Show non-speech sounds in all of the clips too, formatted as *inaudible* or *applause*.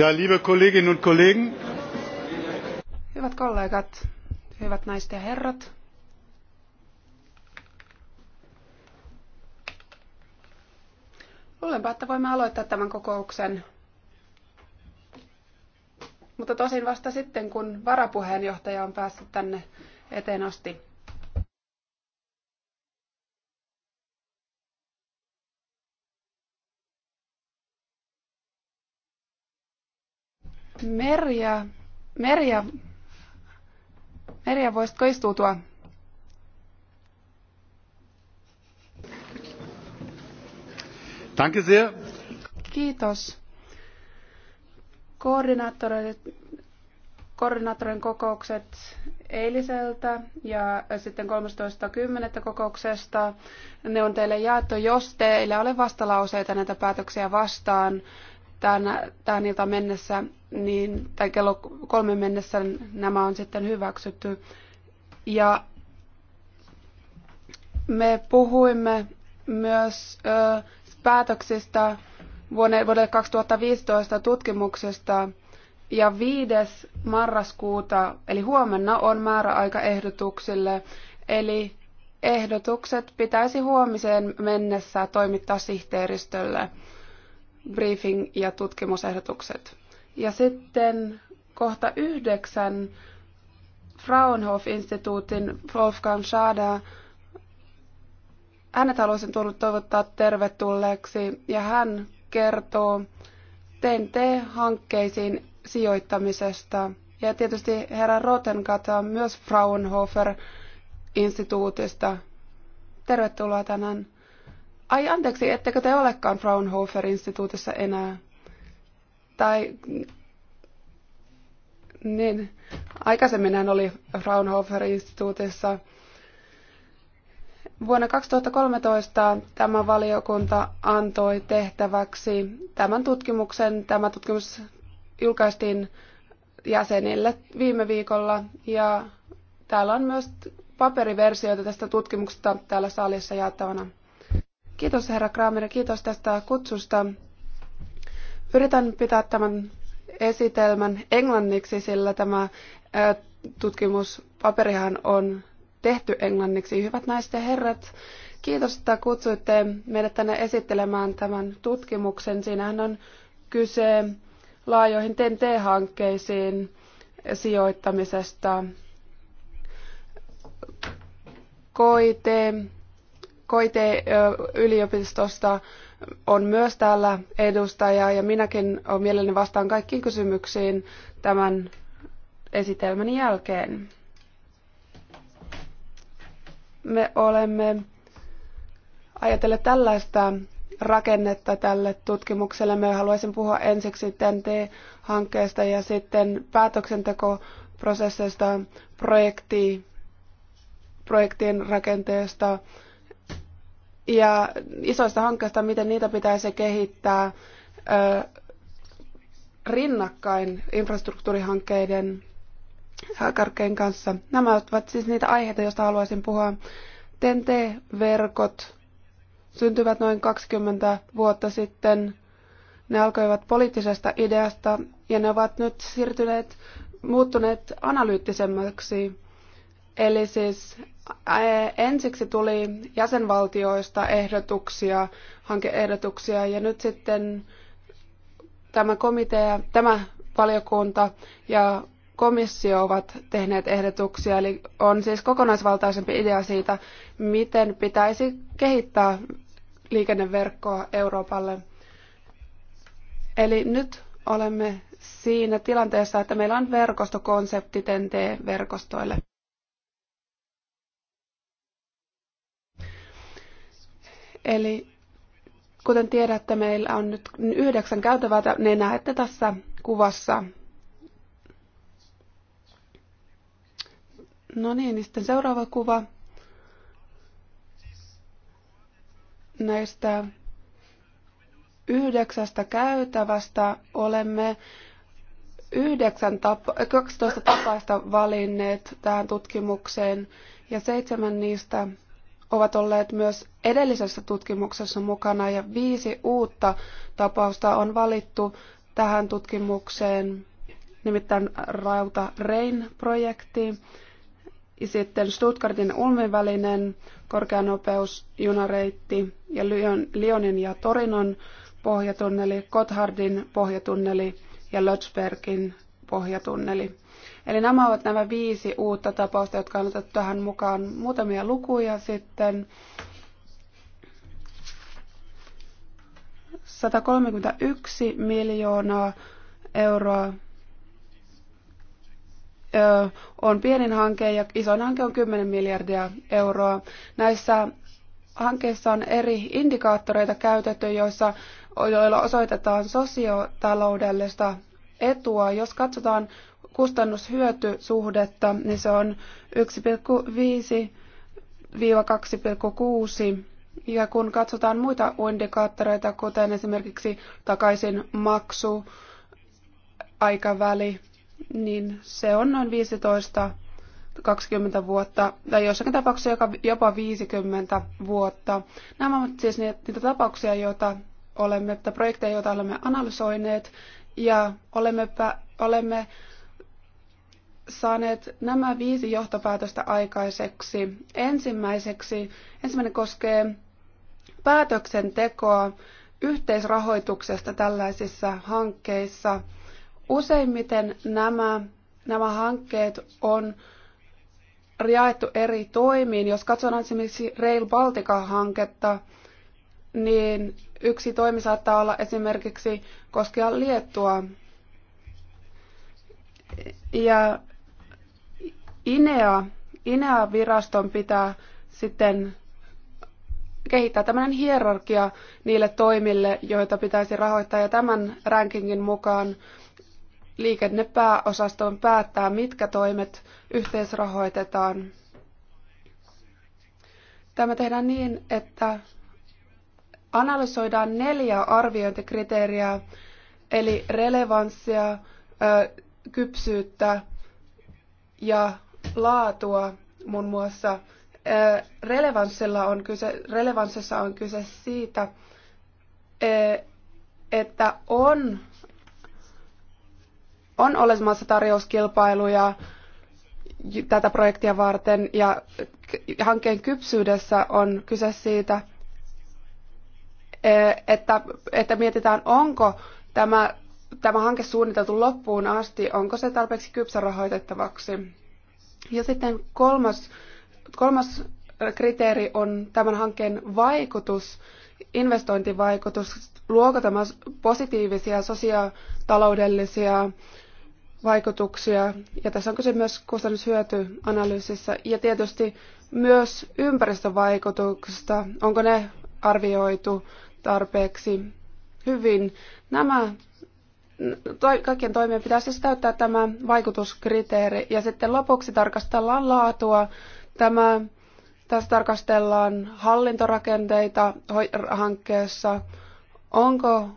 Ja, liebe Kolleginnen und Kollegen. Hyvät kollegat, hyvät naiset ja herrat. Luulenpa, että voimme aloittaa tämän kokouksen. Mutta tosin vasta sitten, kun varapuheenjohtaja on päässyt tänne eteen asti. Merja, Merja, Merja, voisitko istuutua? Danke sehr. Kiitos. Koordinaattoreiden kokoukset eiliseltä ja sitten 13.10. kokouksesta. Ne on teille jaettu, jos teillä ole vastalauseita näitä päätöksiä vastaan tämän, tämän ilta mennessä, niin, tai kello kolme mennessä nämä on sitten hyväksytty. Ja me puhuimme myös ö, päätöksistä vuonna vuodelle 2015 tutkimuksesta, ja 5. marraskuuta, eli huomenna, on määräaika ehdotuksille, eli ehdotukset pitäisi huomiseen mennessä toimittaa sihteeristölle briefing- ja tutkimusehdotukset. Ja sitten kohta yhdeksän Fraunhof-instituutin Wolfgang Schada. Hänet haluaisin toivottaa tervetulleeksi ja hän kertoo TNT-hankkeisiin sijoittamisesta. Ja tietysti herra Rotenkata myös Fraunhofer-instituutista. Tervetuloa tänään Ai anteeksi, ettekö te olekaan Fraunhofer-instituutissa enää? Tai niin, aikaisemmin hän oli Fraunhofer-instituutissa. Vuonna 2013 tämä valiokunta antoi tehtäväksi tämän tutkimuksen. Tämä tutkimus julkaistiin jäsenille viime viikolla ja täällä on myös paperiversioita tästä tutkimuksesta täällä salissa jaettavana. Kiitos herra Kramer ja kiitos tästä kutsusta. Yritän pitää tämän esitelmän englanniksi, sillä tämä tutkimuspaperihan on tehty englanniksi. Hyvät naiset ja herrat, kiitos, että kutsuitte meidät tänne esittelemään tämän tutkimuksen. Siinähän on kyse laajoihin TNT-hankkeisiin sijoittamisesta. Koite Koite-yliopistosta on myös täällä edustaja ja minäkin olen mielelläni vastaan kaikkiin kysymyksiin tämän esitelmän jälkeen. Me olemme ajatelleet tällaista rakennetta tälle tutkimukselle. Me haluaisin puhua ensiksi TNT-hankkeesta ja sitten päätöksentekoprosessista, projekti, projektien rakenteesta, ja isoista hankkeista, miten niitä pitäisi kehittää rinnakkain infrastruktuurihankkeiden karkeen kanssa. Nämä ovat siis niitä aiheita, joista haluaisin puhua. TNT-verkot syntyvät noin 20 vuotta sitten. Ne alkoivat poliittisesta ideasta ja ne ovat nyt siirtyneet, muuttuneet analyyttisemmiksi. Eli siis ensiksi tuli jäsenvaltioista ehdotuksia, hankeehdotuksia ja nyt sitten tämä komitea, tämä valiokunta ja komissio ovat tehneet ehdotuksia, eli on siis kokonaisvaltaisempi idea siitä, miten pitäisi kehittää liikenneverkkoa Euroopalle. Eli nyt olemme siinä tilanteessa, että meillä on verkostokonsepti TNT-verkostoille. Eli kuten tiedätte, meillä on nyt yhdeksän käytävää, ne niin näette tässä kuvassa. No niin, niin sitten seuraava kuva näistä yhdeksästä käytävästä olemme yhdeksän tapa- 12 tapaista valinneet tähän tutkimukseen ja seitsemän niistä ovat olleet myös edellisessä tutkimuksessa mukana ja viisi uutta tapausta on valittu tähän tutkimukseen, nimittäin Rauta Rain-projekti, sitten Stuttgartin Ulmin välinen korkeanopeusjunareitti ja Lyonin ja Torinon pohjatunneli, Gotthardin pohjatunneli ja Lötsbergin pohjatunneli. Eli nämä ovat nämä viisi uutta tapausta, jotka on otettu tähän mukaan. Muutamia lukuja sitten. 131 miljoonaa euroa on pienin hanke ja isoin hanke on 10 miljardia euroa. Näissä hankkeissa on eri indikaattoreita käytetty, joissa, joilla osoitetaan sosiotaloudellista etua. Jos katsotaan kustannushyötysuhdetta, niin se on 1,5-2,6. Ja kun katsotaan muita indikaattoreita, kuten esimerkiksi takaisin maksu, aikaväli, niin se on noin 15 20 vuotta, tai jossakin tapauksessa joka, jopa 50 vuotta. Nämä ovat siis niitä tapauksia, joita olemme, tai projekteja, joita olemme analysoineet, ja olemme, olemme saaneet nämä viisi johtopäätöstä aikaiseksi. Ensimmäiseksi, ensimmäinen koskee päätöksentekoa yhteisrahoituksesta tällaisissa hankkeissa. Useimmiten nämä, nämä hankkeet on jaettu eri toimiin. Jos katson esimerkiksi Rail Baltica-hanketta, niin yksi toimi saattaa olla esimerkiksi koskea Liettua. Ja INEA, INEA-viraston pitää sitten kehittää tämmöinen hierarkia niille toimille, joita pitäisi rahoittaa. Ja tämän rankingin mukaan liikennepääosasto päättää, mitkä toimet yhteisrahoitetaan. Tämä tehdään niin, että analysoidaan neljä arviointikriteeriä, eli relevanssia, kypsyyttä ja laatua muun muassa. Äh, relevanssilla on kyse, relevanssissa on kyse siitä, äh, että on, on olemassa tarjouskilpailuja tätä projektia varten ja hankkeen kypsyydessä on kyse siitä, äh, että, että mietitään, onko tämä, tämä hanke suunniteltu loppuun asti, onko se tarpeeksi kypsä rahoitettavaksi. Ja sitten kolmas, kolmas kriteeri on tämän hankkeen vaikutus, investointivaikutus. Luoko tämä positiivisia sosiaalitaloudellisia vaikutuksia? Ja tässä on kyse myös kustannushyötyanalyysissä ja tietysti myös ympäristövaikutuksista. Onko ne arvioitu tarpeeksi hyvin? Nämä kaikkien toimien pitäisi siis täyttää tämä vaikutuskriteeri. Ja sitten lopuksi tarkastellaan laatua. Tämä, tässä tarkastellaan hallintorakenteita hankkeessa. Onko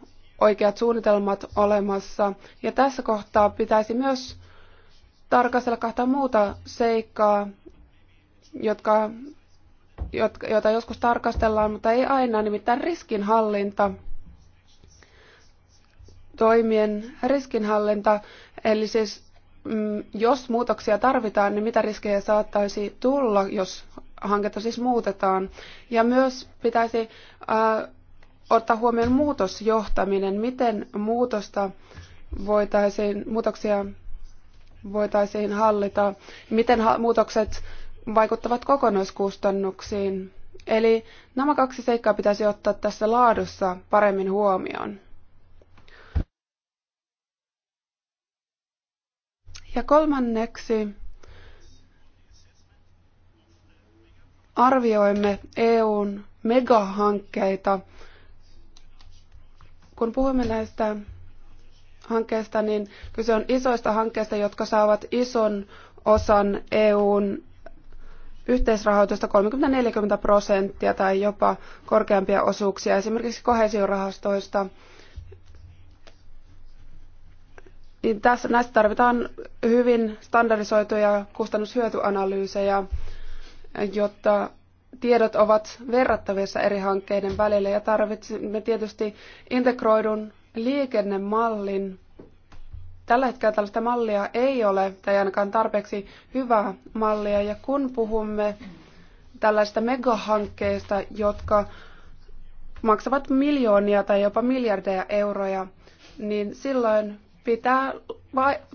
oikeat suunnitelmat olemassa? Ja tässä kohtaa pitäisi myös tarkastella kahta muuta seikkaa, jotka, jotka, joita joskus tarkastellaan, mutta ei aina, nimittäin riskinhallinta toimien riskinhallinta, eli siis mm, jos muutoksia tarvitaan, niin mitä riskejä saattaisi tulla, jos hanketta siis muutetaan. Ja myös pitäisi äh, ottaa huomioon muutosjohtaminen, miten muutosta voitaisiin, muutoksia voitaisiin hallita, miten ha- muutokset vaikuttavat kokonaiskustannuksiin. Eli nämä kaksi seikkaa pitäisi ottaa tässä laadussa paremmin huomioon. Ja kolmanneksi arvioimme EUn megahankkeita. Kun puhumme näistä hankkeista, niin kyse on isoista hankkeista, jotka saavat ison osan EUn yhteisrahoitusta 30-40 prosenttia tai jopa korkeampia osuuksia esimerkiksi kohesiorahastoista – Niin tässä, näistä tarvitaan hyvin standardisoituja kustannushyötyanalyysejä, jotta tiedot ovat verrattavissa eri hankkeiden välillä ja tarvitsemme tietysti integroidun liikennemallin. Tällä hetkellä tällaista mallia ei ole, tai ainakaan tarpeeksi hyvää mallia, ja kun puhumme tällaista megahankkeista, jotka maksavat miljoonia tai jopa miljardeja euroja, niin silloin pitää,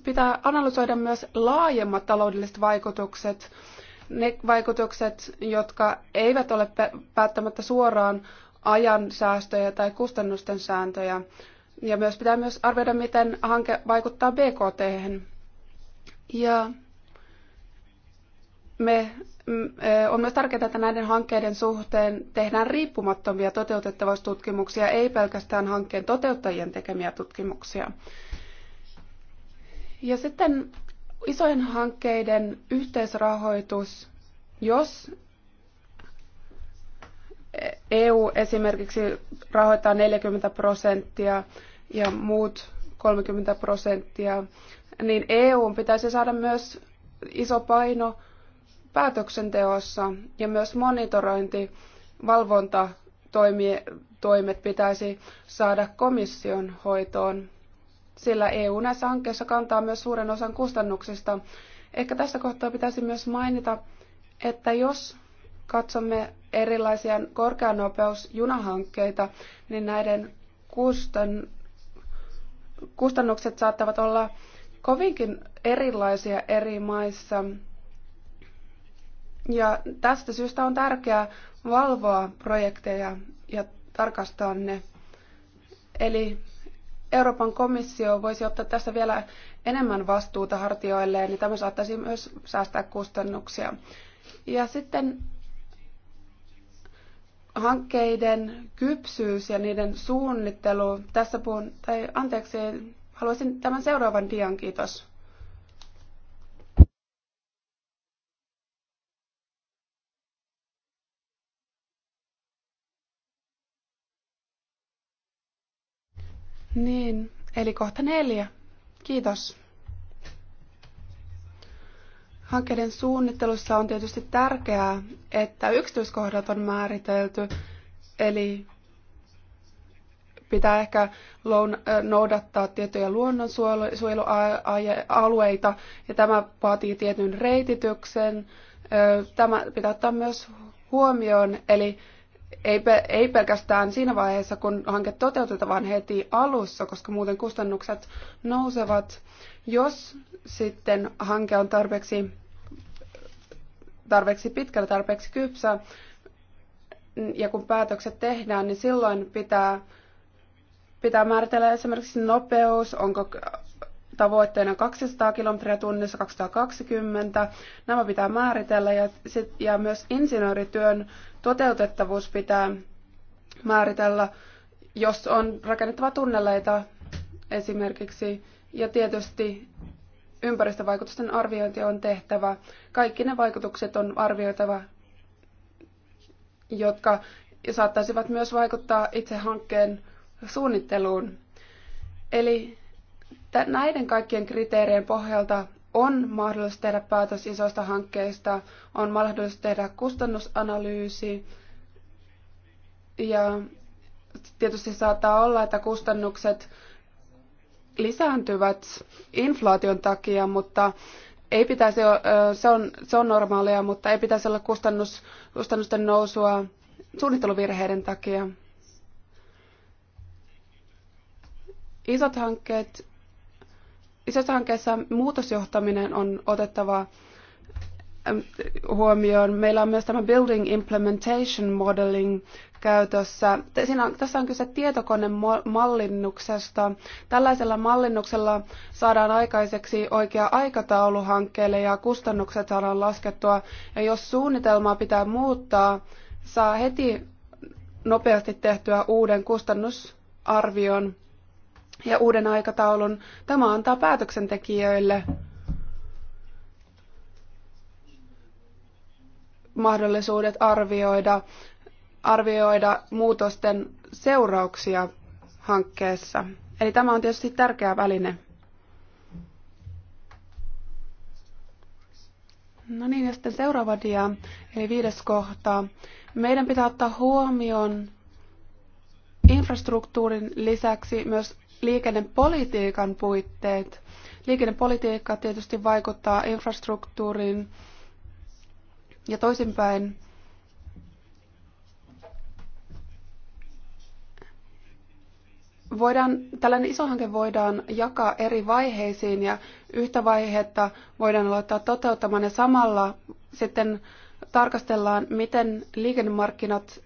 pitää analysoida myös laajemmat taloudelliset vaikutukset, ne vaikutukset, jotka eivät ole päättämättä suoraan ajan säästöjä tai kustannusten sääntöjä. Ja myös pitää myös arvioida, miten hanke vaikuttaa BKT. -hän. Ja me, mm, on myös tärkeää, että näiden hankkeiden suhteen tehdään riippumattomia toteutettavuustutkimuksia, ei pelkästään hankkeen toteuttajien tekemiä tutkimuksia. Ja sitten isojen hankkeiden yhteisrahoitus, jos EU esimerkiksi rahoittaa 40 prosenttia ja muut 30 prosenttia, niin EU pitäisi saada myös iso paino päätöksenteossa ja myös monitorointi, valvontatoimet pitäisi saada komission hoitoon sillä EU näissä hankkeissa kantaa myös suuren osan kustannuksista. Ehkä tässä kohtaa pitäisi myös mainita, että jos katsomme erilaisia korkeanopeusjunahankkeita, niin näiden kustan, kustannukset saattavat olla kovinkin erilaisia eri maissa. Ja tästä syystä on tärkeää valvoa projekteja ja tarkastaa ne. Eli Euroopan komissio voisi ottaa tässä vielä enemmän vastuuta hartioilleen, niin tämä saattaisi myös säästää kustannuksia. Ja sitten hankkeiden kypsyys ja niiden suunnittelu. Tässä puhun, tai anteeksi, haluaisin tämän seuraavan dian, kiitos. Niin, eli kohta neljä. Kiitos. Hankkeiden suunnittelussa on tietysti tärkeää, että yksityiskohdat on määritelty, eli pitää ehkä noudattaa tiettyjä luonnonsuojelualueita, ja tämä vaatii tietyn reitityksen. Tämä pitää ottaa myös huomioon, eli ei, ei pelkästään siinä vaiheessa, kun hanke toteutetaan, vaan heti alussa, koska muuten kustannukset nousevat. Jos sitten hanke on tarpeeksi, tarpeeksi pitkällä, tarpeeksi kypsä, ja kun päätökset tehdään, niin silloin pitää, pitää määritellä esimerkiksi nopeus, onko tavoitteena 200 kilometriä tunnissa, 220. Nämä pitää määritellä ja, sit, ja myös insinöörityön toteutettavuus pitää määritellä, jos on rakennettava tunneleita esimerkiksi. Ja tietysti ympäristövaikutusten arviointi on tehtävä. Kaikki ne vaikutukset on arvioitava, jotka saattaisivat myös vaikuttaa itse hankkeen suunnitteluun. Eli näiden kaikkien kriteerien pohjalta on mahdollista tehdä päätös isoista hankkeista, on mahdollista tehdä kustannusanalyysi ja tietysti saattaa olla, että kustannukset lisääntyvät inflaation takia, mutta ei pitäisi, se, on, se on normaalia, mutta ei pitäisi olla kustannus, kustannusten nousua suunnitteluvirheiden takia. Isot hankkeet isossa hankkeessa muutosjohtaminen on otettava huomioon. Meillä on myös tämä Building Implementation Modeling käytössä. Siinä on, tässä on kyse tietokonemallinnuksesta. Tällaisella mallinnuksella saadaan aikaiseksi oikea aikataulu hankkeelle ja kustannukset saadaan laskettua. Ja jos suunnitelmaa pitää muuttaa, saa heti nopeasti tehtyä uuden kustannusarvion ja uuden aikataulun. Tämä antaa päätöksentekijöille mahdollisuudet arvioida, arvioida muutosten seurauksia hankkeessa. Eli tämä on tietysti tärkeä väline. No niin, ja sitten seuraava dia, eli viides kohta. Meidän pitää ottaa huomioon infrastruktuurin lisäksi myös liikennepolitiikan puitteet. Liikennepolitiikka tietysti vaikuttaa infrastruktuuriin ja toisinpäin. voidaan, tällainen iso hanke voidaan jakaa eri vaiheisiin ja yhtä vaihetta voidaan aloittaa toteuttamaan ja samalla sitten tarkastellaan, miten liikennemarkkinat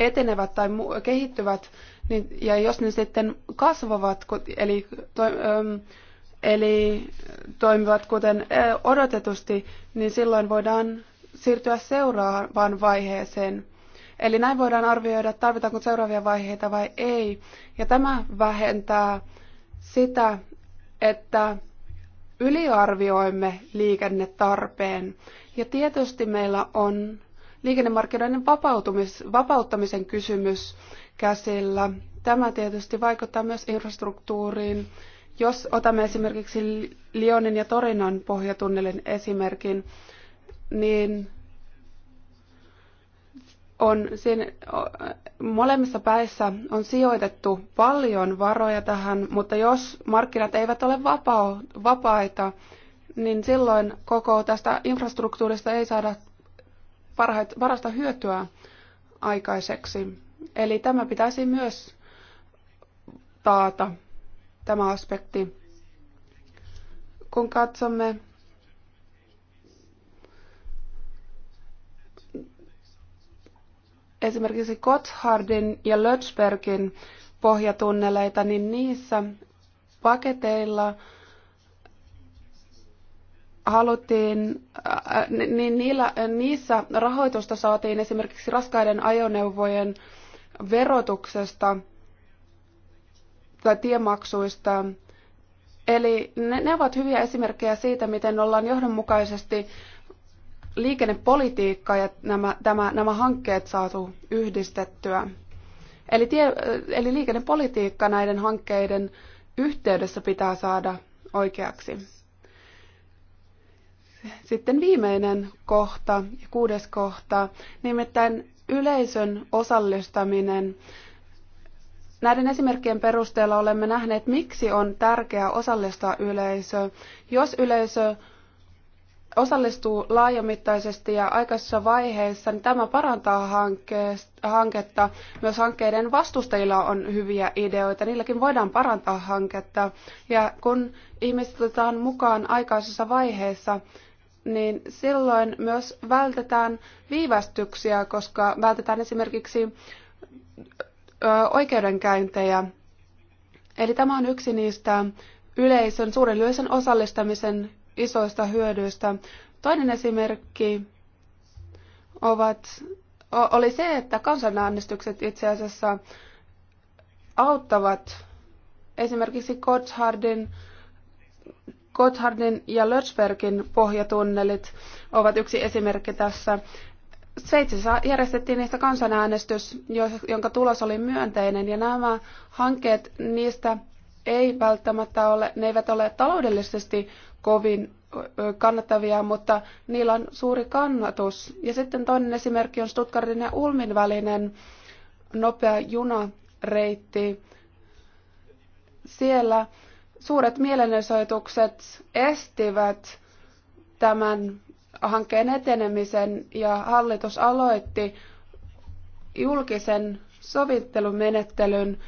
etenevät tai kehittyvät niin, ja jos ne sitten kasvavat, eli, to, eli toimivat kuten odotetusti, niin silloin voidaan siirtyä seuraavaan vaiheeseen. Eli näin voidaan arvioida, tarvitaanko seuraavia vaiheita vai ei. Ja tämä vähentää sitä, että yliarvioimme liikennetarpeen. Ja tietysti meillä on liikennemarkkinoiden vapautumis, vapauttamisen kysymys käsillä. Tämä tietysti vaikuttaa myös infrastruktuuriin. Jos otamme esimerkiksi Lyonin ja Torinon pohjatunnelin esimerkin, niin on siinä, molemmissa päissä on sijoitettu paljon varoja tähän, mutta jos markkinat eivät ole vapaa, vapaita, niin silloin koko tästä infrastruktuurista ei saada parhaita, parasta hyötyä aikaiseksi. Eli tämä pitäisi myös taata, tämä aspekti. Kun katsomme esimerkiksi Gotthardin ja Lötzbergin pohjatunneleita, niin niissä paketeilla haluttiin, äh, niin niillä, niissä rahoitusta saatiin esimerkiksi raskaiden ajoneuvojen verotuksesta tai tiemaksuista. Eli ne, ne ovat hyviä esimerkkejä siitä, miten ollaan johdonmukaisesti liikennepolitiikka ja nämä, tämä, nämä hankkeet saatu yhdistettyä. Eli, tie, eli liikennepolitiikka näiden hankkeiden yhteydessä pitää saada oikeaksi. Sitten viimeinen kohta, kuudes kohta, nimittäin yleisön osallistaminen. Näiden esimerkkien perusteella olemme nähneet, miksi on tärkeää osallistaa yleisö. Jos yleisö osallistuu laajamittaisesti ja aikaisessa vaiheessa, niin tämä parantaa hanketta. Myös hankkeiden vastustajilla on hyviä ideoita, niilläkin voidaan parantaa hanketta. Ja kun ihmiset otetaan mukaan aikaisessa vaiheessa, niin silloin myös vältetään viivästyksiä, koska vältetään esimerkiksi oikeudenkäyntejä. Eli tämä on yksi niistä yleisön, suuren yleisön osallistamisen isoista hyödyistä. Toinen esimerkki ovat, oli se, että kansanäänestykset itse asiassa auttavat esimerkiksi Gotthardin Gotthardin ja Lötzbergin pohjatunnelit ovat yksi esimerkki tässä. Sveitsissä järjestettiin niistä kansanäänestys, jonka tulos oli myönteinen, ja nämä hankkeet niistä ei välttämättä ole, ne eivät ole taloudellisesti kovin kannattavia, mutta niillä on suuri kannatus. Ja sitten toinen esimerkki on Stuttgartin ja Ulmin välinen nopea junareitti. Siellä Suuret mielenosoitukset estivät tämän hankkeen etenemisen ja hallitus aloitti julkisen sovittelumenettelyn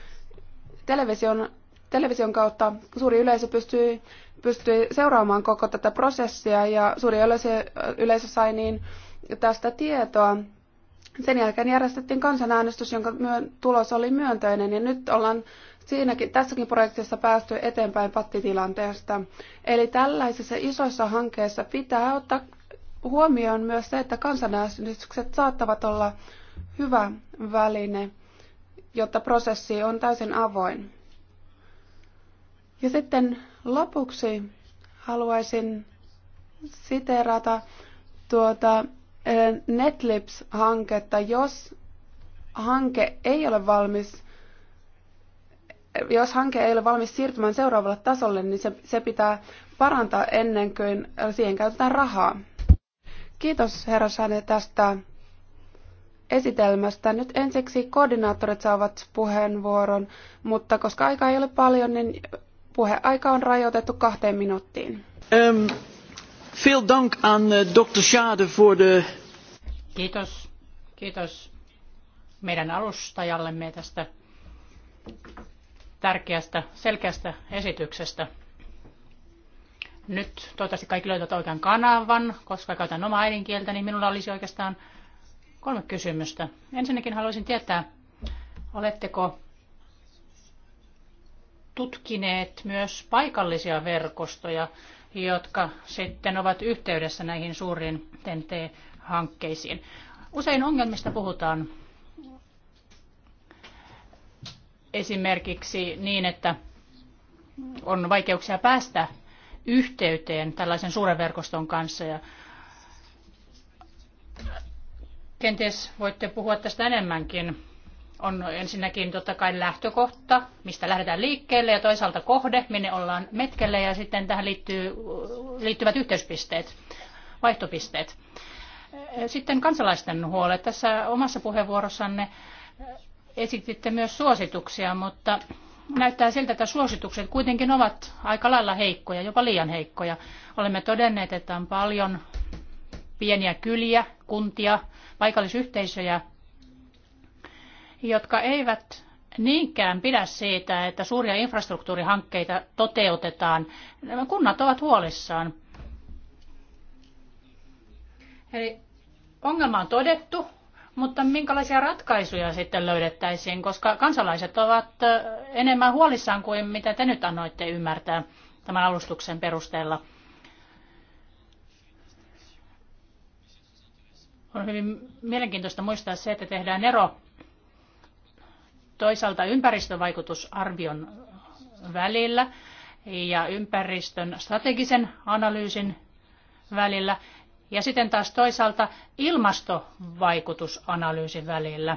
television, television kautta. Suuri yleisö pystyi, pystyi seuraamaan koko tätä prosessia ja suuri yleisö, yleisö sai niin tästä tietoa. Sen jälkeen järjestettiin kansanäänestys, jonka myö- tulos oli myönteinen ja nyt ollaan siinäkin, tässäkin projektissa päästy eteenpäin pattitilanteesta. Eli tällaisissa isoissa hankkeissa pitää ottaa huomioon myös se, että kansanäänestykset saattavat olla hyvä väline, jotta prosessi on täysin avoin. Ja sitten lopuksi haluaisin siteerata tuota eh, Netlips-hanketta, jos hanke ei ole valmis jos hanke ei ole valmis siirtymään seuraavalle tasolle, niin se, se pitää parantaa ennen kuin siihen käytetään rahaa. Kiitos herra Sane tästä esitelmästä. Nyt ensiksi koordinaattorit saavat puheenvuoron, mutta koska aika ei ole paljon, niin puheaika on rajoitettu kahteen minuuttiin. Um, veel dank aan eh, Dr. Schade voor de... Kiitos. Kiitos meidän alustajallemme tästä tärkeästä, selkeästä esityksestä. Nyt toivottavasti kaikki löytävät oikean kanavan, koska käytän omaa äidinkieltä, niin minulla olisi oikeastaan kolme kysymystä. Ensinnäkin haluaisin tietää, oletteko tutkineet myös paikallisia verkostoja, jotka sitten ovat yhteydessä näihin suuriin TNT-hankkeisiin. Usein ongelmista puhutaan esimerkiksi niin, että on vaikeuksia päästä yhteyteen tällaisen suuren verkoston kanssa. Ja kenties voitte puhua tästä enemmänkin. On ensinnäkin totta kai lähtökohta, mistä lähdetään liikkeelle ja toisaalta kohde, minne ollaan metkelle ja sitten tähän liittyy, liittyvät yhteyspisteet, vaihtopisteet. Sitten kansalaisten huolet. Tässä omassa puheenvuorossanne Esititte myös suosituksia, mutta näyttää siltä, että suositukset kuitenkin ovat aika lailla heikkoja, jopa liian heikkoja. Olemme todenneet, että on paljon pieniä kyliä, kuntia, paikallisyhteisöjä, jotka eivät niinkään pidä siitä, että suuria infrastruktuurihankkeita toteutetaan. Nämä kunnat ovat huolissaan. Eli ongelma on todettu, mutta minkälaisia ratkaisuja sitten löydettäisiin, koska kansalaiset ovat enemmän huolissaan kuin mitä te nyt annoitte ymmärtää tämän alustuksen perusteella. On hyvin mielenkiintoista muistaa se, että tehdään ero toisaalta ympäristövaikutusarvion välillä ja ympäristön strategisen analyysin välillä ja sitten taas toisaalta ilmastovaikutusanalyysin välillä.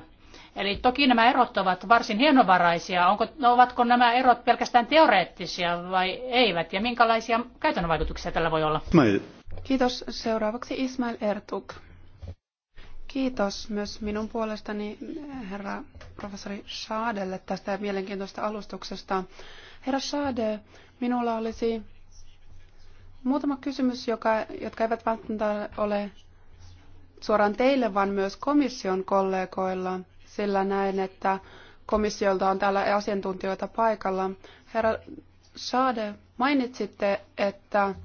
Eli toki nämä erot ovat varsin hienovaraisia. Onko, ovatko nämä erot pelkästään teoreettisia vai eivät? Ja minkälaisia käytännön vaikutuksia tällä voi olla? Kiitos. Seuraavaksi Ismail Ertuk. Kiitos myös minun puolestani herra professori Saadelle tästä mielenkiintoista alustuksesta. Herra Saade, minulla olisi Muutama kysymys, joka, jotka eivät välttämättä ole suoraan teille, vaan myös komission kollegoilla, sillä näen, että komissiolta on täällä asiantuntijoita paikalla. Herra Saade, mainitsitte, että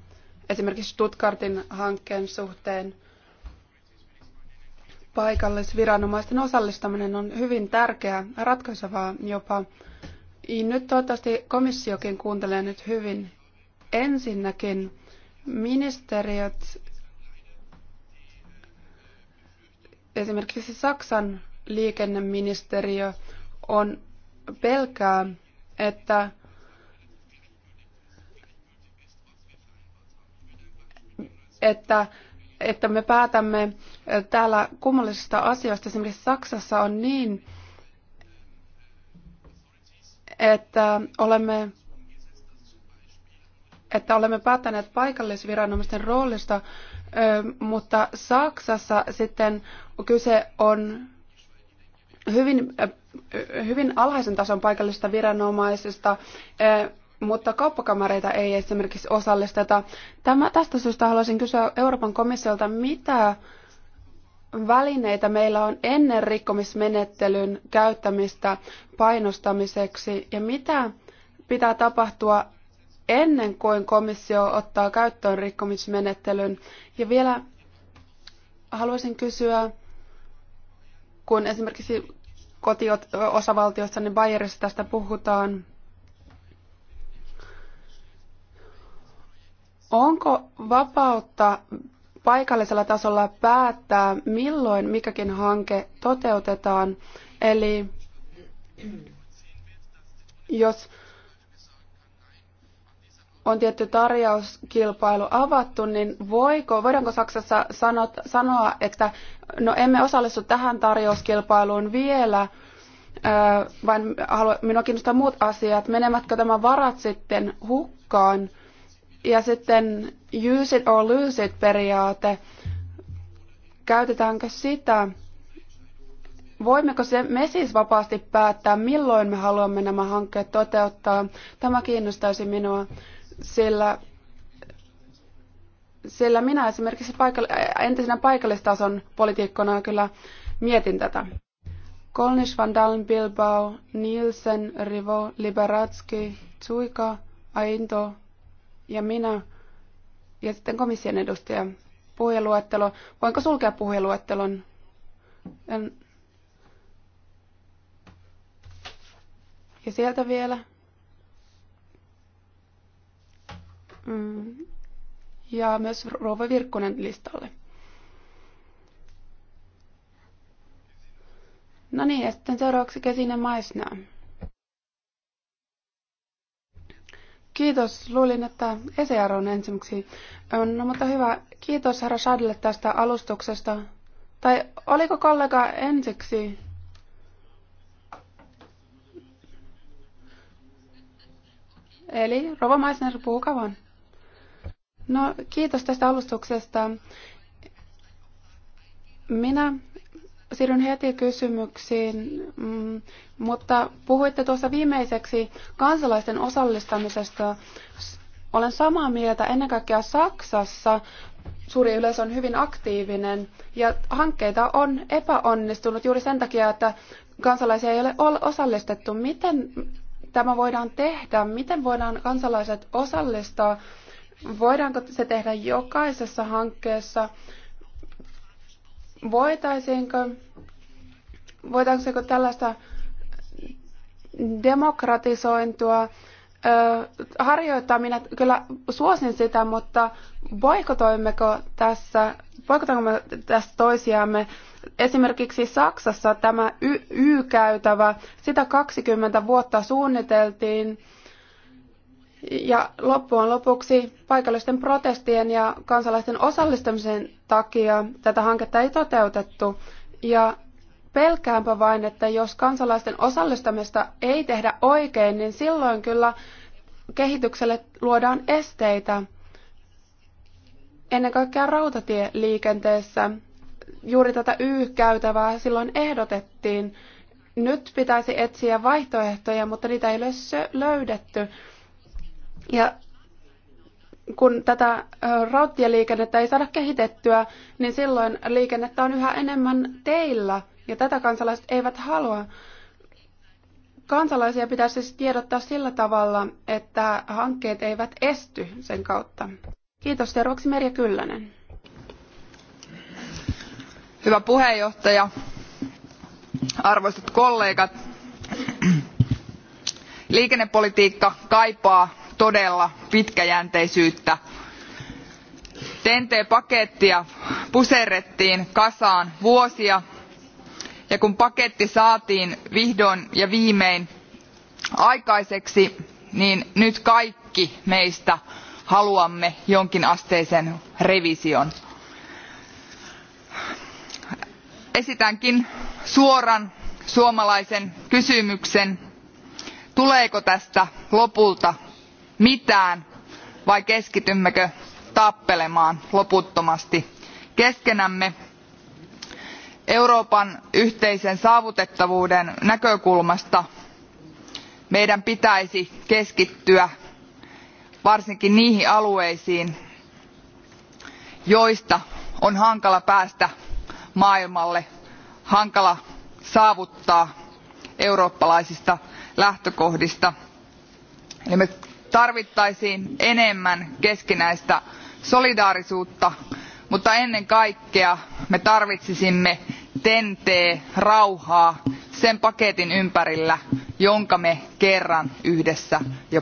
esimerkiksi Stuttgartin hankkeen suhteen paikallisviranomaisten osallistaminen on hyvin tärkeää, ratkaisevaa jopa. Niin nyt toivottavasti komissiokin kuuntelee nyt hyvin. Ensinnäkin ministeriöt, esimerkiksi Saksan liikenneministeriö, on pelkää, että että, että me päätämme täällä kummallisista asioista. Esimerkiksi Saksassa on niin, että olemme että olemme päättäneet paikallisviranomaisten roolista, mutta Saksassa sitten kyse on hyvin, hyvin alhaisen tason paikallisista viranomaisista, mutta kauppakamareita ei esimerkiksi osallisteta. Tämä, tästä syystä haluaisin kysyä Euroopan komissiolta, mitä välineitä meillä on ennen rikkomismenettelyn käyttämistä painostamiseksi ja mitä pitää tapahtua ennen kuin komissio ottaa käyttöön rikkomismenettelyn. Ja vielä haluaisin kysyä, kun esimerkiksi kotiosavaltiossa, niin Bayerissa tästä puhutaan. Onko vapautta paikallisella tasolla päättää, milloin mikäkin hanke toteutetaan? Eli jos on tietty tarjouskilpailu avattu, niin voiko, voidaanko Saksassa sanot, sanoa, että no emme osallistu tähän tarjouskilpailuun vielä, vaan minua kiinnostaa muut asiat, menemätkö tämä varat sitten hukkaan, ja sitten use it or lose it periaate, käytetäänkö sitä, voimmeko se, me siis vapaasti päättää, milloin me haluamme nämä hankkeet toteuttaa, tämä kiinnostaisi minua sillä, sillä minä esimerkiksi paikall- entisenä paikallistason politiikkona kyllä mietin tätä. Kolnish, Van Dalen, Bilbao, Nielsen, Rivo, Liberatski, Tsuika, Ainto ja minä ja sitten komission edustaja. Puheluettelo. Voinko sulkea puheluettelon? En. Ja sieltä vielä. Mm. ja myös Rova Virkkonen listalle. No niin, ja sitten seuraavaksi Kesinen Maisnää. Kiitos. Luulin, että ECR on ensimmäksi. No mutta hyvä. Kiitos herra Shadille tästä alustuksesta. Tai oliko kollega ensiksi? Eli Rova Maisner, puhukaa vaan. No, kiitos tästä alustuksesta. Minä siirryn heti kysymyksiin, mm, mutta puhuitte tuossa viimeiseksi kansalaisten osallistamisesta. Olen samaa mieltä, ennen kaikkea Saksassa suuri yleisö on hyvin aktiivinen ja hankkeita on epäonnistunut juuri sen takia, että kansalaisia ei ole osallistettu. Miten tämä voidaan tehdä? Miten voidaan kansalaiset osallistaa Voidaanko se tehdä jokaisessa hankkeessa? Voitaisiinko, voitaisiinko tällaista demokratisointua harjoittaa, minä kyllä suosin sitä, mutta boikotoimmeko tässä, boikotoimmeko me tässä toisiamme? Esimerkiksi Saksassa tämä Y-käytävä, sitä 20 vuotta suunniteltiin ja loppuun lopuksi paikallisten protestien ja kansalaisten osallistumisen takia tätä hanketta ei toteutettu. Ja pelkäänpä vain, että jos kansalaisten osallistamista ei tehdä oikein, niin silloin kyllä kehitykselle luodaan esteitä. Ennen kaikkea rautatieliikenteessä juuri tätä Y-käytävää silloin ehdotettiin. Nyt pitäisi etsiä vaihtoehtoja, mutta niitä ei ole löydetty. Ja kun tätä rautatieliikennettä ei saada kehitettyä, niin silloin liikennettä on yhä enemmän teillä, ja tätä kansalaiset eivät halua. Kansalaisia pitäisi siis tiedottaa sillä tavalla, että hankkeet eivät esty sen kautta. Kiitos seuraavaksi Merja Kyllönen. Hyvä puheenjohtaja, arvoisat kollegat, liikennepolitiikka kaipaa todella pitkäjänteisyyttä. ten t pakettia puserrettiin kasaan vuosia ja kun paketti saatiin vihdoin ja viimein aikaiseksi niin nyt kaikki meistä haluamme jonkinasteisen revision. esitänkin suoran suomalaisen kysymyksen tuleeko tästä lopulta mitään vai keskitymmekö tappelemaan loputtomasti keskenämme? euroopan yhteisen saavutettavuuden näkökulmasta meidän pitäisi keskittyä varsinkin niihin alueisiin joista on hankala päästä maailmalle hankala saavuttaa eurooppalaisista lähtökohdista eli me tarvitsisimme enemmän keskinäistä solidaarisuutta mutta ennen kaikkea me tarvitsisimme ten t rauhaa sen paketin ympärillä jonka me kerran yhdessä jo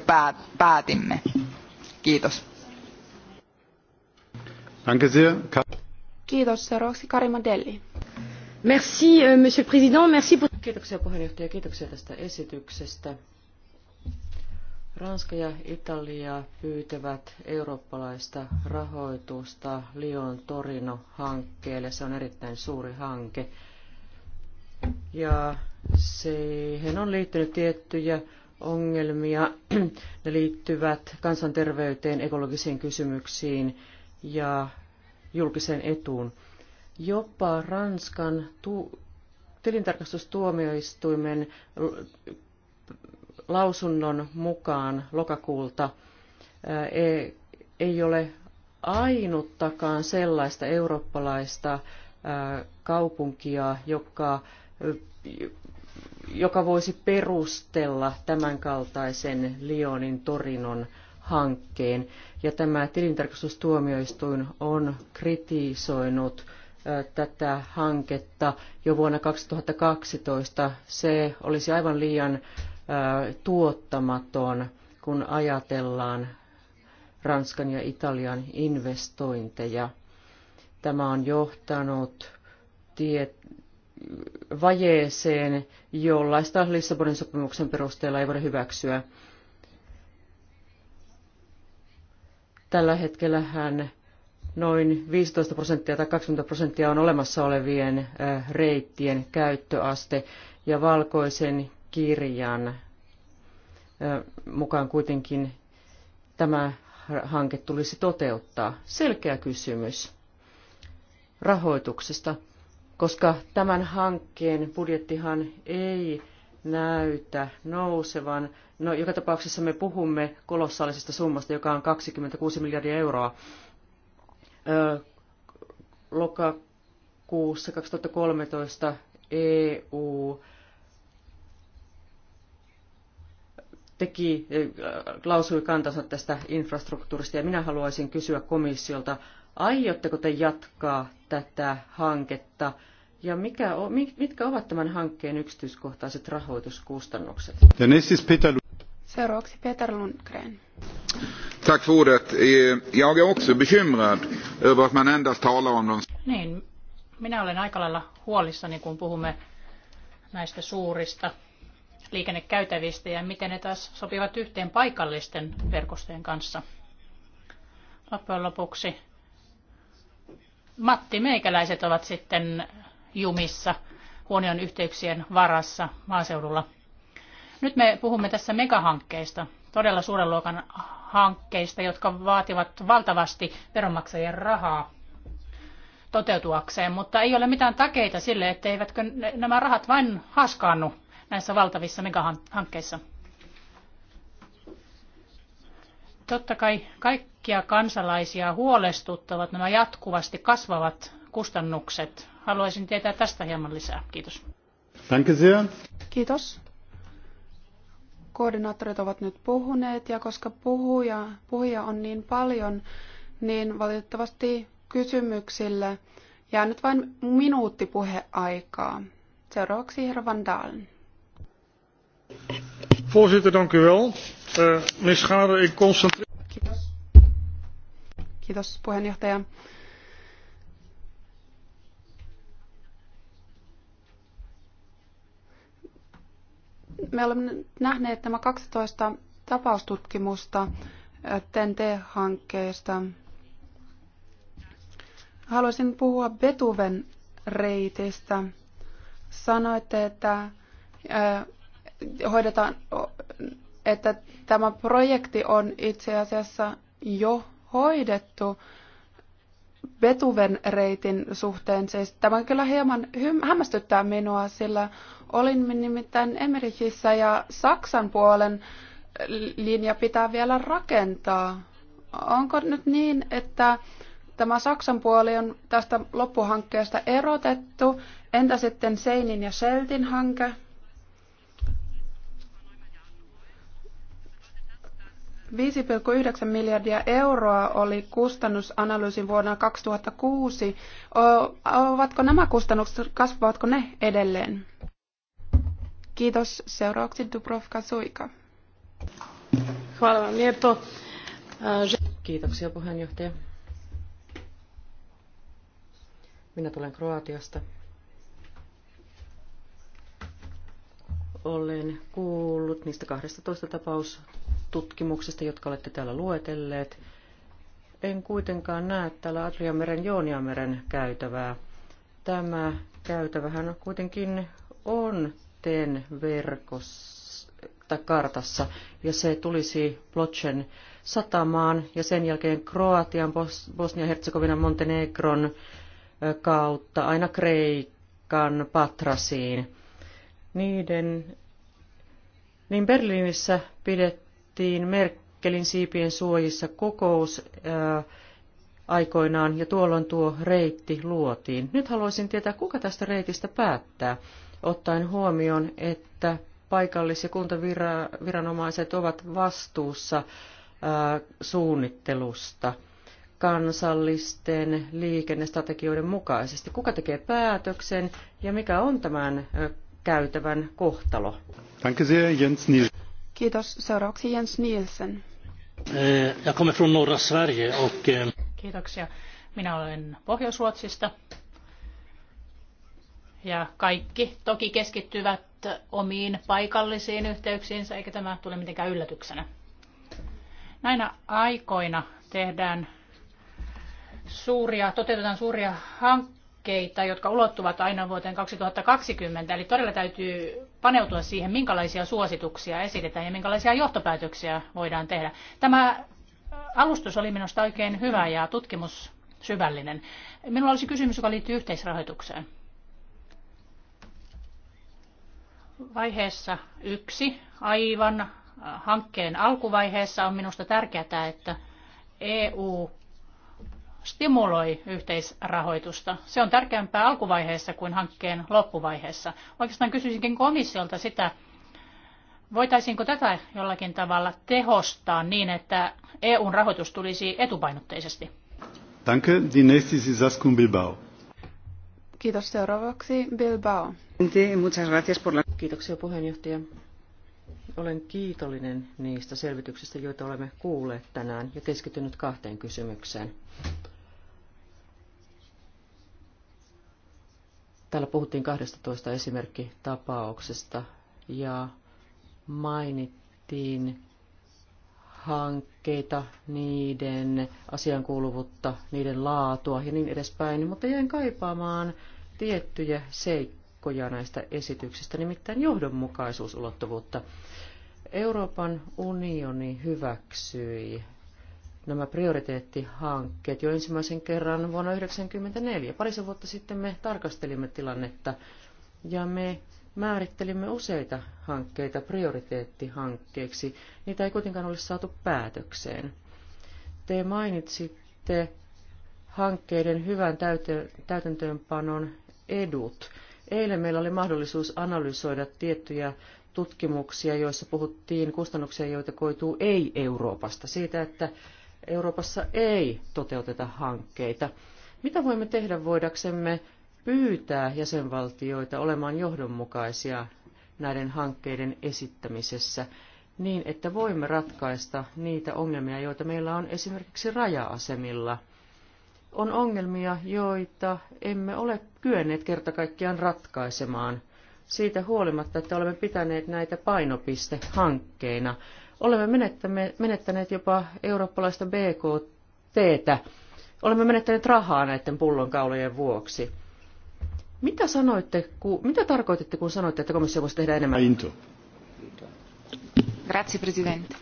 päätimme. kiitos. Kiitos. Seuraavaksi Karimadelli. Merci, euh, monsieur le président. Merci pour... Kiitoksia puheenjohtaja, kiitoksia tästä esityksestä. Ranska ja Italia pyytävät eurooppalaista rahoitusta Lyon Torino-hankkeelle. Se on erittäin suuri hanke. Ja siihen on liittynyt tiettyjä ongelmia. Ne liittyvät kansanterveyteen, ekologisiin kysymyksiin ja julkiseen etuun. Jopa Ranskan tu- tilintarkastustuomioistuimen lausunnon mukaan lokakuulta e- ei ole ainuttakaan sellaista eurooppalaista kaupunkia, joka, joka voisi perustella tämänkaltaisen Lyonin torinon hankkeen. Ja tämä tilintarkastustuomioistuin on kritisoinut tätä hanketta jo vuonna 2012. Se olisi aivan liian tuottamaton, kun ajatellaan Ranskan ja Italian investointeja. Tämä on johtanut tie- vajeeseen, jollaista Lissabonin sopimuksen perusteella ei voida hyväksyä. Tällä hetkellä hän noin 15 prosenttia tai 20 prosenttia on olemassa olevien reittien käyttöaste ja valkoisen kirjan mukaan kuitenkin tämä hanke tulisi toteuttaa. Selkeä kysymys rahoituksesta, koska tämän hankkeen budjettihan ei näytä nousevan. No, joka tapauksessa me puhumme kolossaalisesta summasta, joka on 26 miljardia euroa Lokakuussa 2013 EU teki, lausui kantansa tästä infrastruktuurista ja minä haluaisin kysyä komissiolta, aiotteko te jatkaa tätä hanketta ja mikä, mitkä ovat tämän hankkeen yksityiskohtaiset rahoituskustannukset? Seuraavaksi Peter Lundgren. Tack för ordet. Eh, jag är också bekymrad över att man endast talar om de... Niin, minä olen aika lailla huolissani, kun puhumme näistä suurista liikennekäytävistä ja miten ne taas sopivat yhteen paikallisten verkostojen kanssa. Loppujen lopuksi Matti Meikäläiset ovat sitten jumissa huonion yhteyksien varassa maaseudulla. Nyt me puhumme tässä megahankkeista, todella suuren luokan hankkeista, jotka vaativat valtavasti veronmaksajien rahaa toteutuakseen, mutta ei ole mitään takeita sille, etteivätkö nämä rahat vain haskaannu näissä valtavissa megahankkeissa. Totta kai kaikkia kansalaisia huolestuttavat nämä jatkuvasti kasvavat kustannukset. Haluaisin tietää tästä hieman lisää. Kiitos. Danke sehr. Kiitos koordinaattorit ovat nyt puhuneet ja koska puhuja, puhuja on niin paljon, niin valitettavasti kysymyksille jää nyt vain minuutti puheaikaa. Seuraavaksi herra Van Dalen. Voorzitter, dank u wel. Uh, eh, Ms. Schade, ik concentreer... Kiitos. Kiitos puheenjohtaja. Me olemme nähneet nämä 12 tapaustutkimusta TEN-T-hankkeesta. Haluaisin puhua Betuven reitistä. Sanoitte, että hoidetaan, että tämä projekti on itse asiassa jo hoidettu. Betuven reitin suhteen. Siis tämä kyllä hieman hämmästyttää minua, sillä olin nimittäin Emerichissä ja Saksan puolen linja pitää vielä rakentaa. Onko nyt niin, että tämä Saksan puoli on tästä loppuhankkeesta erotettu? Entä sitten Seinin ja Seltin hanke? 5,9 miljardia euroa oli kustannusanalyysin vuonna 2006. Ovatko nämä kustannukset, kasvavatko ne edelleen? Kiitos. Seuraavaksi Dubrovka Suika. E, Kiitoksia puheenjohtaja. Minä tulen Kroatiasta. Olen kuullut niistä 12 tapaus tutkimuksista, jotka olette täällä luetelleet. En kuitenkaan näe täällä Adriameren Jooniameren käytävää. Tämä käytävähän kuitenkin on TEN verkossa tai kartassa, ja se tulisi Plotchen satamaan, ja sen jälkeen Kroatian, Bosnia-Herzegovinan, Montenegron kautta aina Kreikan Patrasiin. Niiden, niin Berliinissä pidet, pidettiin Merkelin siipien suojissa kokous ää, äh, aikoinaan ja tuolloin tuo reitti luotiin. Nyt haluaisin tietää, kuka tästä reitistä päättää, ottaen huomioon, että paikallis- ja kuntaviranomaiset ovat vastuussa ää, äh, suunnittelusta kansallisten liikennestrategioiden mukaisesti. Kuka tekee päätöksen ja mikä on tämän äh, käytävän kohtalo? Danke sehr, Jens Niel. Kiitos. Seuraavaksi Jens Nielsen. Eh, jag kommer från norra Sverige och... Eh, Kiitoksia. Minä olen Pohjois-Ruotsista. Ja kaikki toki keskittyvät omiin paikallisiin yhteyksiinsä, eikä tämä tule mitenkään yllätyksenä. Näinä aikoina tehdään suuria, toteutetaan suuria hankkeita, jotka ulottuvat aina vuoteen 2020. Eli todella täytyy paneutua siihen, minkälaisia suosituksia esitetään ja minkälaisia johtopäätöksiä voidaan tehdä. Tämä äh, alustus oli minusta oikein hyvä ja tutkimus syvällinen. Minulla olisi kysymys, joka liittyy yhteisrahoitukseen. Vaiheessa yksi, aivan äh, hankkeen alkuvaiheessa on minusta tärkeää, että EU stimuloi yhteisrahoitusta. Se on tärkeämpää alkuvaiheessa kuin hankkeen loppuvaiheessa. Oikeastaan kysyisinkin komissiolta sitä, voitaisiinko tätä jollakin tavalla tehostaa niin, että EUn rahoitus tulisi etupainotteisesti? Danke, die nächste ist Bilbao. Kiitos seuraavaksi Bilbao. Kiitoksia puheenjohtaja. Olen kiitollinen niistä selvityksistä, joita olemme kuulleet tänään ja keskittynyt kahteen kysymykseen. Täällä puhuttiin 12 esimerkkitapauksesta ja mainittiin hankkeita, niiden asiankuuluvuutta, niiden laatua ja niin edespäin, mutta jäin kaipaamaan tiettyjä seikkoja näistä esityksistä, nimittäin johdonmukaisuusulottuvuutta. Euroopan unioni hyväksyi nämä prioriteettihankkeet jo ensimmäisen kerran vuonna 1994. Parisen vuotta sitten me tarkastelimme tilannetta ja me määrittelimme useita hankkeita prioriteettihankkeeksi Niitä ei kuitenkaan ole saatu päätökseen. Te mainitsitte hankkeiden hyvän täytäntöönpanon edut. Eilen meillä oli mahdollisuus analysoida tiettyjä tutkimuksia, joissa puhuttiin kustannuksia, joita koituu ei-Euroopasta. Siitä, että Euroopassa ei toteuteta hankkeita. Mitä voimme tehdä voidaksemme pyytää jäsenvaltioita olemaan johdonmukaisia näiden hankkeiden esittämisessä niin, että voimme ratkaista niitä ongelmia, joita meillä on esimerkiksi raja-asemilla. On ongelmia, joita emme ole kyenneet kertakaikkiaan ratkaisemaan. Siitä huolimatta, että olemme pitäneet näitä painopistehankkeina, Olemme menettäneet jopa eurooppalaista BKTtä. Olemme menettäneet rahaa näiden pullonkaulojen vuoksi. Mitä, sanoitte, ku, mitä tarkoititte, kun sanoitte, että komissio voisi tehdä enemmän? Into. Grazie, presidente.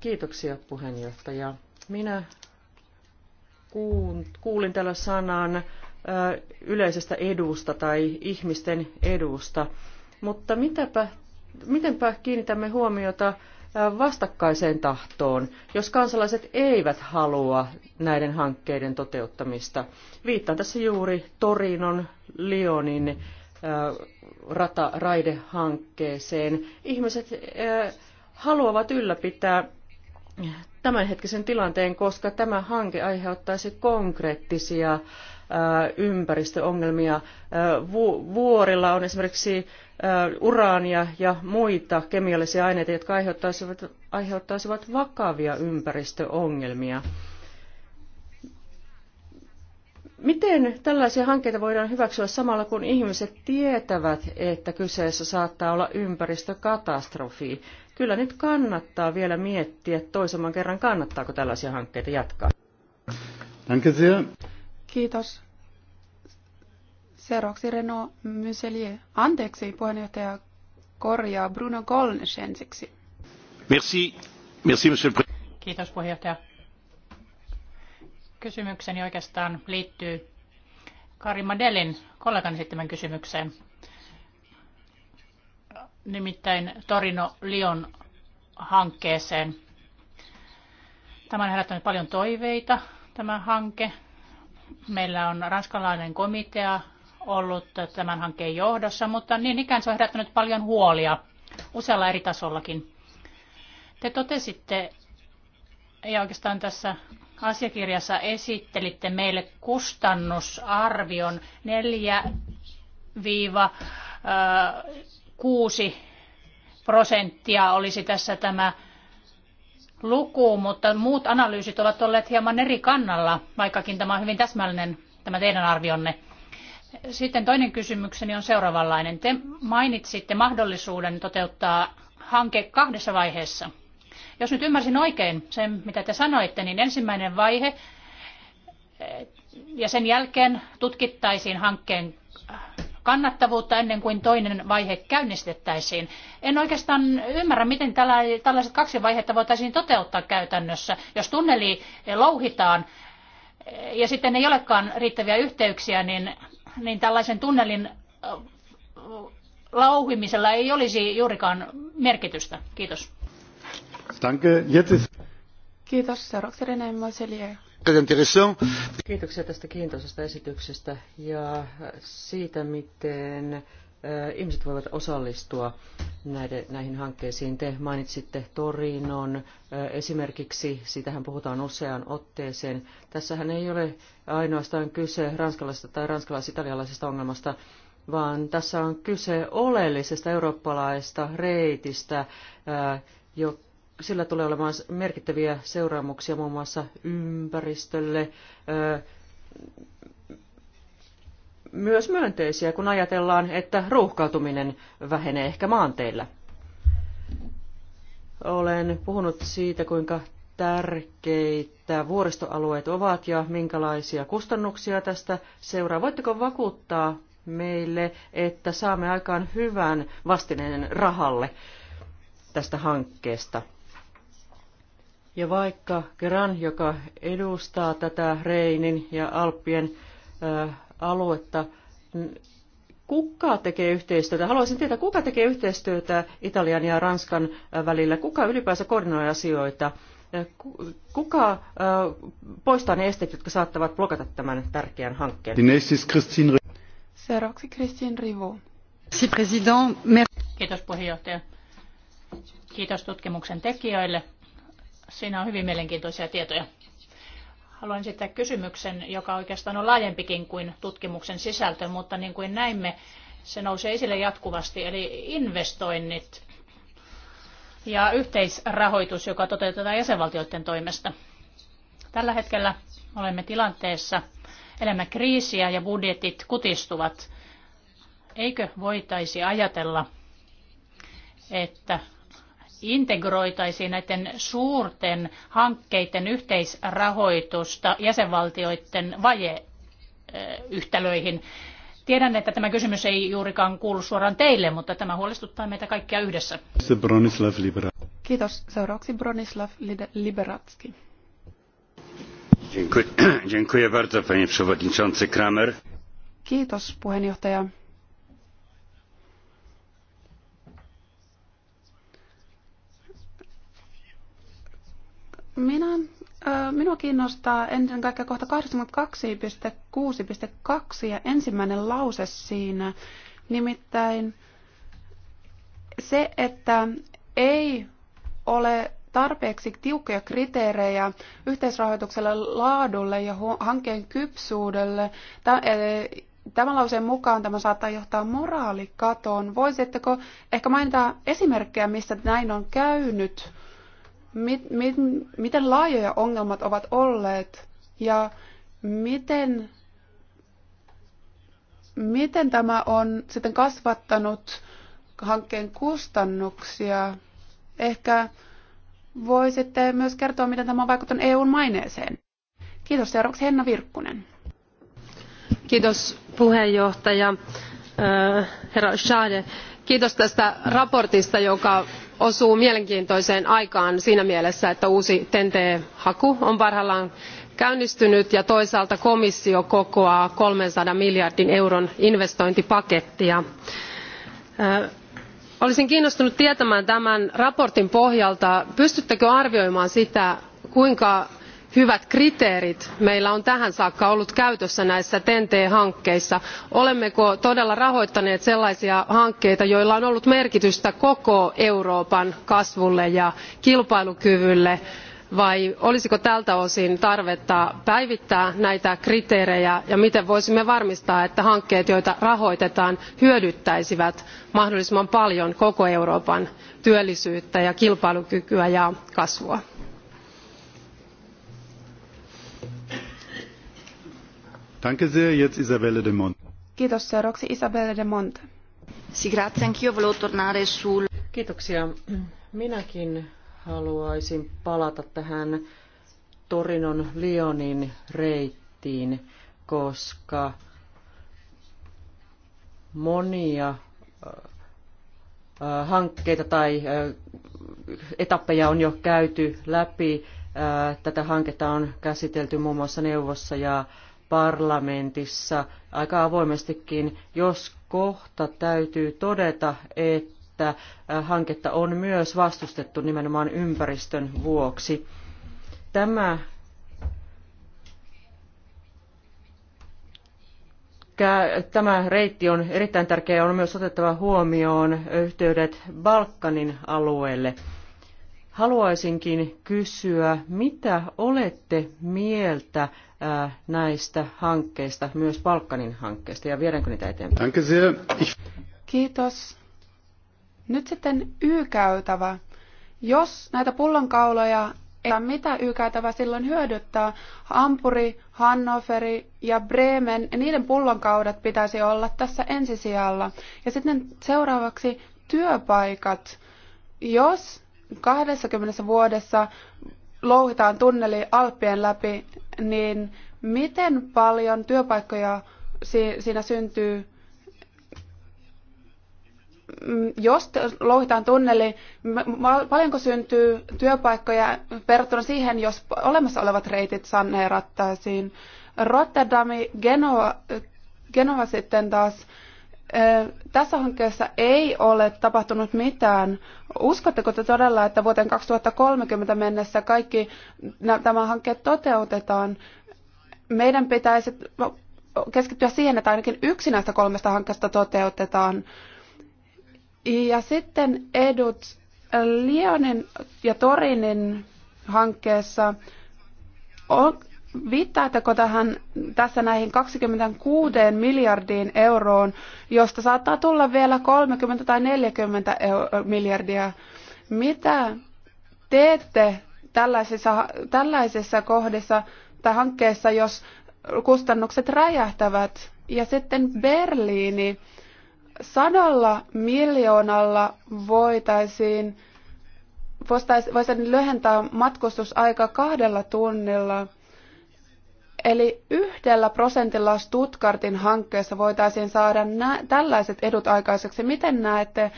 Kiitoksia, puheenjohtaja. Minä kuulin tällä sanan yleisestä edusta tai ihmisten edusta. Mutta mitäpä mitenpä kiinnitämme huomiota äh, vastakkaiseen tahtoon, jos kansalaiset eivät halua näiden hankkeiden toteuttamista. Viittaan tässä juuri Torinon, Lyonin äh, rata, raidehankkeeseen. Ihmiset äh, haluavat ylläpitää tämänhetkisen tilanteen, koska tämä hanke aiheuttaisi konkreettisia ympäristöongelmia. Vuorilla on esimerkiksi uraania ja muita kemiallisia aineita, jotka aiheuttaisivat, aiheuttaisivat vakavia ympäristöongelmia. Miten tällaisia hankkeita voidaan hyväksyä samalla, kun ihmiset tietävät, että kyseessä saattaa olla ympäristökatastrofi? Kyllä nyt kannattaa vielä miettiä toisemman kerran, kannattaako tällaisia hankkeita jatkaa. Kiitos. Seuraavaksi Renault Muselier. Anteeksi, puheenjohtaja korjaa Bruno Gollnisch ensiksi. Merci. Merci, monsieur Kiitos puheenjohtaja. Kysymykseni oikeastaan liittyy Karin Madelin kollegan esittämän kysymykseen. Nimittäin Torino Lion hankkeeseen. Tämä on herättänyt paljon toiveita, tämä hanke. Meillä on ranskalainen komitea ollut tämän hankkeen johdossa, mutta niin ikään se on herättänyt paljon huolia usealla eri tasollakin. Te totesitte, ja oikeastaan tässä asiakirjassa esittelitte meille kustannusarvion 4-6 prosenttia olisi tässä tämä luku, mutta muut analyysit ovat olleet hieman eri kannalla, vaikkakin tämä on hyvin täsmällinen tämä teidän arvionne. Sitten toinen kysymykseni on seuraavanlainen. Te mainitsitte mahdollisuuden toteuttaa hanke kahdessa vaiheessa. Jos nyt ymmärsin oikein sen, mitä te sanoitte, niin ensimmäinen vaihe eh, ja sen jälkeen tutkittaisiin hankkeen eh, kannattavuutta ennen kuin toinen vaihe käynnistettäisiin. En oikeastaan ymmärrä, miten tällaiset kaksi vaihetta voitaisiin toteuttaa käytännössä, jos tunneli louhitaan eh, ja sitten ei olekaan riittäviä yhteyksiä, niin niin tällaisen tunnelin äh, lauhimisella ei olisi juurikaan merkitystä. Kiitos. Danke. Kiitos. Seuraavaksi René Maselier. Kiitoksia tästä kiintoisesta esityksestä ja siitä, miten ihmiset voivat osallistua näiden, näihin hankkeisiin. Te mainitsitte Torinon esimerkiksi, siitähän puhutaan useaan otteeseen. Tässähän ei ole ainoastaan kyse ranskalaisesta tai ranskalais-italialaisesta ongelmasta, vaan tässä on kyse oleellisesta eurooppalaista reitistä, jo sillä tulee olemaan merkittäviä seuraamuksia muun muassa ympäristölle, myös myönteisiä, kun ajatellaan, että ruuhkautuminen vähenee ehkä maanteillä. Olen puhunut siitä, kuinka tärkeitä vuoristoalueet ovat ja minkälaisia kustannuksia tästä seuraa. Voitteko vakuuttaa meille, että saamme aikaan hyvän vastineen rahalle tästä hankkeesta? Ja vaikka Gran, joka edustaa tätä Reinin ja Alppien aluetta. Kuka tekee yhteistyötä? Haluaisin tietää, kuka tekee yhteistyötä Italian ja Ranskan välillä? Kuka ylipäänsä koordinoi asioita? Kuka poistaa ne esteet, jotka saattavat blokata tämän tärkeän hankkeen? Seuraavaksi Christine Rivo. Kiitos puheenjohtaja. Kiitos tutkimuksen tekijöille. Siinä on hyvin mielenkiintoisia tietoja haluan esittää kysymyksen, joka oikeastaan on laajempikin kuin tutkimuksen sisältö, mutta niin kuin näimme, se nousee esille jatkuvasti, eli investoinnit ja yhteisrahoitus, joka toteutetaan jäsenvaltioiden toimesta. Tällä hetkellä olemme tilanteessa, elämme kriisiä ja budjetit kutistuvat. Eikö voitaisi ajatella, että integroitaisiin näiden suurten hankkeiden yhteisrahoitusta jäsenvaltioiden vajeyhtälöihin. Tiedän, että tämä kysymys ei juurikaan kuulu suoraan teille, mutta tämä huolestuttaa meitä kaikkia yhdessä. Bronislav Kiitos. Seuraavaksi Bronislav Liberatski. *clears throat* Kiitos puheenjohtaja Minä, minua kiinnostaa ennen kaikkea kohta 82.6.2 ja ensimmäinen lause siinä, nimittäin se, että ei ole tarpeeksi tiukkoja kriteerejä yhteisrahoitukselle laadulle ja hankkeen kypsuudelle. E, tämän lauseen mukaan tämä saattaa johtaa moraalikatoon. Voisitteko ehkä mainita esimerkkejä, missä näin on käynyt? mit, mit, miten laajoja ongelmat ovat olleet ja miten, miten tämä on sitten kasvattanut hankkeen kustannuksia. Ehkä voisitte myös kertoa, miten tämä on vaikuttanut EUn maineeseen. Kiitos. Seuraavaksi Henna Virkkunen. Kiitos puheenjohtaja. Herra Schade, kiitos tästä mietinnöstä joka osuu mielenkiintoiseen aikaan siinä mielessä että uusi ten t haku on parhaillaan käynnistynyt ja toisaalta komissio kokoaa kolmesataa miljardin euron investointipakettia. olisin kiinnostunut tietämään tämän mietinnön pohjalta pystyttekö arvioimaan sitä kuinka hyvät kriteerit meillä on tähän saakka ollut käytössä näissä ten t hankkeissa olemmeko todella rahoittaneet sellaisia hankkeita joilla on ollut merkitystä koko euroopan kasvulle ja kilpailukyvylle vai olisiko tältä osin tarvetta päivittää näitä kriteerejä ja miten voisimme varmistaa että hankkeet joita rahoitetaan hyödyttäisivät mahdollisimman paljon koko euroopan työllisyyttä ja kilpailukykyä ja kasvua? Danke sehr, jetzt Isabelle de Mont. Kiitos seuraavaksi Isabelle de Mont. Si grazie, Kiitoksia. Minäkin haluaisin palata tähän Torinon Lionin reittiin, koska monia äh, äh, hankkeita tai äh, etappeja on jo käyty läpi. Tätä hanketta on käsitelty muun muassa neuvossa ja parlamentissa aika avoimestikin, jos kohta täytyy todeta, että äh, hanketta on myös vastustettu nimenomaan ympäristön vuoksi. Tämä Tämä reitti on erittäin tärkeä ja on myös otettava huomioon yhteydet Balkanin alueelle. Haluaisinkin kysyä, mitä olette mieltä äh, näistä hankkeista, myös Balkanin hankkeista, ja viedäänkö niitä eteenpäin? Kiitos. Nyt sitten Y-käytävä. Jos näitä pullonkauloja ei mitä Y-käytävä silloin hyödyttää, Ampuri, Hannoveri ja Bremen, niiden pullonkaudat pitäisi olla tässä ensisijalla. Ja sitten seuraavaksi työpaikat. Jos 20 vuodessa louhitaan tunneli Alppien läpi, niin miten paljon työpaikkoja siinä syntyy? Mm, jos louhitaan tunneli, paljonko syntyy työpaikkoja verrattuna siihen, jos olemassa olevat reitit sanneerattaisiin? Rotterdami, Genova, Genova sitten taas tässä hankkeessa ei ole tapahtunut mitään. Uskotteko te todella, että vuoteen 2030 mennessä kaikki nämä hankkeet toteutetaan? Meidän pitäisi keskittyä siihen, että ainakin yksi näistä kolmesta hankkeesta toteutetaan. Ja sitten edut Lionin ja Torinin hankkeessa Viittaatteko tähän, tässä näihin 26 miljardiin euroon, josta saattaa tulla vielä 30 tai 40 miljardia? Mitä teette tällaisessa kohdassa kohdissa tai hankkeessa, jos kustannukset räjähtävät? Ja sitten Berliini sadalla miljoonalla voitaisiin, voisi lyhentää matkustusaika kahdella tunnilla – Eli yhdellä prosentilla Stuttgartin hankkeessa voitaisiin saada nä tällaiset edut aikaiseksi. Miten näette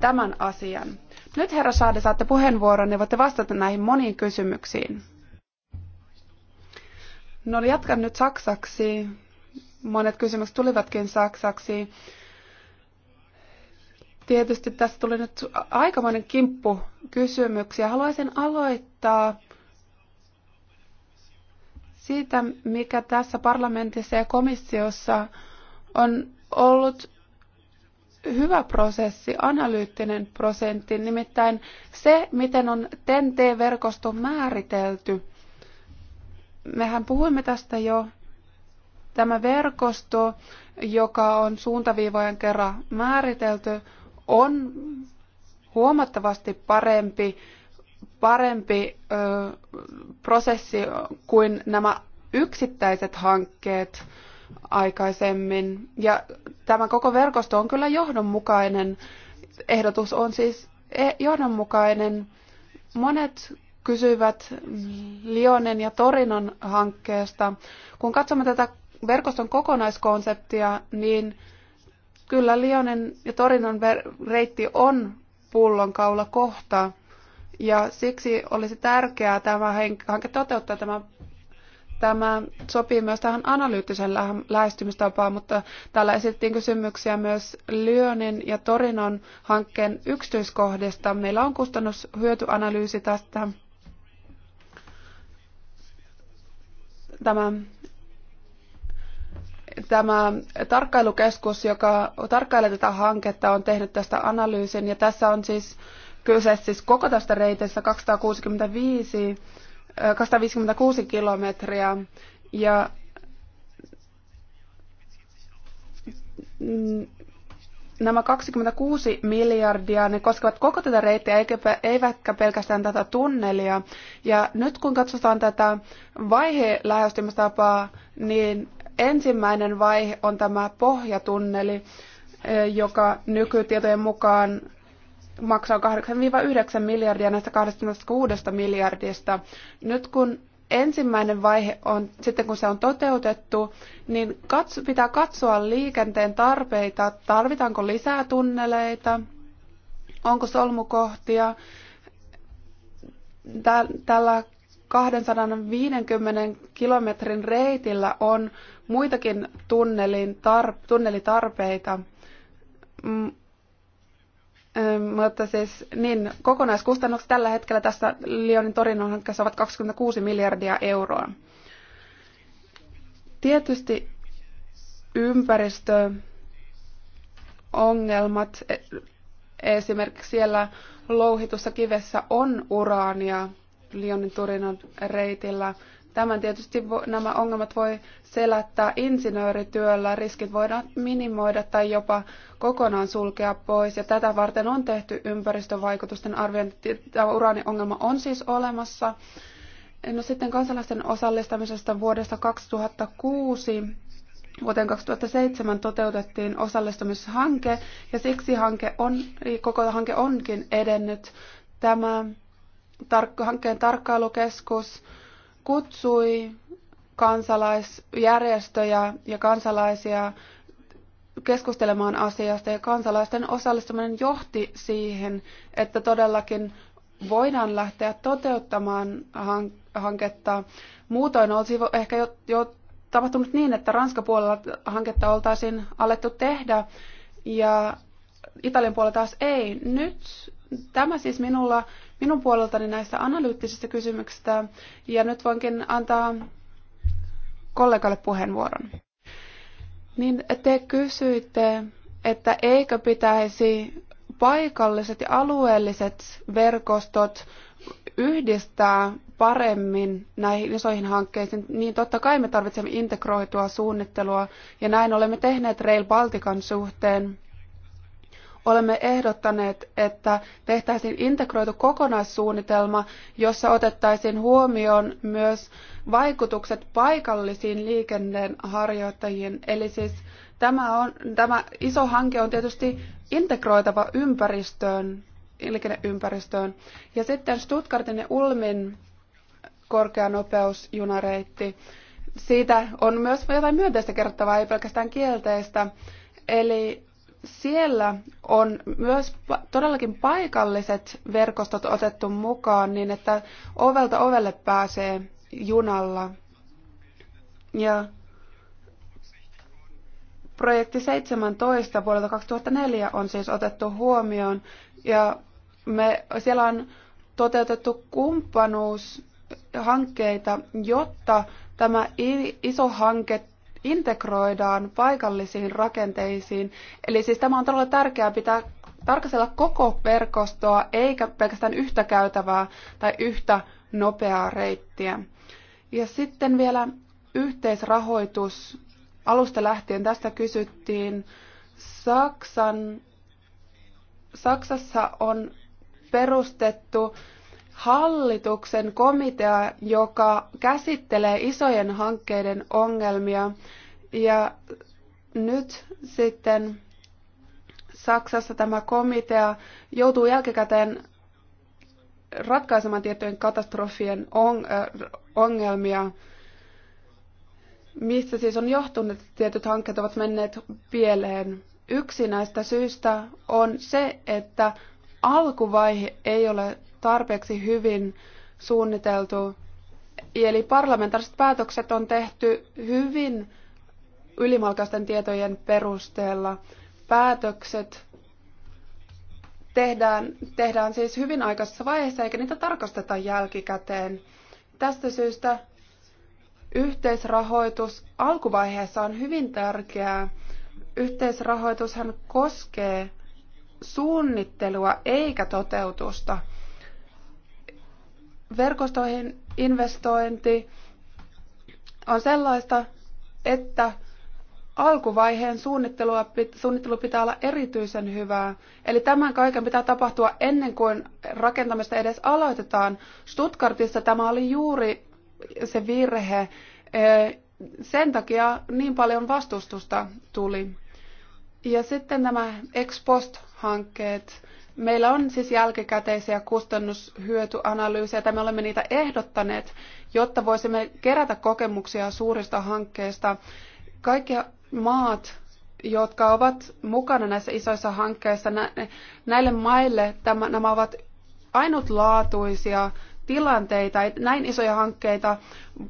tämän asian? Nyt herra Saade, saatte puheenvuoron ja voitte vastata näihin moniin kysymyksiin. No jatkan nyt saksaksi. Monet kysymykset tulivatkin saksaksi. Tietysti tässä tuli nyt aikamoinen kimppu kysymyksiä. Haluaisin aloittaa siitä, mikä tässä parlamentissa ja komissiossa on ollut hyvä prosessi, analyyttinen prosentti, nimittäin se, miten on TEN-T-verkosto määritelty. Mehän puhuimme tästä jo. Tämä verkosto, joka on suuntaviivojen kerran määritelty, on huomattavasti parempi parempi ö, prosessi kuin nämä yksittäiset hankkeet aikaisemmin. Ja tämä koko verkosto on kyllä johdonmukainen. Ehdotus on siis e, johdonmukainen. Monet kysyvät Lionen ja Torinon hankkeesta. Kun katsomme tätä verkoston kokonaiskonseptia, niin kyllä Lionen ja Torinon reitti on pullonkaula kohtaa. Ja siksi olisi tärkeää tämä hanke toteuttaa. Tämä, tämä sopii myös tähän analyyttiseen lähestymistapaan, mutta täällä esitettiin kysymyksiä myös Lyönin ja Torinon hankkeen yksityiskohdista. Meillä on kustannushyötyanalyysi tästä. Tämä tämä tarkkailukeskus, joka tarkkailee tätä hanketta, on tehnyt tästä analyysin. Ja tässä on siis kyse siis koko tästä reitistä 265, 256 kilometriä. Ja nämä 26 miljardia, ne koskevat koko tätä reittiä, eivätkä pelkästään tätä tunnelia. Ja nyt kun katsotaan tätä vaihe lähestymistapaa, niin ensimmäinen vaihe on tämä pohjatunneli, joka nykytietojen mukaan maksaa 8-9 miljardia näistä 26 miljardista. Nyt kun ensimmäinen vaihe on, sitten kun se on toteutettu, niin katso, pitää katsoa liikenteen tarpeita, tarvitaanko lisää tunneleita, onko solmukohtia. Tällä 250 kilometrin reitillä on muitakin tunnelin tar- tunnelitarpeita. Mm, mutta siis niin, kokonaiskustannukset tällä hetkellä tässä Lyonin torin ovat 26 miljardia euroa. Tietysti ympäristöongelmat, e, esimerkiksi siellä louhitussa kivessä on uraania Lyonin torin reitillä. Tämän tietysti nämä ongelmat voi selättää insinöörityöllä, riskit voidaan minimoida tai jopa kokonaan sulkea pois. Ja tätä varten on tehty ympäristövaikutusten arviointi. Tämä uraaniongelma on siis olemassa. No sitten kansalaisten osallistamisesta vuodesta 2006 vuoteen 2007 toteutettiin osallistumishanke ja siksi hanke on, koko hanke onkin edennyt. Tämä tar- hankkeen tarkkailukeskus kutsui kansalaisjärjestöjä ja kansalaisia keskustelemaan asiasta ja kansalaisten osallistuminen johti siihen, että todellakin voidaan lähteä toteuttamaan hanketta. Muutoin olisi ehkä jo, jo tapahtunut niin, että Ranskan puolella hanketta oltaisiin alettu tehdä ja Italian puolella taas ei. Nyt tämä siis minulla minun puoleltani näistä analyyttisistä kysymyksistä ja nyt voinkin antaa kollegalle puheenvuoron. Niin te kysyitte, että eikö pitäisi paikalliset ja alueelliset verkostot yhdistää paremmin näihin isoihin hankkeisiin, niin totta kai me tarvitsemme integroitua suunnittelua, ja näin olemme tehneet Rail Baltican suhteen olemme ehdottaneet, että tehtäisiin integroitu kokonaissuunnitelma, jossa otettaisiin huomioon myös vaikutukset paikallisiin liikenteen harjoittajiin. Eli siis tämä, on, tämä iso hanke on tietysti integroitava ympäristöön, liikenneympäristöön. Ja sitten Stuttgartin ja Ulmin korkeanopeusjunareitti. Siitä on myös jotain myönteistä kerrottavaa, ei pelkästään kielteistä. Eli siellä on myös todellakin paikalliset verkostot otettu mukaan niin, että ovelta ovelle pääsee junalla. Ja projekti 17 vuodelta 2004 on siis otettu huomioon ja me, siellä on toteutettu kumppanuushankkeita, jotta tämä iso hanke integroidaan paikallisiin rakenteisiin. Eli siis tämä on todella tärkeää pitää tarkastella koko verkostoa, eikä pelkästään yhtä käytävää tai yhtä nopeaa reittiä. Ja sitten vielä yhteisrahoitus. Alusta lähtien tästä kysyttiin. Saksan, Saksassa on perustettu hallituksen komitea, joka käsittelee isojen hankkeiden ongelmia. Ja nyt sitten Saksassa tämä komitea joutuu jälkikäteen ratkaisemaan tiettyjen katastrofien äh, ongelmia, mistä siis on johtunut, että tietyt hankkeet ovat menneet pieleen. Yksi näistä syistä on se, että alkuvaihe ei ole tarpeeksi hyvin suunniteltu. Eli parlamentaariset päätökset on tehty hyvin ylimalkaisten tietojen perusteella. Päätökset tehdään, tehdään siis hyvin aikaisessa vaiheessa, eikä niitä tarkasteta jälkikäteen. Tästä syystä yhteisrahoitus alkuvaiheessa on hyvin tärkeää. Yhteisrahoitushan koskee suunnittelua eikä toteutusta verkostoihin investointi on sellaista, että alkuvaiheen suunnittelua, suunnittelu pitää olla erityisen hyvää. Eli tämän kaiken pitää tapahtua ennen kuin rakentamista edes aloitetaan. Stuttgartissa tämä oli juuri se virhe. Sen takia niin paljon vastustusta tuli. Ja sitten nämä ex post-hankkeet. Meillä on siis jälkikäteisiä kustannushyötyanalyysejä, tai me olemme niitä ehdottaneet, jotta voisimme kerätä kokemuksia suurista hankkeista. Kaikki maat, jotka ovat mukana näissä isoissa hankkeissa, näille maille tämä, nämä ovat ainutlaatuisia tilanteita, että näin isoja hankkeita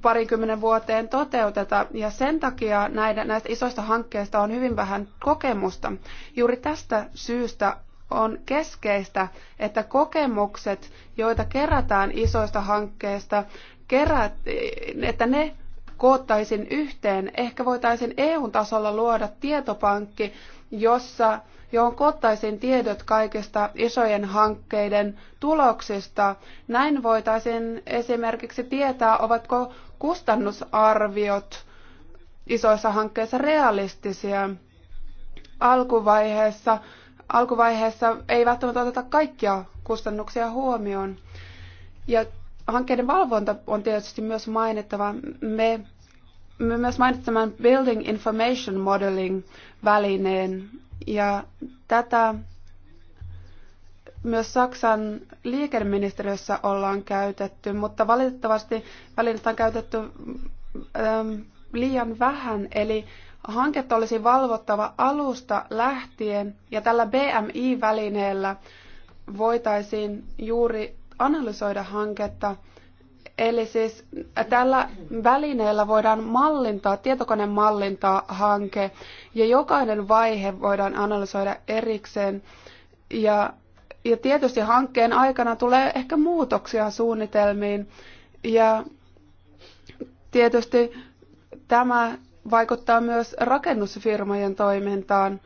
parikymmenen vuoteen toteuteta, ja sen takia näiden, näistä isoista hankkeista on hyvin vähän kokemusta. Juuri tästä syystä on keskeistä, että kokemukset, joita kerätään isoista hankkeista, kerät, että ne koottaisiin yhteen. Ehkä voitaisiin EU-tasolla luoda tietopankki, jossa, johon koottaisiin tiedot kaikista isojen hankkeiden tuloksista. Näin voitaisiin esimerkiksi tietää, ovatko kustannusarviot isoissa hankkeissa realistisia. Alkuvaiheessa alkuvaiheessa ei välttämättä oteta kaikkia kustannuksia huomioon. Ja hankkeiden valvonta on tietysti myös mainittava. Me, me myös mainitsemme Building Information Modeling välineen. Ja tätä myös Saksan liikenneministeriössä ollaan käytetty, mutta valitettavasti välineitä on käytetty äm, liian vähän, eli Hanketta olisi valvottava alusta lähtien ja tällä BMI-välineellä voitaisiin juuri analysoida hanketta. Eli siis tällä välineellä voidaan mallintaa, tietokoneen mallintaa hanke ja jokainen vaihe voidaan analysoida erikseen. Ja, ja tietysti hankkeen aikana tulee ehkä muutoksia suunnitelmiin ja tietysti tämä vaikuttaa myös rakennusfirmojen toimintaan.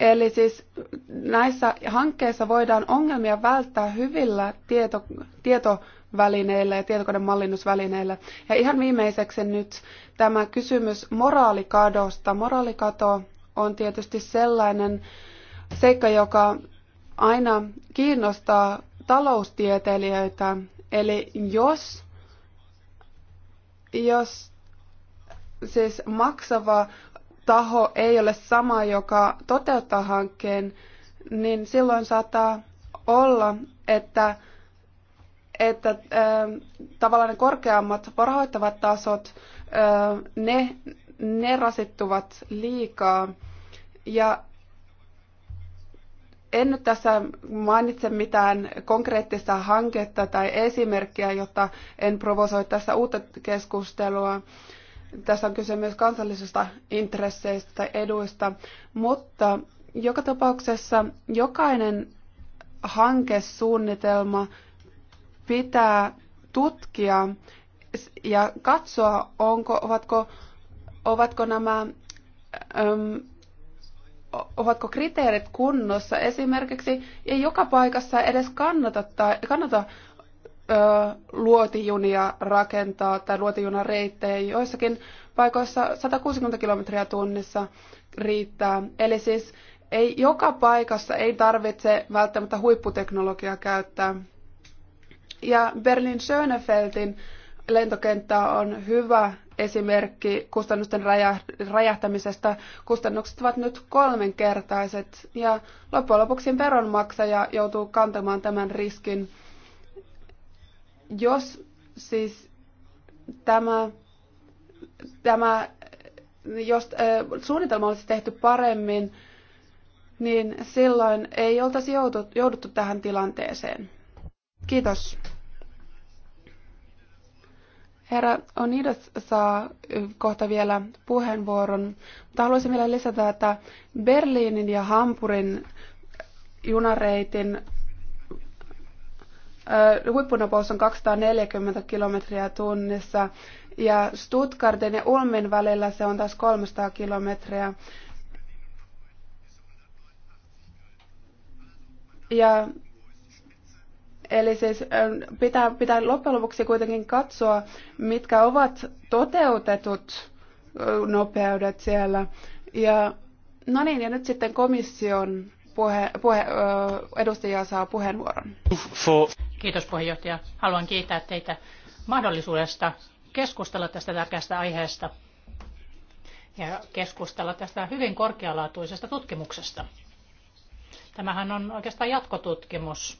Eli siis näissä hankkeissa voidaan ongelmia välttää hyvillä tieto, tietovälineillä ja tietokonemallinnusvälineillä. Ja ihan viimeiseksi nyt tämä kysymys moraalikadosta. Moraalikato on tietysti sellainen seikka, joka aina kiinnostaa taloustieteilijöitä. Eli jos, jos siis maksava taho ei ole sama, joka toteuttaa hankkeen, niin silloin saattaa olla, että, että äh, tavallaan ne korkeammat varhoittavat tasot, äh, ne, ne rasittuvat liikaa. Ja en nyt tässä mainitse mitään konkreettista hanketta tai esimerkkiä, jotta en provosoi tässä uutta keskustelua, tässä on kyse myös kansallisista intresseistä tai eduista, mutta joka tapauksessa jokainen hankesuunnitelma pitää tutkia ja katsoa, onko, ovatko, ovatko nämä öm, ovatko kriteerit kunnossa. Esimerkiksi ei joka paikassa edes kannata, tai, kannata luotijunia rakentaa tai luotijunareittejä. Joissakin paikoissa 160 kilometriä tunnissa riittää. Eli siis ei joka paikassa ei tarvitse välttämättä huipputeknologiaa käyttää. Ja Berlin Schönefeldin lentokenttä on hyvä esimerkki kustannusten räjähtämisestä. Kustannukset ovat nyt kolmenkertaiset ja loppujen lopuksi veronmaksaja joutuu kantamaan tämän riskin. Jos siis tämä, tämä jos suunnitelma olisi tehty paremmin, niin silloin ei oltaisi jouduttu tähän tilanteeseen. Kiitos. Herra Onidas saa kohta vielä puheenvuoron, mutta haluaisin vielä lisätä, että Berliinin ja Hampurin junareitin huippunopeus on 240 kilometriä tunnissa ja Stuttgartin ja Ulmin välillä se on taas 300 kilometriä. Ja Eli siis pitää, pitää loppujen lopuksi kuitenkin katsoa, mitkä ovat toteutetut nopeudet siellä. Ja, no niin, ja nyt sitten komission puhe, puhe, edustaja saa puheenvuoron. Kiitos puheenjohtaja. Haluan kiittää teitä mahdollisuudesta keskustella tästä tärkeästä aiheesta ja keskustella tästä hyvin korkealaatuisesta tutkimuksesta. Tämähän on oikeastaan jatkotutkimus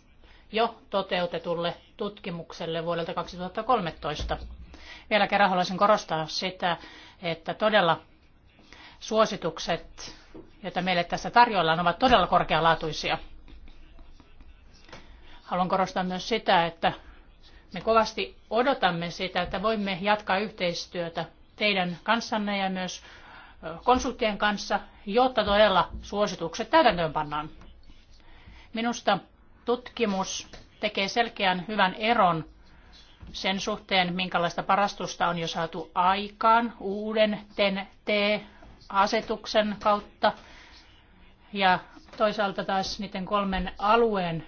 jo toteutetulle tutkimukselle vuodelta 2013. Vielä kerran haluaisin korostaa sitä, että todella suositukset joita meille tässä tarjoillaan, ovat todella korkealaatuisia. Haluan korostaa myös sitä, että me kovasti odotamme sitä, että voimme jatkaa yhteistyötä teidän kanssanne ja myös konsulttien kanssa, jotta todella suositukset täytäntöön pannaan. Minusta tutkimus tekee selkeän hyvän eron sen suhteen, minkälaista parastusta on jo saatu aikaan uuden TEN-T asetuksen kautta ja toisaalta taas niiden kolmen alueen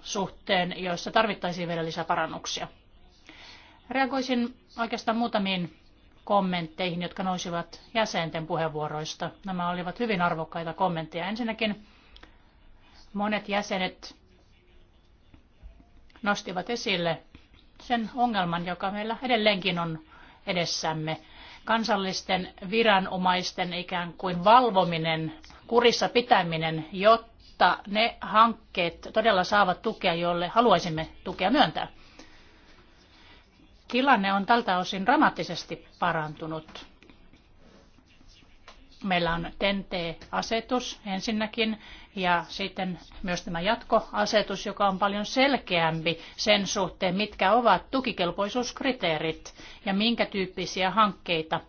suhteen, joissa tarvittaisiin vielä lisäparannuksia. Reagoisin oikeastaan muutamiin kommentteihin, jotka nousivat jäsenten puheenvuoroista. Nämä olivat hyvin arvokkaita kommentteja. Ensinnäkin monet jäsenet nostivat esille sen ongelman, joka meillä edelleenkin on edessämme – kansallisten viranomaisten ikään kuin valvominen, kurissa pitäminen, jotta ne hankkeet todella saavat tukea, joille haluaisimme tukea myöntää. Tilanne on tältä osin dramaattisesti parantunut. Meillä on TENTE-asetus ensinnäkin, ja sitten myös tämä jatkoasetus, joka on paljon selkeämpi sen suhteen, mitkä ovat tukikelpoisuuskriteerit ja minkä tyyppisiä hankkeita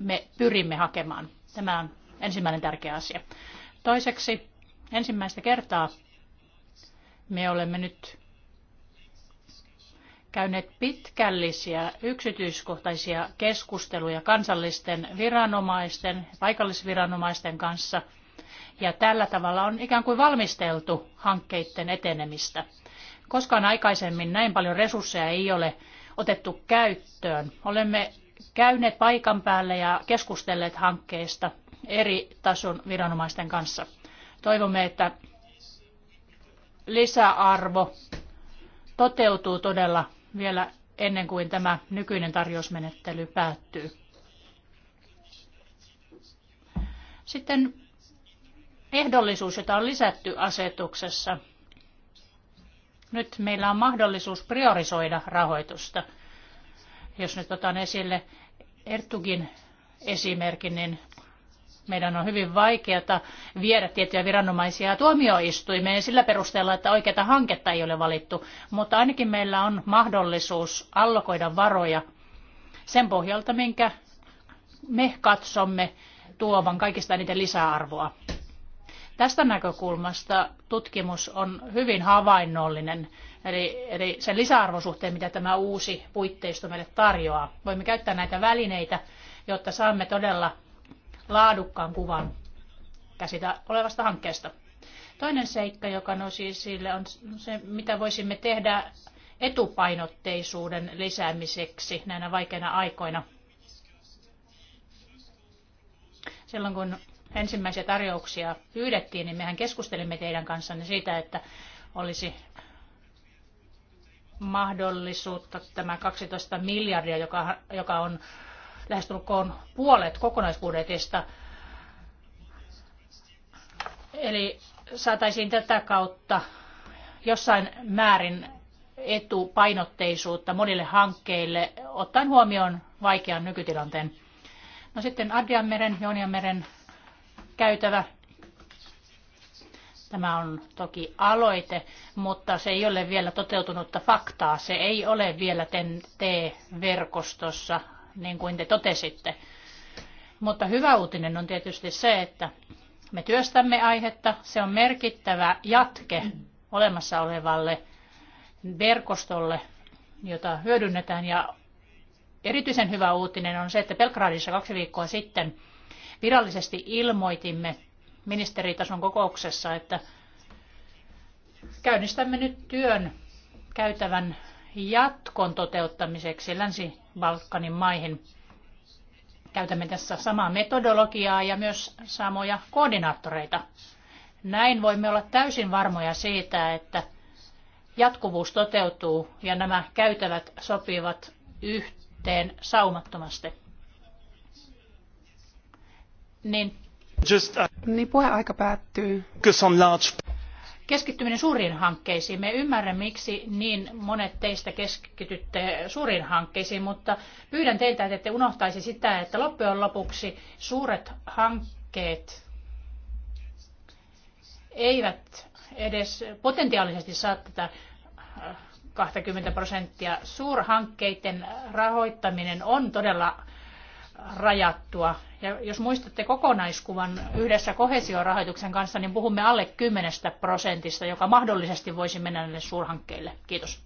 me pyrimme hakemaan. Tämä on ensimmäinen tärkeä asia. Toiseksi, ensimmäistä kertaa me olemme nyt käyneet pitkällisiä yksityiskohtaisia keskusteluja kansallisten viranomaisten, paikallisviranomaisten kanssa – ja tällä tavalla on ikään kuin valmisteltu hankkeiden etenemistä. Koskaan aikaisemmin näin paljon resursseja ei ole otettu käyttöön. Olemme käyneet paikan päälle ja keskustelleet hankkeista eri tason viranomaisten kanssa. Toivomme, että lisäarvo toteutuu todella vielä ennen kuin tämä nykyinen tarjousmenettely päättyy. Sitten ehdollisuus, jota on lisätty asetuksessa. Nyt meillä on mahdollisuus priorisoida rahoitusta. Jos nyt otan esille Ertugin esimerkin, niin meidän on hyvin vaikeata viedä tiettyjä viranomaisia tuomioistuimeen sillä perusteella, että oikeita hanketta ei ole valittu, mutta ainakin meillä on mahdollisuus allokoida varoja sen pohjalta, minkä me katsomme tuovan kaikista niiden lisäarvoa. Tästä näkökulmasta tutkimus on hyvin havainnollinen, eli, eli sen lisäarvosuhteen, mitä tämä uusi puitteisto meille tarjoaa. Voimme käyttää näitä välineitä, jotta saamme todella laadukkaan kuvan käsitä olevasta hankkeesta. Toinen seikka, joka nousi esille, on se, mitä voisimme tehdä etupainotteisuuden lisäämiseksi näinä vaikeina aikoina. Silloin kun ensimmäisiä tarjouksia pyydettiin, niin mehän keskustelimme teidän kanssanne siitä, että olisi mahdollisuutta tämä 12 miljardia, joka, joka on lähestulkoon puolet kokonaisbudjetista. Eli saataisiin tätä kautta jossain määrin etupainotteisuutta monille hankkeille, ottaen huomioon vaikean nykytilanteen. No sitten Adrianmeren, Meren käytävä. Tämä on toki aloite, mutta se ei ole vielä toteutunutta faktaa. Se ei ole vielä TEN-T-verkostossa, niin kuin te totesitte. Mutta hyvä uutinen on tietysti se, että me työstämme aihetta. Se on merkittävä jatke olemassa olevalle verkostolle, jota hyödynnetään. Ja erityisen hyvä uutinen on se, että Belgradissa kaksi viikkoa sitten – Virallisesti ilmoitimme ministeritason kokouksessa, että käynnistämme nyt työn käytävän jatkon toteuttamiseksi Länsi-Balkanin maihin. Käytämme tässä samaa metodologiaa ja myös samoja koordinaattoreita. Näin voimme olla täysin varmoja siitä, että jatkuvuus toteutuu ja nämä käytävät sopivat yhteen saumattomasti. Niin, uh, niin. puheaika päättyy. Keskittyminen suuriin hankkeisiin. Me ymmärrämme, miksi niin monet teistä keskitytte suuriin hankkeisiin, mutta pyydän teiltä, että ette unohtaisi sitä, että loppujen lopuksi suuret hankkeet eivät edes potentiaalisesti saa tätä 20 äh, prosenttia. Suurhankkeiden rahoittaminen on todella rajattua. Ja jos muistatte kokonaiskuvan yhdessä kohesiorahoituksen kanssa, niin puhumme alle 10 prosentista, joka mahdollisesti voisi mennä näille suurhankkeille. Kiitos.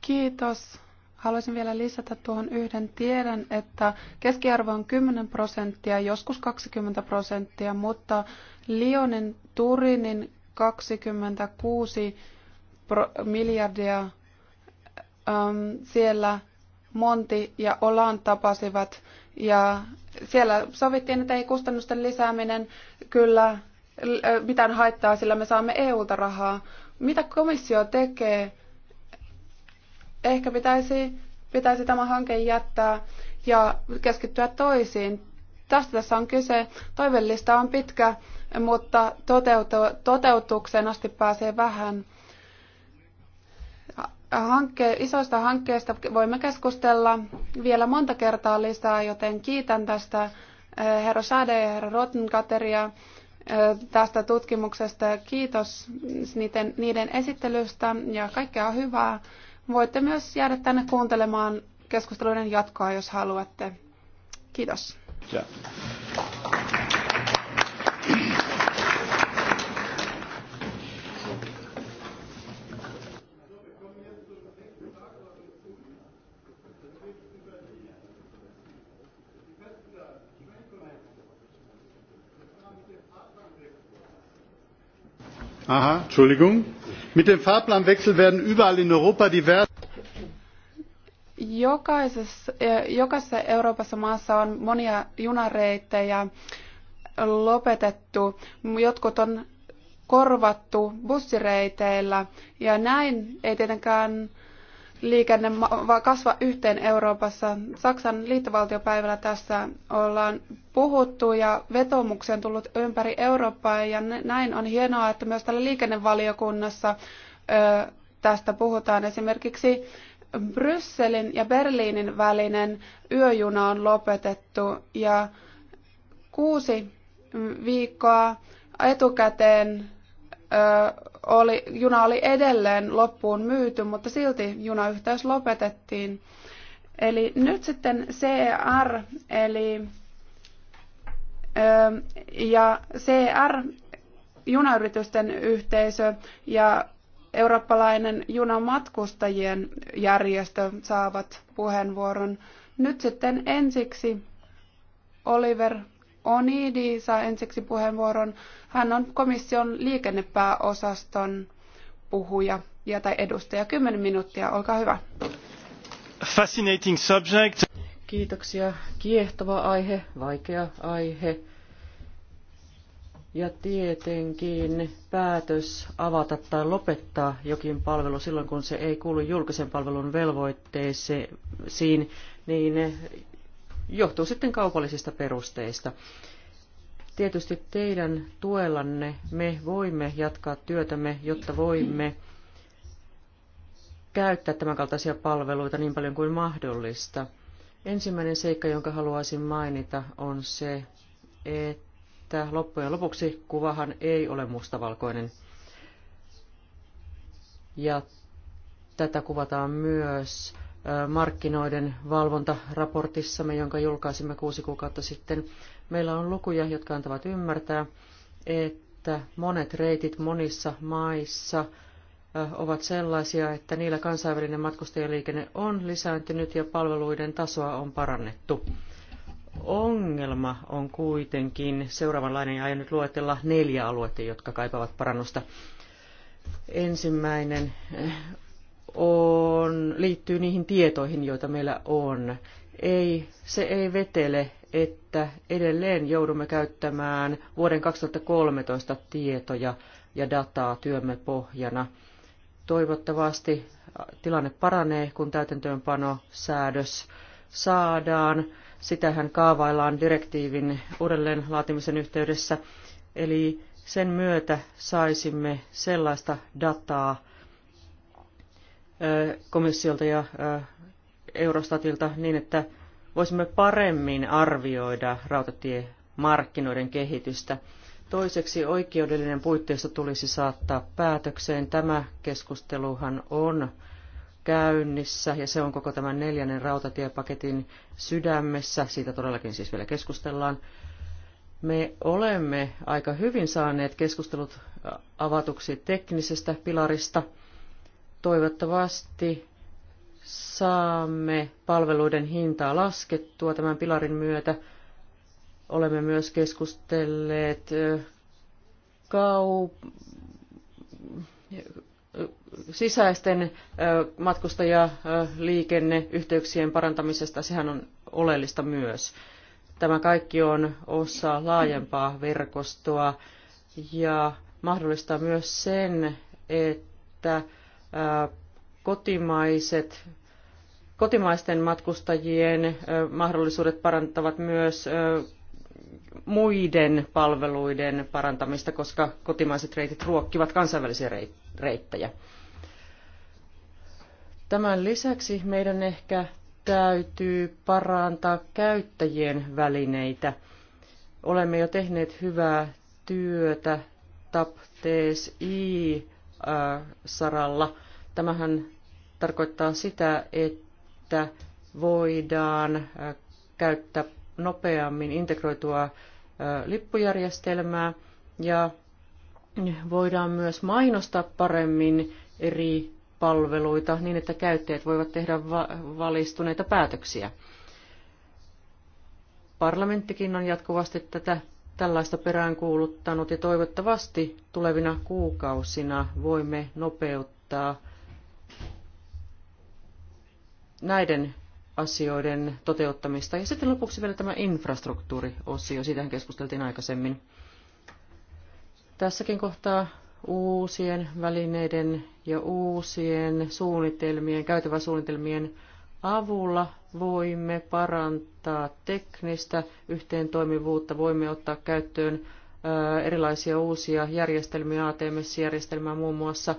Kiitos. Haluaisin vielä lisätä tuohon yhden tiedon, että keskiarvo on 10 prosenttia, joskus 20 prosenttia, mutta Lionin Turinin 26 miljardia, siellä Monti ja Olan tapasivat ja siellä sovittiin, että ei kustannusten lisääminen kyllä äh, mitään haittaa, sillä me saamme EUlta rahaa. Mitä komissio tekee? Ehkä pitäisi, pitäisi tämä hanke jättää ja keskittyä toisiin. Tästä tässä on kyse. Toivellista on pitkä, mutta toteutu, toteutukseen asti pääsee vähän hankke, isoista hankkeista voimme keskustella vielä monta kertaa lisää, joten kiitän tästä eh, herra Sade ja herra Rottenkateria eh, tästä tutkimuksesta. Kiitos niiden, niiden esittelystä ja kaikkea hyvää. Voitte myös jäädä tänne kuuntelemaan keskusteluiden jatkoa, jos haluatte. Kiitos. Mit dem Fahrplanwechsel werden überall in Europa diverse jokaisessa Euroopassa maassa on monia junareittejä lopetettu. Jotkut on korvattu bussireiteillä ja näin ei tietenkään liikenne kasva yhteen Euroopassa. Saksan liittovaltiopäivällä tässä ollaan puhuttu ja vetomuksen tullut ympäri Eurooppaa ja näin on hienoa, että myös täällä liikennevaliokunnassa tästä puhutaan. Esimerkiksi Brysselin ja Berliinin välinen yöjuna on lopetettu ja kuusi viikkoa etukäteen oli, juna oli edelleen loppuun myyty, mutta silti junayhteys lopetettiin. Eli nyt sitten CR, eli ja CR, junayritysten yhteisö ja eurooppalainen junamatkustajien järjestö saavat puheenvuoron. Nyt sitten ensiksi Oliver Onidi saa ensiksi puheenvuoron. Hän on komission liikennepääosaston puhuja ja tai edustaja. Kymmenen minuuttia, olkaa hyvä. Fascinating subject. Kiitoksia. Kiehtova aihe, vaikea aihe. Ja tietenkin päätös avata tai lopettaa jokin palvelu silloin, kun se ei kuulu julkisen palvelun velvoitteisiin, niin johtuu sitten kaupallisista perusteista. Tietysti teidän tuellanne me voimme jatkaa työtämme, jotta voimme käyttää kaltaisia palveluita niin paljon kuin mahdollista. Ensimmäinen seikka, jonka haluaisin mainita, on se, että loppujen lopuksi kuvahan ei ole mustavalkoinen. Ja tätä kuvataan myös markkinoiden valvontaraportissamme, jonka julkaisimme kuusi kuukautta sitten. Meillä on lukuja, jotka antavat ymmärtää, että monet reitit monissa maissa ovat sellaisia, että niillä kansainvälinen matkustajaliikenne on lisääntynyt ja palveluiden tasoa on parannettu. Ongelma on kuitenkin seuraavanlainen, ja aion nyt luetella neljä aluetta, jotka kaipaavat parannusta. Ensimmäinen on, liittyy niihin tietoihin, joita meillä on. Ei, se ei vetele, että edelleen joudumme käyttämään vuoden 2013 tietoja ja dataa työmme pohjana. Toivottavasti tilanne paranee, kun täytäntöönpano säädös saadaan. Sitähän kaavaillaan direktiivin uudelleen laatimisen yhteydessä. Eli sen myötä saisimme sellaista dataa, komissiolta ja Eurostatilta niin, että voisimme paremmin arvioida rautatiemarkkinoiden kehitystä. Toiseksi oikeudellinen puitteisto tulisi saattaa päätökseen. Tämä keskusteluhan on käynnissä ja se on koko tämän neljännen rautatiepaketin sydämessä. Siitä todellakin siis vielä keskustellaan. Me olemme aika hyvin saaneet keskustelut avatuksi teknisestä pilarista – Toivottavasti saamme palveluiden hintaa laskettua tämän pilarin myötä. Olemme myös keskustelleet kaup- sisäisten matkustajaliikenneyhteyksien parantamisesta. Sehän on oleellista myös. Tämä kaikki on osa laajempaa verkostoa ja mahdollistaa myös sen, että kotimaiset kotimaisten matkustajien mahdollisuudet parantavat myös muiden palveluiden parantamista, koska kotimaiset reitit ruokkivat kansainvälisiä reittejä. Tämän lisäksi meidän ehkä täytyy parantaa käyttäjien välineitä. Olemme jo tehneet hyvää työtä TAP TSI-saralla Tämähän tarkoittaa sitä, että voidaan äh, käyttää nopeammin integroitua äh, lippujärjestelmää ja voidaan myös mainostaa paremmin eri palveluita niin, että käyttäjät voivat tehdä valistuneita päätöksiä. Parlamenttikin on jatkuvasti tätä tällaista peräänkuuluttanut ja toivottavasti tulevina kuukausina voimme nopeuttaa näiden asioiden toteuttamista. Ja sitten lopuksi vielä tämä infrastruktuuriosio, siitähän keskusteltiin aikaisemmin. Tässäkin kohtaa uusien välineiden ja uusien suunnitelmien, käytäväsuunnitelmien avulla voimme parantaa teknistä yhteentoimivuutta, voimme ottaa käyttöön erilaisia uusia järjestelmiä, ATMS-järjestelmää muun muassa,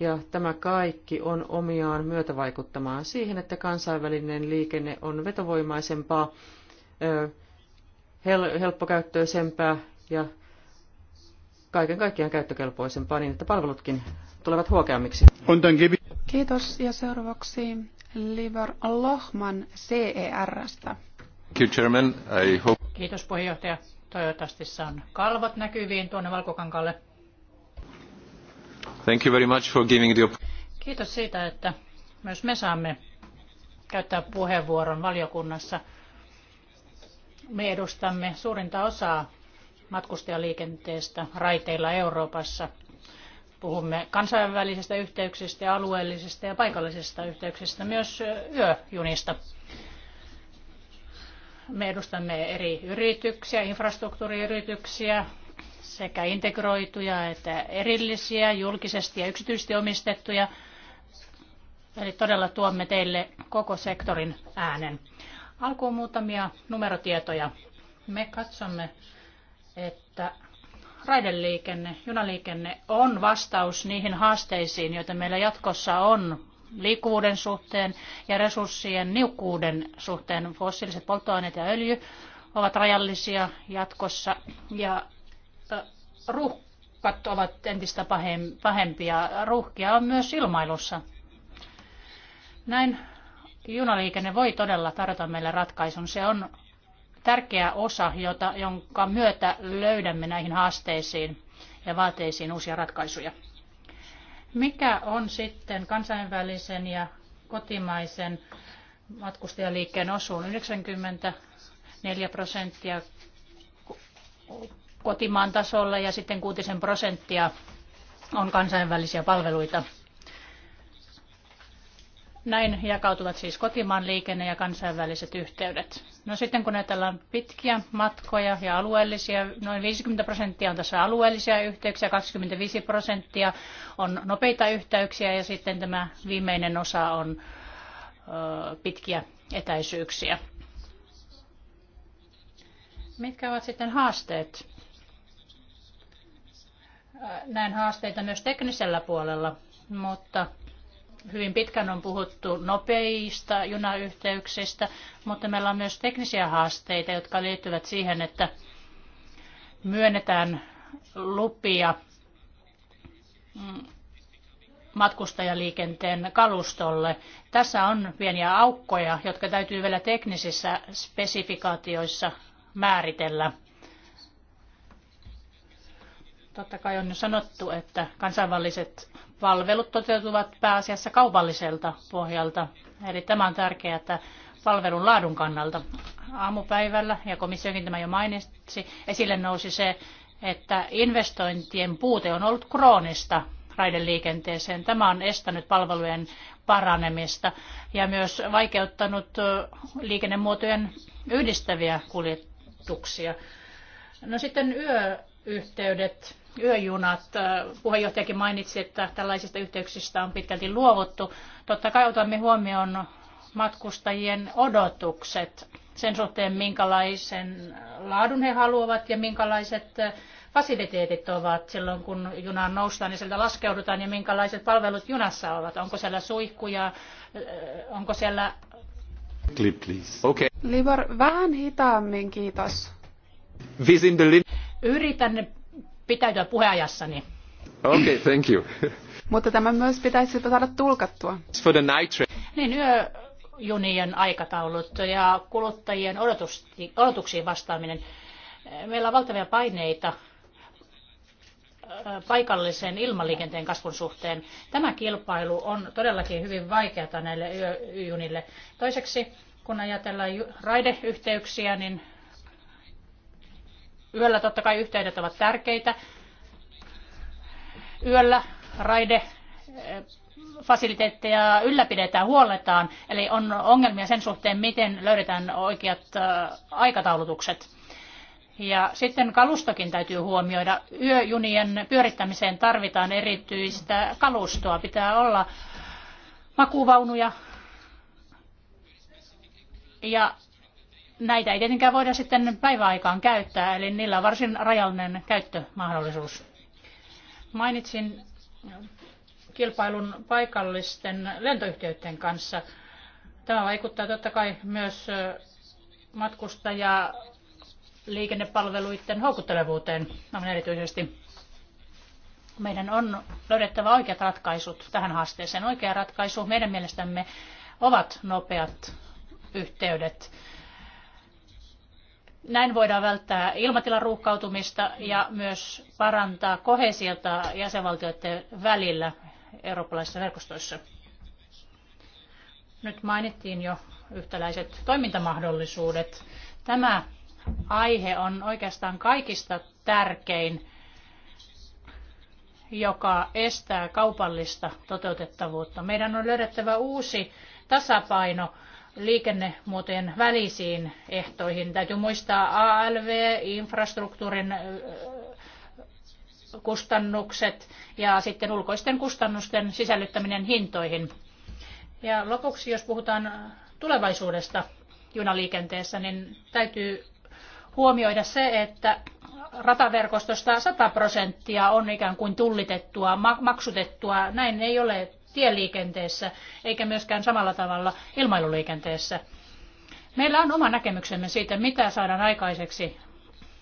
ja tämä kaikki on omiaan myötävaikuttamaan siihen, että kansainvälinen liikenne on vetovoimaisempaa, helppokäyttöisempää ja kaiken kaikkiaan käyttökelpoisempaa niin, että palvelutkin tulevat huokeammiksi. Kiitos ja seuraavaksi Livar Lohman CERstä. Kiitos puheenjohtaja. Toivottavasti saan kalvot näkyviin tuonne valkokankalle. Thank you very much for giving the... Kiitos siitä, että myös me saamme käyttää puheenvuoron valiokunnassa. Me edustamme suurinta osaa matkustajaliikenteestä raiteilla Euroopassa. Puhumme kansainvälisistä yhteyksistä, alueellisista ja paikallisista yhteyksistä, myös yöjunista. Me edustamme eri yrityksiä, infrastruktuuriyrityksiä, sekä integroituja että erillisiä, julkisesti ja yksityisesti omistettuja. Eli todella tuomme teille koko sektorin äänen. Alkuun muutamia numerotietoja. Me katsomme, että raideliikenne, junaliikenne on vastaus niihin haasteisiin, joita meillä jatkossa on liikkuvuuden suhteen ja resurssien niukkuuden suhteen. Fossiiliset polttoaineet ja öljy ovat rajallisia jatkossa ja ruuhkat ovat entistä pahempia. Ruuhkia on myös ilmailussa. Näin junaliikenne voi todella tarjota meille ratkaisun. Se on tärkeä osa, jota, jonka myötä löydämme näihin haasteisiin ja vaateisiin uusia ratkaisuja. Mikä on sitten kansainvälisen ja kotimaisen matkustajaliikkeen osuun 94 prosenttia kotimaan tasolla ja sitten kuutisen prosenttia on kansainvälisiä palveluita. Näin jakautuvat siis kotimaan liikenne ja kansainväliset yhteydet. No sitten kun ajatellaan pitkiä matkoja ja alueellisia, noin 50 prosenttia on tässä alueellisia yhteyksiä, 25 prosenttia on nopeita yhteyksiä ja sitten tämä viimeinen osa on ö, pitkiä etäisyyksiä. Mitkä ovat sitten haasteet näen haasteita myös teknisellä puolella, mutta hyvin pitkään on puhuttu nopeista junayhteyksistä, mutta meillä on myös teknisiä haasteita, jotka liittyvät siihen, että myönnetään lupia matkustajaliikenteen kalustolle. Tässä on pieniä aukkoja, jotka täytyy vielä teknisissä spesifikaatioissa määritellä. Totta kai on jo sanottu, että kansainväliset palvelut toteutuvat pääasiassa kaupalliselta pohjalta. Eli tämä on tärkeää, että palvelun laadun kannalta aamupäivällä, ja komissiokin tämä jo mainitsi, esille nousi se, että investointien puute on ollut kroonista raideliikenteeseen. Tämä on estänyt palvelujen paranemista ja myös vaikeuttanut liikennemuotojen yhdistäviä kuljetuksia. No sitten yö yhteydet, yöjunat. Puheenjohtajakin mainitsi, että tällaisista yhteyksistä on pitkälti luovuttu. Totta kai otamme huomioon matkustajien odotukset sen suhteen, minkälaisen laadun he haluavat ja minkälaiset fasiliteetit ovat silloin, kun junaan noustaan ja sieltä laskeudutaan ja minkälaiset palvelut junassa ovat. Onko siellä suihkuja, onko siellä... Clip, please. Okay. Libor, vähän hitaammin, kiitos. Visin the Yritän pitäytyä puheajassani. Okay, thank you. *laughs* Mutta tämä myös pitäisi saada tulkattua. For the night train. Niin, yöjunien aikataulut ja kuluttajien odotusti, odotuksiin vastaaminen. Meillä on valtavia paineita äh, paikallisen ilmaliikenteen kasvun suhteen. Tämä kilpailu on todellakin hyvin vaikeata näille yöjunille. Toiseksi, kun ajatellaan raideyhteyksiä, niin Yöllä totta kai yhteydet ovat tärkeitä. Yöllä raide eh, fasiliteetteja ylläpidetään, huolletaan, eli on ongelmia sen suhteen, miten löydetään oikeat eh, aikataulutukset. Ja sitten kalustokin täytyy huomioida. Yöjunien pyörittämiseen tarvitaan erityistä kalustoa. Pitää olla makuvaunuja ja näitä ei tietenkään voida sitten päiväaikaan käyttää, eli niillä on varsin rajallinen käyttömahdollisuus. Mainitsin kilpailun paikallisten lentoyhtiöiden kanssa. Tämä vaikuttaa totta kai myös matkustaja liikennepalveluiden houkuttelevuuteen aivan no, erityisesti. Meidän on löydettävä oikeat ratkaisut tähän haasteeseen. Oikea ratkaisu meidän mielestämme ovat nopeat yhteydet näin voidaan välttää ilmatilan ruuhkautumista ja myös parantaa kohesiota jäsenvaltioiden välillä eurooppalaisissa verkostoissa. Nyt mainittiin jo yhtäläiset toimintamahdollisuudet. Tämä aihe on oikeastaan kaikista tärkein, joka estää kaupallista toteutettavuutta. Meidän on löydettävä uusi tasapaino liikennemuotojen välisiin ehtoihin. Täytyy muistaa ALV, infrastruktuurin kustannukset ja sitten ulkoisten kustannusten sisällyttäminen hintoihin. Ja lopuksi, jos puhutaan tulevaisuudesta junaliikenteessä, niin täytyy huomioida se, että rataverkostosta 100 prosenttia on ikään kuin tullitettua, maksutettua. Näin ei ole tieliikenteessä, eikä myöskään samalla tavalla ilmailuliikenteessä. Meillä on oma näkemyksemme siitä, mitä saadaan aikaiseksi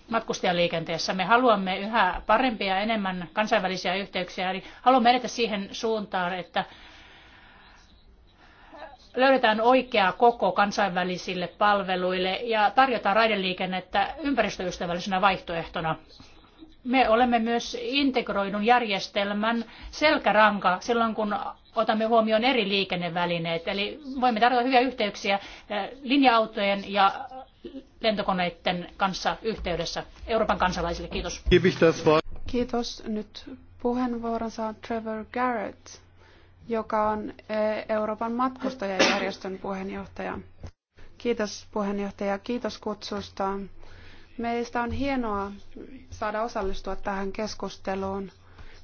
matkustajaliikenteessä. Me haluamme yhä parempia, enemmän kansainvälisiä yhteyksiä, eli haluamme edetä siihen suuntaan, että löydetään oikea koko kansainvälisille palveluille ja tarjotaan raideliikennettä ympäristöystävällisenä vaihtoehtona me olemme myös integroidun järjestelmän selkäranka silloin, kun otamme huomioon eri liikennevälineet. Eli voimme tarjota hyviä yhteyksiä eh, linja-autojen ja lentokoneiden kanssa yhteydessä Euroopan kansalaisille. Kiitos. Kiitos. Nyt puheenvuoron saa Trevor Garrett, joka on eh, Euroopan matkustajajärjestön puheenjohtaja. Kiitos puheenjohtaja. Kiitos kutsusta. Meistä on hienoa saada osallistua tähän keskusteluun.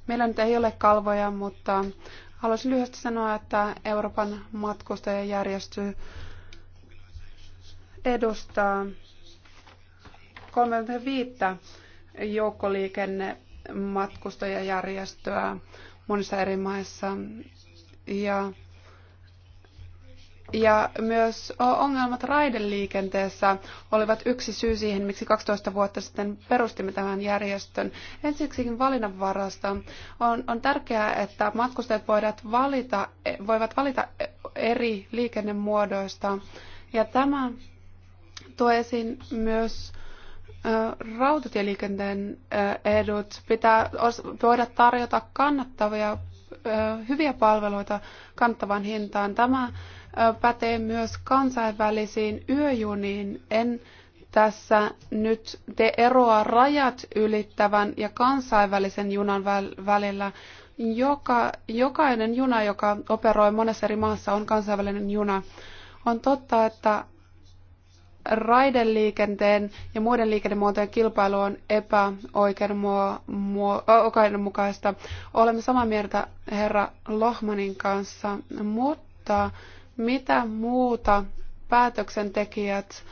Meillä nyt ei ole kalvoja, mutta haluaisin lyhyesti sanoa, että Euroopan matkustajajärjestö edustaa 35 matkustajajärjestöä monissa eri maissa. Ja ja myös ongelmat raideliikenteessä olivat yksi syy siihen, miksi 12 vuotta sitten perustimme tämän järjestön. Ensiksikin valinnanvarasta. On, on tärkeää, että matkustajat voivat valita, voivat valita eri liikennemuodoista. Ja tämä tuo esiin myös rautatieliikenteen edut. Pitää voida tarjota kannattavia hyviä palveluita kannattavan hintaan. Tämä pätee myös kansainvälisiin yöjuniin. En tässä nyt te eroa rajat ylittävän ja kansainvälisen junan välillä. Joka, jokainen juna, joka operoi monessa eri maassa, on kansainvälinen juna. On totta, että raideliikenteen ja muiden liikennemuotojen kilpailu on epäoikeudenmukaista. Olemme samaa mieltä herra Lohmanin kanssa, mutta mitä muuta päätöksentekijät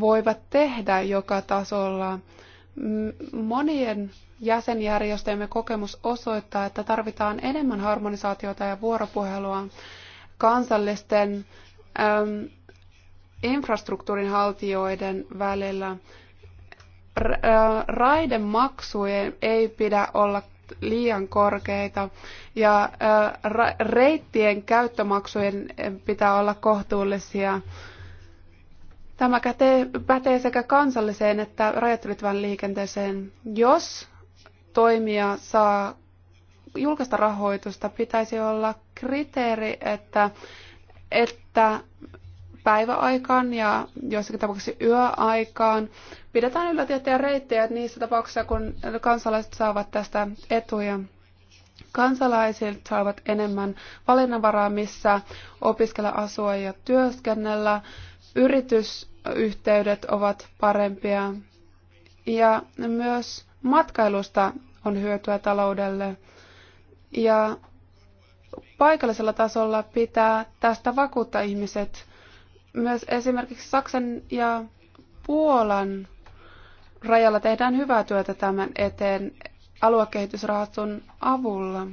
voivat tehdä joka tasolla? Monien jäsenjärjestöjemme kokemus osoittaa, että tarvitaan enemmän harmonisaatiota ja vuoropuhelua kansallisten infrastruktuurin haltijoiden välillä. Raidemaksujen ei pidä olla liian korkeita ja reittien käyttömaksujen pitää olla kohtuullisia. Tämä pätee sekä kansalliseen että rajat liikenteeseen. Jos toimija saa julkista rahoitusta, pitäisi olla kriteeri, että, että päiväaikaan ja joissakin tapauksissa yöaikaan. Pidetään yllä tiettyjä reittejä niissä tapauksissa, kun kansalaiset saavat tästä etuja. Kansalaiset saavat enemmän valinnanvaraa, missä opiskella, asua ja työskennellä. Yritysyhteydet ovat parempia ja myös matkailusta on hyötyä taloudelle. Ja paikallisella tasolla pitää tästä vakuuttaa ihmiset – myös esimerkiksi Saksan ja Puolan rajalla tehdään hyvää työtä tämän eteen aluekehitysrahaston avulla.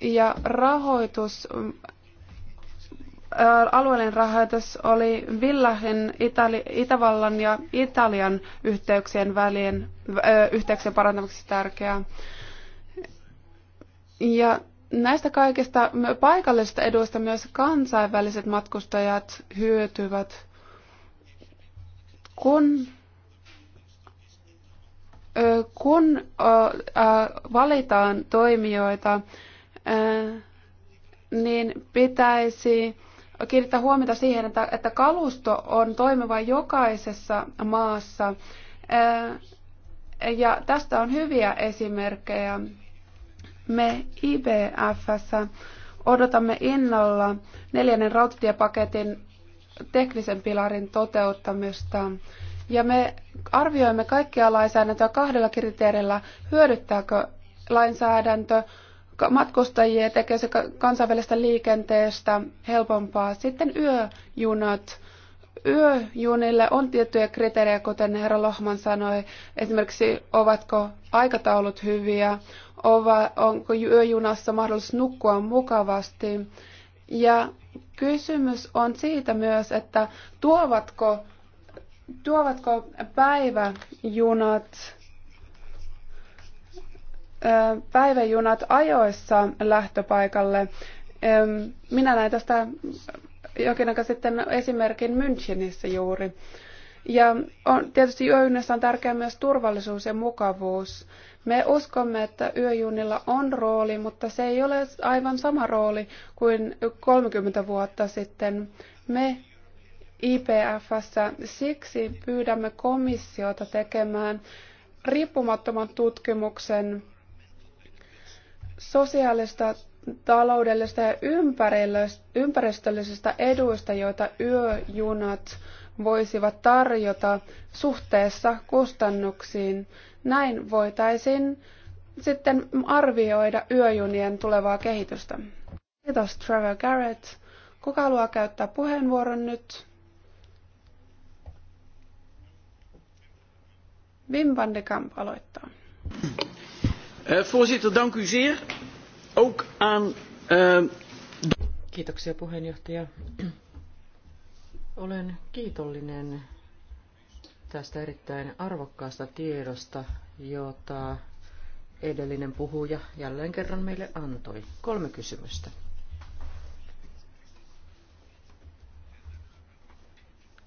Ja rahoitus, alueellinen rahoitus oli Villahin Itali, Itävallan ja Italian yhteyksien, välien, ö, yhteyksien parantamiseksi tärkeää. Ja näistä kaikista paikallisista eduista myös kansainväliset matkustajat hyötyvät. Kun, kun valitaan toimijoita, niin pitäisi kiinnittää huomiota siihen, että, että kalusto on toimiva jokaisessa maassa. Ja tästä on hyviä esimerkkejä. Me IBFssä odotamme innolla neljännen rautatiepaketin teknisen pilarin toteuttamista. Ja me arvioimme kaikkia lainsäädäntöä kahdella kriteerillä, hyödyttääkö lainsäädäntö matkustajia, tekee se kansainvälistä liikenteestä helpompaa. Sitten yöjunat. Yöjunille on tiettyjä kriteerejä, kuten herra Lohman sanoi, esimerkiksi ovatko aikataulut hyviä, onko yöjunassa mahdollisuus nukkua mukavasti. Ja kysymys on siitä myös, että tuovatko, tuovatko päiväjunat päiväjunat ajoissa lähtöpaikalle. Minä näin tästä jokin aika sitten esimerkin Münchenissä juuri. Ja on, tietysti yöjunissa on tärkeää myös turvallisuus ja mukavuus. Me uskomme, että yöjunilla on rooli, mutta se ei ole aivan sama rooli kuin 30 vuotta sitten. Me IPFssä siksi pyydämme komissiota tekemään riippumattoman tutkimuksen sosiaalista, taloudellista ja ympäristöllisistä eduista, joita yöjunat voisivat tarjota suhteessa kustannuksiin. Näin voitaisiin sitten arvioida yöjunien tulevaa kehitystä. Kiitos Trevor Garrett. Kuka haluaa käyttää puheenvuoron nyt? Wim van de Kamp aloittaa. Eh, voorzitter, dank u zeer. Ook aan... Eh, Kiitoksia puheenjohtaja. Olen kiitollinen tästä erittäin arvokkaasta tiedosta, jota edellinen puhuja jälleen kerran meille antoi. Kolme kysymystä.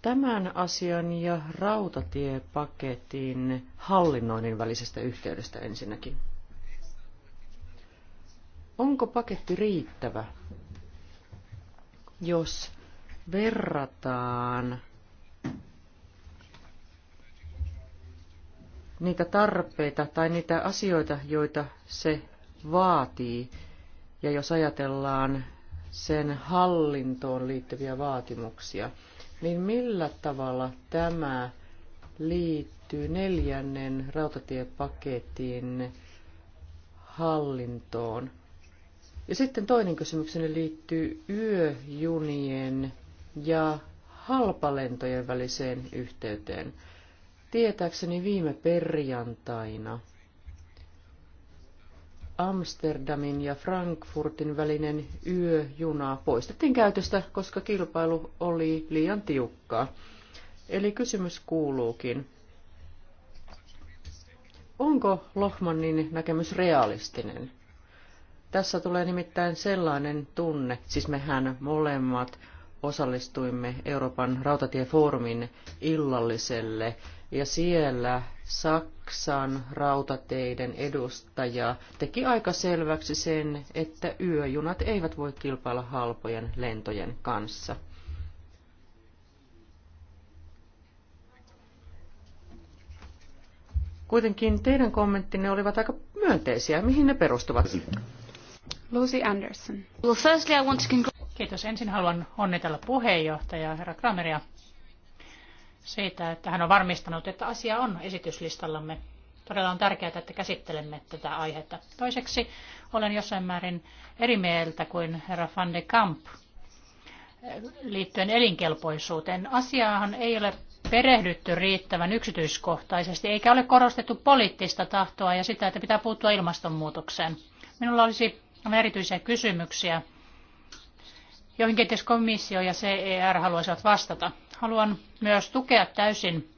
Tämän asian ja rautatiepaketin hallinnoinnin välisestä yhteydestä ensinnäkin. Onko paketti riittävä, jos verrataan niitä tarpeita tai niitä asioita, joita se vaatii, ja jos ajatellaan sen hallintoon liittyviä vaatimuksia, niin millä tavalla tämä liittyy neljännen rautatiepaketin hallintoon? Ja sitten toinen kysymykseni liittyy yöjunien ja halpalentojen väliseen yhteyteen. Tietääkseni viime perjantaina Amsterdamin ja Frankfurtin välinen yöjuna poistettiin käytöstä, koska kilpailu oli liian tiukkaa. Eli kysymys kuuluukin, onko Lohmannin näkemys realistinen? Tässä tulee nimittäin sellainen tunne, siis mehän molemmat osallistuimme Euroopan rautatiefoorumin illalliselle ja siellä Saksan rautateiden edustaja teki aika selväksi sen, että yöjunat eivät voi kilpailla halpojen lentojen kanssa. Kuitenkin teidän kommenttinne olivat aika myönteisiä. Mihin ne perustuvat? Lucy Anderson. Well, firstly, I want to Kiitos. Ensin haluan onnitella puheenjohtajaa, herra Krameria, siitä, että hän on varmistanut, että asia on esityslistallamme. Todella on tärkeää, että käsittelemme tätä aihetta. Toiseksi olen jossain määrin eri mieltä kuin herra van de Kamp liittyen elinkelpoisuuteen. Asiaahan ei ole perehdytty riittävän yksityiskohtaisesti, eikä ole korostettu poliittista tahtoa ja sitä, että pitää puuttua ilmastonmuutokseen. Minulla olisi erityisiä kysymyksiä joihin kenties komissio ja CER haluaisivat vastata. Haluan myös tukea täysin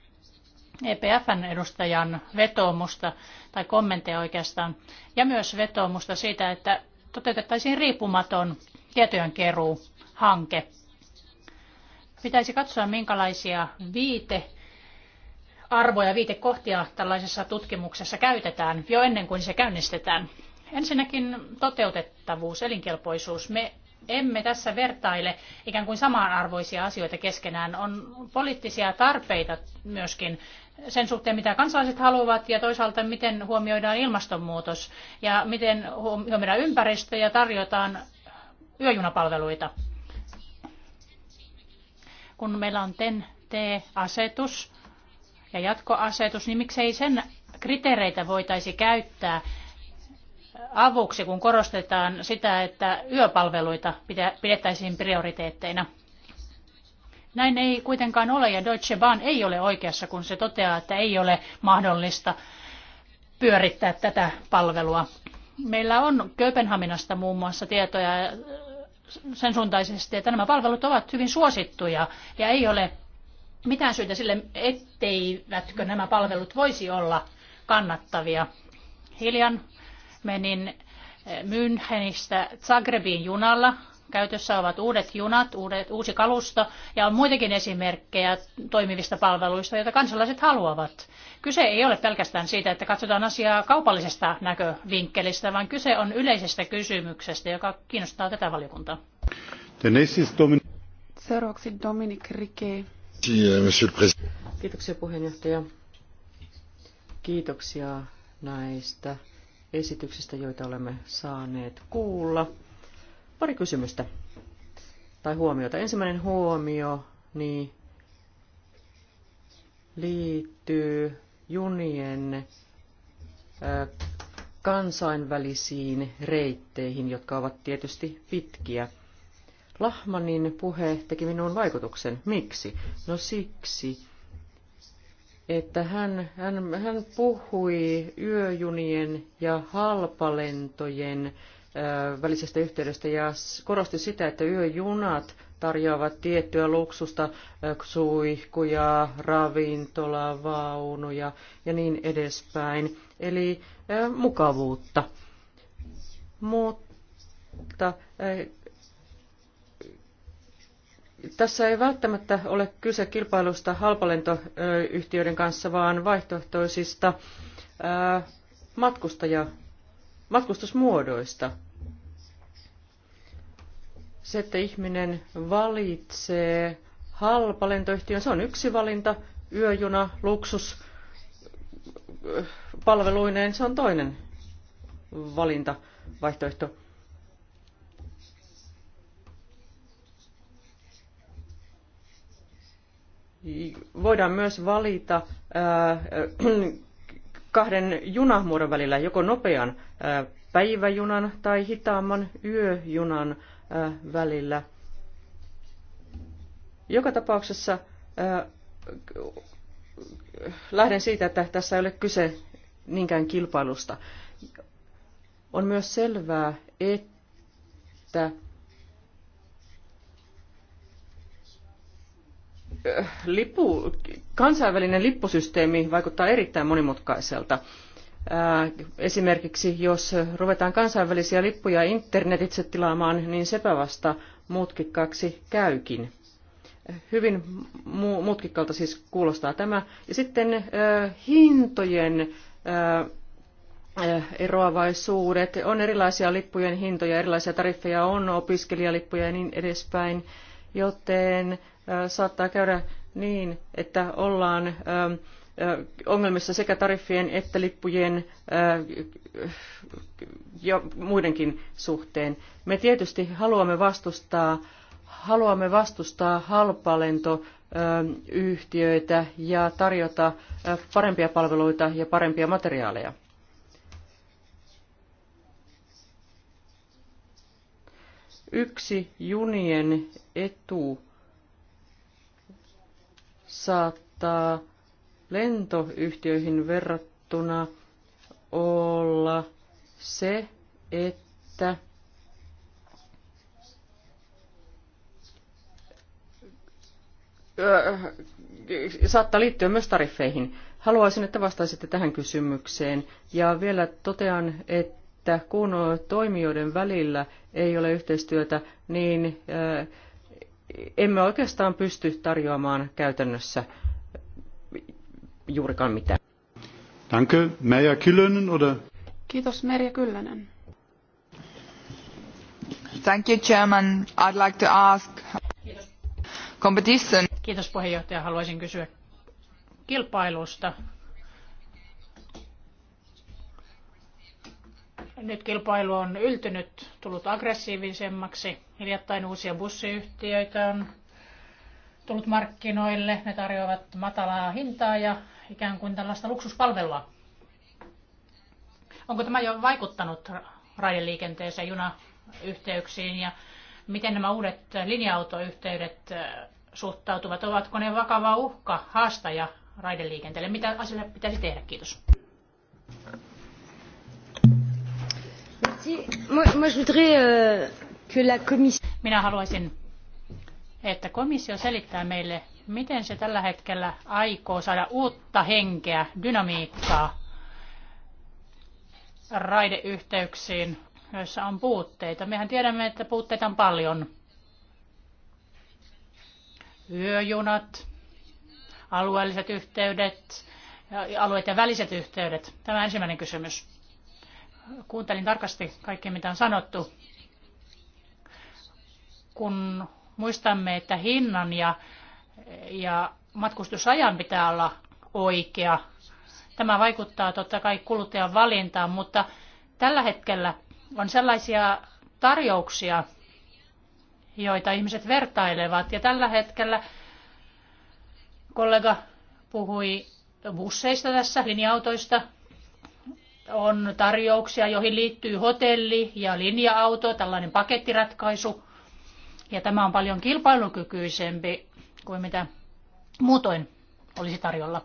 EPFn edustajan vetoomusta tai kommentteja oikeastaan ja myös vetoomusta siitä, että toteutettaisiin riippumaton tietojen keruu Pitäisi katsoa, minkälaisia viite arvoja, viitekohtia tällaisessa tutkimuksessa käytetään jo ennen kuin se käynnistetään. Ensinnäkin toteutettavuus, elinkelpoisuus. Me emme tässä vertaile ikään kuin samanarvoisia asioita keskenään. On poliittisia tarpeita myöskin sen suhteen, mitä kansalaiset haluavat ja toisaalta miten huomioidaan ilmastonmuutos ja miten huomioidaan ympäristö ja tarjotaan yöjunapalveluita. Kun meillä on TEN-T-asetus ja jatkoasetus, niin miksei sen kriteereitä voitaisi käyttää avuksi, kun korostetaan sitä, että yöpalveluita pidettäisiin prioriteetteina. Näin ei kuitenkaan ole ja Deutsche Bahn ei ole oikeassa, kun se toteaa, että ei ole mahdollista pyörittää tätä palvelua. Meillä on Kööpenhaminasta muun muassa tietoja sen suuntaisesti, että nämä palvelut ovat hyvin suosittuja ja ei ole mitään syytä sille, etteivätkö nämä palvelut voisi olla kannattavia. Hiljan Menin eh, Münchenistä Zagrebin junalla. Käytössä ovat uudet junat, uudet, uusi kalusto ja on muitakin esimerkkejä toimivista palveluista, joita kansalaiset haluavat. Kyse ei ole pelkästään siitä, että katsotaan asiaa kaupallisesta näkövinkkelistä, vaan kyse on yleisestä kysymyksestä, joka kiinnostaa tätä valiokuntaa. Seuraavaksi Dominic Riquet. Eh, Kiitoksia puheenjohtaja. Kiitoksia näistä esityksistä, joita olemme saaneet kuulla. Pari kysymystä tai huomiota. Ensimmäinen huomio niin liittyy junien kansainvälisiin reitteihin, jotka ovat tietysti pitkiä. Lahmanin puhe teki minuun vaikutuksen. Miksi? No siksi, että hän, hän, hän puhui yöjunien ja halpalentojen äh, välisestä yhteydestä ja korosti sitä, että yöjunat tarjoavat tiettyä luksusta, äh, suihkuja, ravintolavaunuja ja niin edespäin, eli äh, mukavuutta. Mutta tässä ei välttämättä ole kyse kilpailusta halpalentoyhtiöiden kanssa, vaan vaihtoehtoisista matkustaja, matkustusmuodoista. Se, että ihminen valitsee halpalentoyhtiön, se on yksi valinta, yöjuna, luksus, palveluineen, se on toinen valinta, vaihtoehto. voidaan myös valita äh, *clears throat* kahden junamuodon välillä, joko nopean äh, päiväjunan tai hitaamman yöjunan äh, välillä. Joka tapauksessa lähden siitä, että tässä ei ole kyse niinkään kilpailusta. On myös selvää, että lipu, kansainvälinen lippusysteemi vaikuttaa erittäin monimutkaiselta. Äh, esimerkiksi jos ruvetaan kansainvälisiä lippuja internetitse tilaamaan, niin sepä vasta mutkikkaaksi käykin. Hyvin mutkikkaalta siis kuulostaa tämä. Ja sitten äh, hintojen äh, eroavaisuudet. On erilaisia lippujen hintoja, erilaisia tariffeja on, opiskelijalippuja ja niin edespäin. Joten saattaa käydä niin, että ollaan ongelmissa sekä tariffien että lippujen ja muidenkin suhteen. Me tietysti haluamme vastustaa, haluamme vastustaa halpalentoyhtiöitä ja tarjota parempia palveluita ja parempia materiaaleja. Yksi junien etu saattaa lentoyhtiöihin verrattuna olla se, että öö, saattaa liittyä myös tariffeihin. Haluaisin, että vastaisitte tähän kysymykseen. Ja vielä totean, että kun toimijoiden välillä ei ole yhteistyötä, niin öö, emme oikeastaan pysty tarjoamaan käytännössä juurikaan mitään. Danke, Merja Kyllönen, oder? Kiitos, Merja Kyllönen. Thank you, Chairman. I'd like to ask... Kiitos. Competition. Kiitos puheenjohtaja. Haluaisin kysyä kilpailusta Nyt kilpailu on yltynyt, tullut aggressiivisemmaksi. Hiljattain uusia bussiyhtiöitä on tullut markkinoille. Ne tarjoavat matalaa hintaa ja ikään kuin tällaista luksuspalvelua. Onko tämä jo vaikuttanut raideliikenteeseen, junayhteyksiin ja miten nämä uudet linja-autoyhteydet suhtautuvat? Ovatko ne vakava uhka, haastaja raideliikenteelle? Mitä asialle pitäisi tehdä? Kiitos. Euh, Minä haluaisin, että komissio selittää meille, miten se tällä hetkellä aikoo saada uutta henkeä, dynamiikkaa raideyhteyksiin, joissa on puutteita. Mehän tiedämme, että puutteita on paljon. Yöjunat, alueelliset yhteydet, alueiden väliset yhteydet. Tämä ensimmäinen kysymys kuuntelin tarkasti kaikkea, mitä on sanottu. Kun muistamme, että hinnan ja, ja matkustusajan pitää olla oikea, tämä vaikuttaa totta kai kuluttajan valintaan, mutta tällä hetkellä on sellaisia tarjouksia, joita ihmiset vertailevat. Ja tällä hetkellä kollega puhui busseista tässä, linja-autoista, on tarjouksia, joihin liittyy hotelli ja linja-auto, tällainen pakettiratkaisu. Ja tämä on paljon kilpailukykyisempi kuin mitä muutoin olisi tarjolla.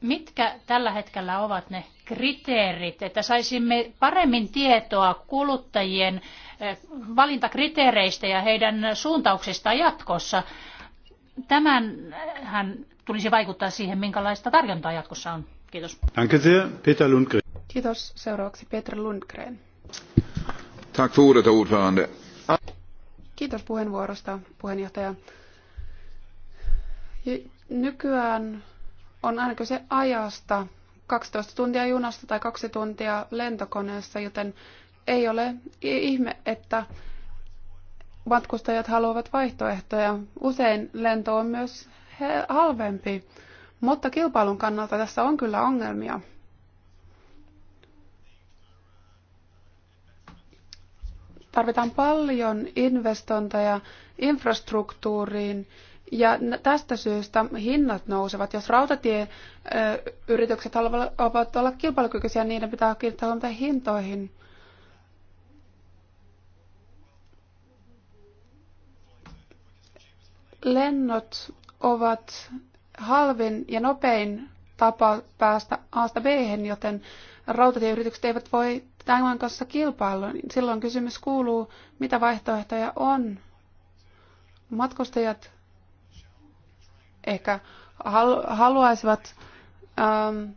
Mitkä tällä hetkellä ovat ne kriteerit, että saisimme paremmin tietoa kuluttajien eh, valintakriteereistä ja heidän suuntauksistaan jatkossa? hän tulisi vaikuttaa siihen, minkälaista tarjontaa jatkossa on. Kiitos. Danke sehr, Peter Lundgren. Kiitos. Seuraavaksi Peter Lundgren. Tack för ordet, ordförande. Kiitos puheenvuorosta, puheenjohtaja. Nykyään on aina kyse ajasta, 12 tuntia junasta tai kaksi tuntia lentokoneessa, joten ei ole ihme, että matkustajat haluavat vaihtoehtoja. Usein lento on myös halvempi, mutta kilpailun kannalta tässä on kyllä ongelmia. Tarvitaan paljon investointeja infrastruktuuriin ja tästä syystä hinnat nousevat. Jos rautatieyritykset haluavat olla kilpailukykyisiä, niiden pitää kiinnittää huomiota hintoihin. lennot ovat halvin ja nopein tapa päästä A-sta b joten rautatieyritykset eivät voi tämän kanssa kilpailla. Silloin kysymys kuuluu, mitä vaihtoehtoja on. Matkustajat ehkä haluaisivat, ähm,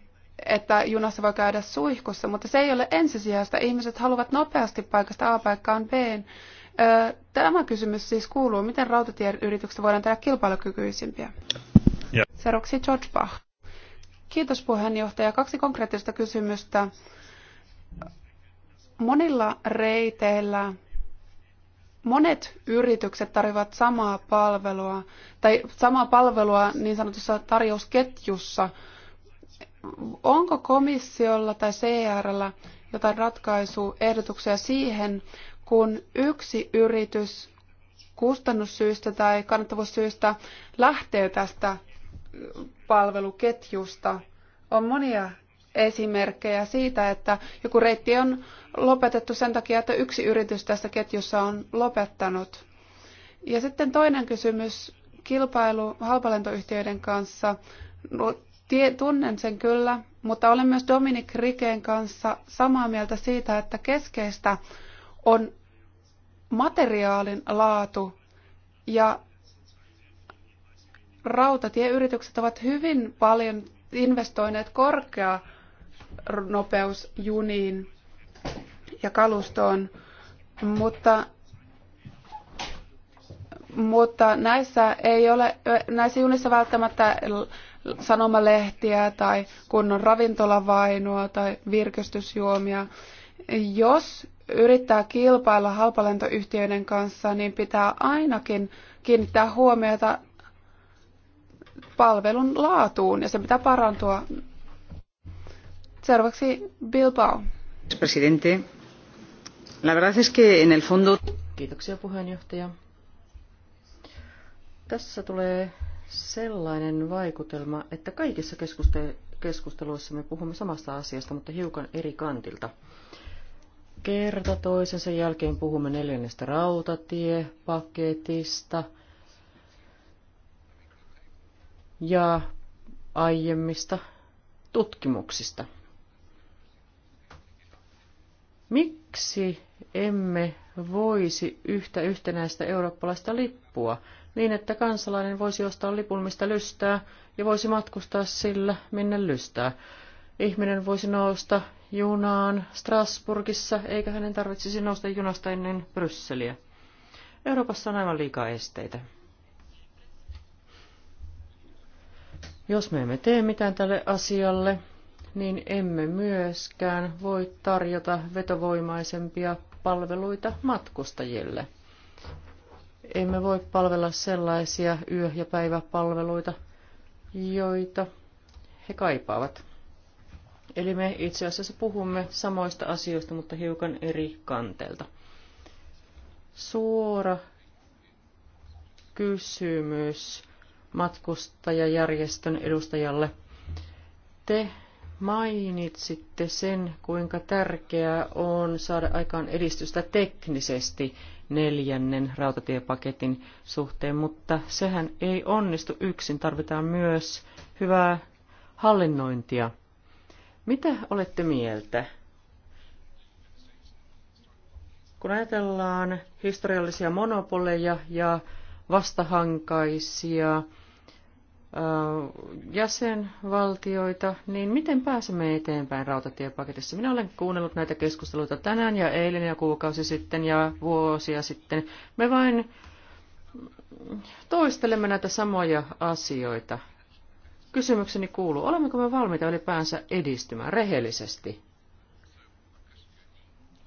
että junassa voi käydä suihkussa, mutta se ei ole ensisijaista. Ihmiset haluavat nopeasti paikasta A paikkaan B. Tämä kysymys siis kuuluu, miten rautatieyrityksistä voidaan tehdä kilpailukykyisimpiä? Ja. Seuraavaksi George Bach. Kiitos puheenjohtaja. Kaksi konkreettista kysymystä. Monilla reiteillä monet yritykset tarjoavat samaa palvelua, tai samaa palvelua niin sanotussa tarjousketjussa. Onko komissiolla tai CRllä jotain ratkaisuehdotuksia siihen, kun yksi yritys kustannussyistä tai kannattavuussyistä lähtee tästä palveluketjusta. On monia esimerkkejä siitä, että joku reitti on lopetettu sen takia, että yksi yritys tässä ketjussa on lopettanut. Ja sitten toinen kysymys, kilpailu halpalentoyhtiöiden kanssa. No, tie, tunnen sen kyllä, mutta olen myös Dominic Rikeen kanssa samaa mieltä siitä, että keskeistä on materiaalin laatu ja rautatieyritykset ovat hyvin paljon investoineet nopeusjuniin ja kalustoon, mutta, mutta näissä, ei ole, näissä junissa välttämättä sanomalehtiä tai kunnon ravintolavainua tai virkistysjuomia. Jos yrittää kilpailla halpalentoyhtiöiden kanssa, niin pitää ainakin kiinnittää huomiota palvelun laatuun ja se pitää parantua. Seuraavaksi Bilbao. Presidente, la verdad es que en el fondo... Kiitoksia puheenjohtaja. Tässä tulee sellainen vaikutelma, että kaikissa keskusteluissa me puhumme samasta asiasta, mutta hiukan eri kantilta. Kerta toisensa jälkeen puhumme neljännestä rautatiepaketista ja aiemmista tutkimuksista. Miksi emme voisi yhtä yhtenäistä eurooppalaista lippua niin, että kansalainen voisi ostaa lipun, mistä lystää, ja voisi matkustaa sillä, minne lystää? Ihminen voisi nousta junaan Strasburgissa, eikä hänen tarvitsisi nousta junasta ennen Brysseliä. Euroopassa on aivan liikaa esteitä. Jos me emme tee mitään tälle asialle, niin emme myöskään voi tarjota vetovoimaisempia palveluita matkustajille. Emme voi palvella sellaisia yö- ja päiväpalveluita, joita he kaipaavat. Eli me itse asiassa puhumme samoista asioista, mutta hiukan eri kanteelta. Suora kysymys matkustajajärjestön edustajalle. Te mainitsitte sen, kuinka tärkeää on saada aikaan edistystä teknisesti neljännen rautatiepaketin suhteen, mutta sehän ei onnistu yksin. Tarvitaan myös hyvää hallinnointia. Mitä olette mieltä? Kun ajatellaan historiallisia monopoleja ja vastahankaisia jäsenvaltioita, niin miten pääsemme eteenpäin rautatiepaketissa? Minä olen kuunnellut näitä keskusteluita tänään ja eilen ja kuukausi sitten ja vuosia sitten. Me vain toistelemme näitä samoja asioita. Kysymykseni kuuluu, olemmeko me valmiita ylipäänsä edistymään rehellisesti?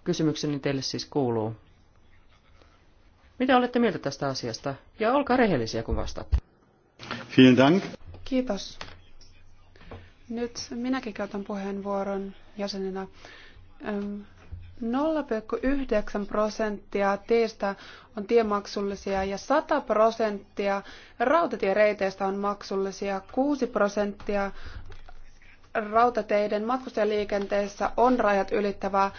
Kysymykseni teille siis kuuluu. Mitä olette mieltä tästä asiasta? Ja olkaa rehellisiä, kun vastaatte. Vielen Dank. Kiitos. Nyt minäkin käytän puheenvuoron jäsenenä. 0,9 prosenttia teistä on tiemaksullisia ja 100 prosenttia rautatiereiteistä on maksullisia. 6 prosenttia rautateiden matkustajaliikenteessä on rajat ylittävää.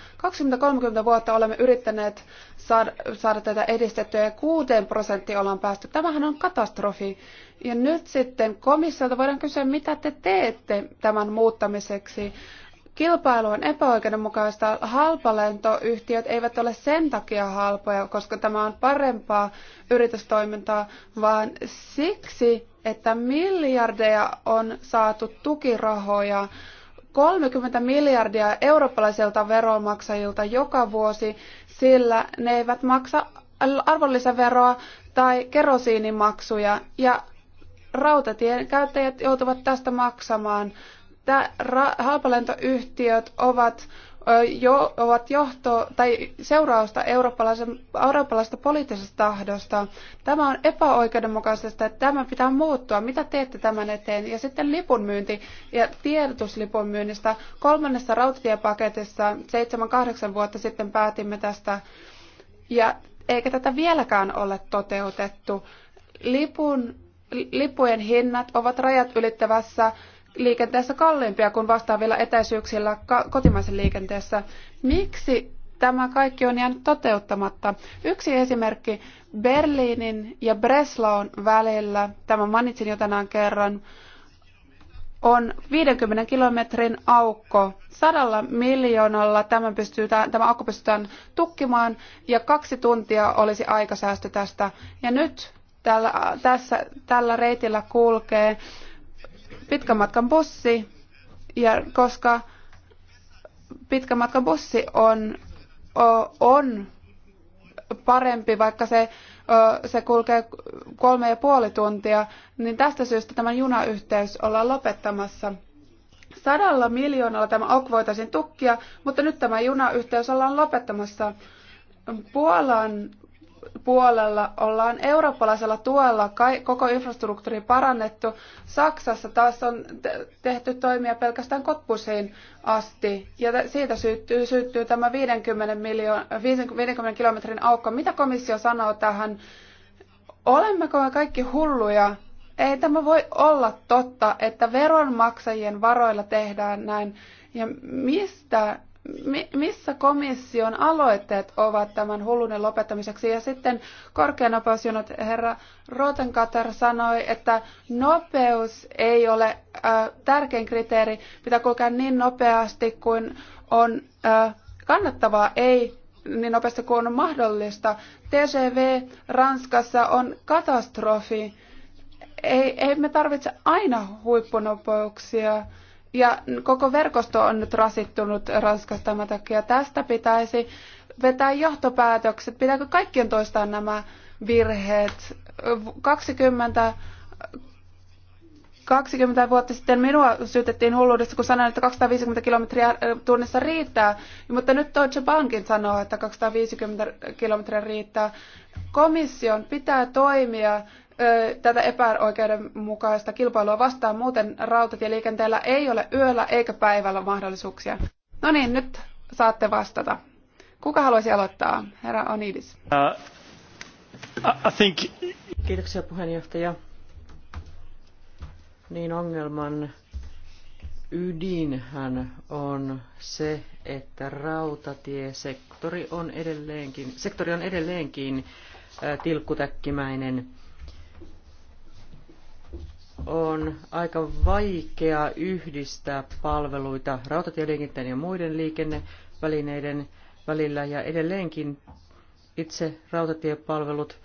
20-30 vuotta olemme yrittäneet saada, saada tätä edistettyä ja 6 prosenttia ollaan päästy. Tämähän on katastrofi. Ja nyt sitten komissiolta voidaan kysyä, mitä te teette tämän muuttamiseksi. Kilpailu on epäoikeudenmukaista. Halpalentoyhtiöt eivät ole sen takia halpoja, koska tämä on parempaa yritystoimintaa, vaan siksi, että miljardeja on saatu tukirahoja 30 miljardia eurooppalaisilta veronmaksajilta joka vuosi, sillä ne eivät maksa arvonlisäveroa tai kerosiinimaksuja, ja rautatien käyttäjät joutuvat tästä maksamaan. Tää, ra, halpalentoyhtiöt ovat jo, ovat johto tai seurausta eurooppalaisesta poliittisesta tahdosta. Tämä on epäoikeudenmukaisesta, että tämä pitää muuttua. Mitä teette tämän eteen? Ja sitten lipunmyynti ja tiedotuslipun myynnistä. Kolmannessa rautatiepaketissa 7-8 vuotta sitten päätimme tästä. Ja eikä tätä vieläkään ole toteutettu. Lipun, lipujen hinnat ovat rajat ylittävässä liikenteessä kalliimpia kuin vastaavilla etäisyyksillä kotimaisen liikenteessä. Miksi tämä kaikki on jäänyt toteuttamatta? Yksi esimerkki Berliinin ja Breslaun välillä, tämä mainitsin jo tänään kerran, on 50 kilometrin aukko. Sadalla miljoonalla tämä, pystytään, tämä aukko pystytään tukkimaan ja kaksi tuntia olisi aikasäästö tästä. Ja nyt tällä, tässä, tällä reitillä kulkee pitkän matkan bussi, ja koska pitkän matkan bussi on, on parempi, vaikka se, se kulkee kolme ja puoli tuntia, niin tästä syystä tämä junayhteys ollaan lopettamassa. Sadalla miljoonalla tämä ok voitaisiin tukkia, mutta nyt tämä junayhteys ollaan lopettamassa. Puolan puolella ollaan eurooppalaisella tuella koko infrastruktuuri parannettu. Saksassa taas on tehty toimia pelkästään Kotpusiin asti, ja siitä syyttyy, syyttyy tämä 50, miljoon, 50 kilometrin aukko. Mitä komissio sanoo tähän? Olemmeko me kaikki hulluja? Ei tämä voi olla totta, että veronmaksajien varoilla tehdään näin. Ja mistä missä komission aloitteet ovat tämän hulluuden lopettamiseksi? Ja sitten korkeanopeusjunat herra Rotenkater sanoi, että nopeus ei ole äh, tärkein kriteeri, pitää kulkea niin nopeasti kuin on äh, kannattavaa, ei niin nopeasti kuin on mahdollista. TGV Ranskassa on katastrofi. Ei, ei me tarvitse aina huippunopeuksia. Ja koko verkosto on nyt rasittunut Ranskasta tämän takia. Tästä pitäisi vetää johtopäätökset. Pitääkö kaikkien toistaa nämä virheet? 20 20 vuotta sitten minua syytettiin hulluudesta, kun sanoin, että 250 kilometriä tunnissa riittää, mutta nyt Deutsche Bankin sanoo, että 250 kilometriä riittää. Komission pitää toimia tätä epäoikeudenmukaista kilpailua vastaan. Muuten rautatieliikenteellä ei ole yöllä eikä päivällä mahdollisuuksia. No niin, nyt saatte vastata. Kuka haluaisi aloittaa? Herra Onidis. Uh, I think... Kiitoksia puheenjohtaja. Niin ongelman ydinhän on se, että rautatiesektori on edelleenkin, sektori on edelleenkin äh, tilkkutäkkimäinen – on aika vaikea yhdistää palveluita rautatieliikenteen ja muiden liikennevälineiden välillä ja edelleenkin itse rautatiepalvelut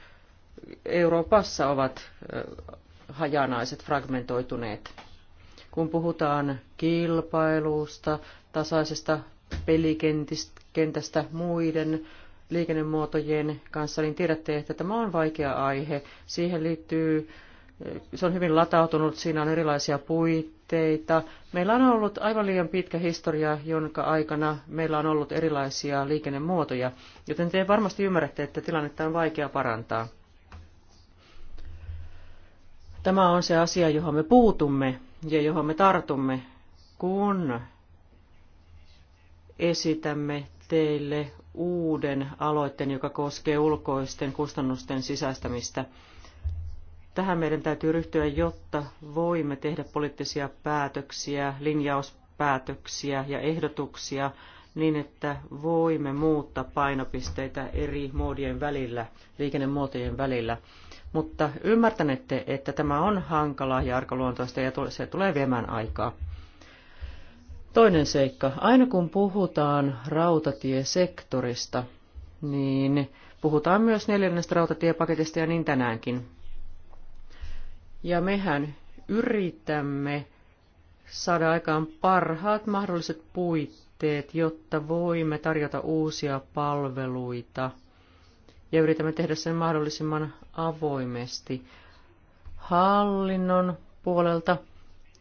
Euroopassa ovat hajanaiset, fragmentoituneet. Kun puhutaan kilpailusta, tasaisesta pelikentästä muiden liikennemuotojen kanssa, niin tiedätte, että tämä on vaikea aihe. Siihen liittyy se on hyvin latautunut, siinä on erilaisia puitteita. Meillä on ollut aivan liian pitkä historia, jonka aikana meillä on ollut erilaisia liikennemuotoja, joten te varmasti ymmärrätte, että tilannetta on vaikea parantaa. Tämä on se asia, johon me puutumme ja johon me tartumme, kun esitämme teille uuden aloitteen, joka koskee ulkoisten kustannusten sisäistämistä – Tähän meidän täytyy ryhtyä, jotta voimme tehdä poliittisia päätöksiä, linjauspäätöksiä ja ehdotuksia niin, että voimme muuttaa painopisteitä eri muodien välillä, liikennemuotojen välillä. Mutta ymmärtänette, että tämä on hankalaa ja arkaluontoista ja se tulee viemään aikaa. Toinen seikka. Aina kun puhutaan rautatiesektorista, niin puhutaan myös neljännestä rautatiepaketista ja niin tänäänkin. Ja mehän yritämme saada aikaan parhaat mahdolliset puitteet, jotta voimme tarjota uusia palveluita. Ja yritämme tehdä sen mahdollisimman avoimesti. Hallinnon puolelta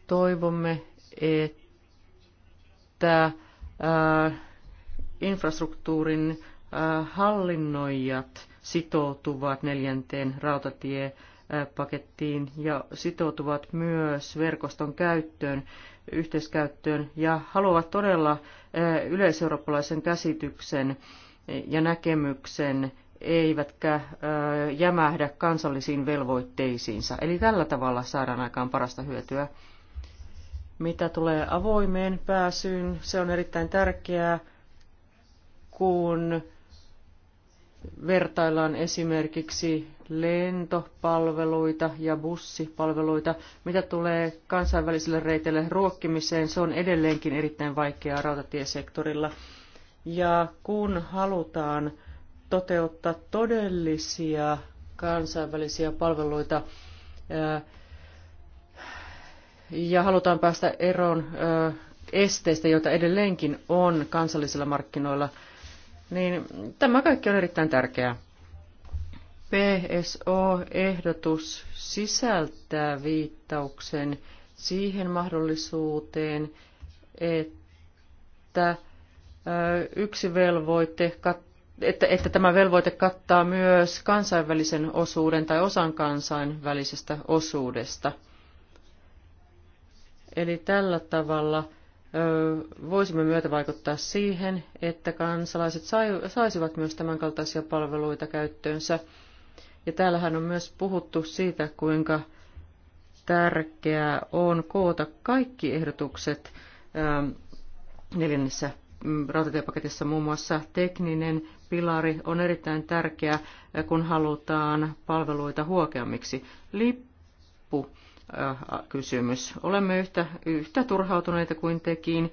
toivomme, että ää, äh, infrastruktuurin ää, äh, hallinnoijat sitoutuvat neljänteen rautatieen pakettiin ja sitoutuvat myös verkoston käyttöön, yhteiskäyttöön ja haluavat todella yleiseurooppalaisen käsityksen ja näkemyksen eivätkä jämähdä kansallisiin velvoitteisiinsa. Eli tällä tavalla saadaan aikaan parasta hyötyä. Mitä tulee avoimeen pääsyyn, se on erittäin tärkeää, kun vertaillaan esimerkiksi lentopalveluita ja bussipalveluita. Mitä tulee kansainvälisille reiteille ruokkimiseen, se on edelleenkin erittäin vaikeaa rautatiesektorilla. Ja kun halutaan toteuttaa todellisia kansainvälisiä palveluita ja halutaan päästä eroon esteistä, joita edelleenkin on kansallisilla markkinoilla – niin tämä kaikki on erittäin tärkeää. PSO-ehdotus sisältää viittauksen siihen mahdollisuuteen, että yksi velvoite että, että tämä velvoite kattaa myös kansainvälisen osuuden tai osan kansainvälisestä osuudesta. Eli tällä tavalla voisimme myötävaikuttaa siihen, että kansalaiset saisivat myös tämänkaltaisia palveluita käyttöönsä. Ja täällähän on myös puhuttu siitä, kuinka tärkeää on koota kaikki ehdotukset neljännessä mm, rautatiepaketissa muun muassa tekninen pilari on erittäin tärkeä, kun halutaan palveluita huokeammiksi. Lippu Äh, kysymys. Olemme yhtä, yhtä turhautuneita kuin tekin.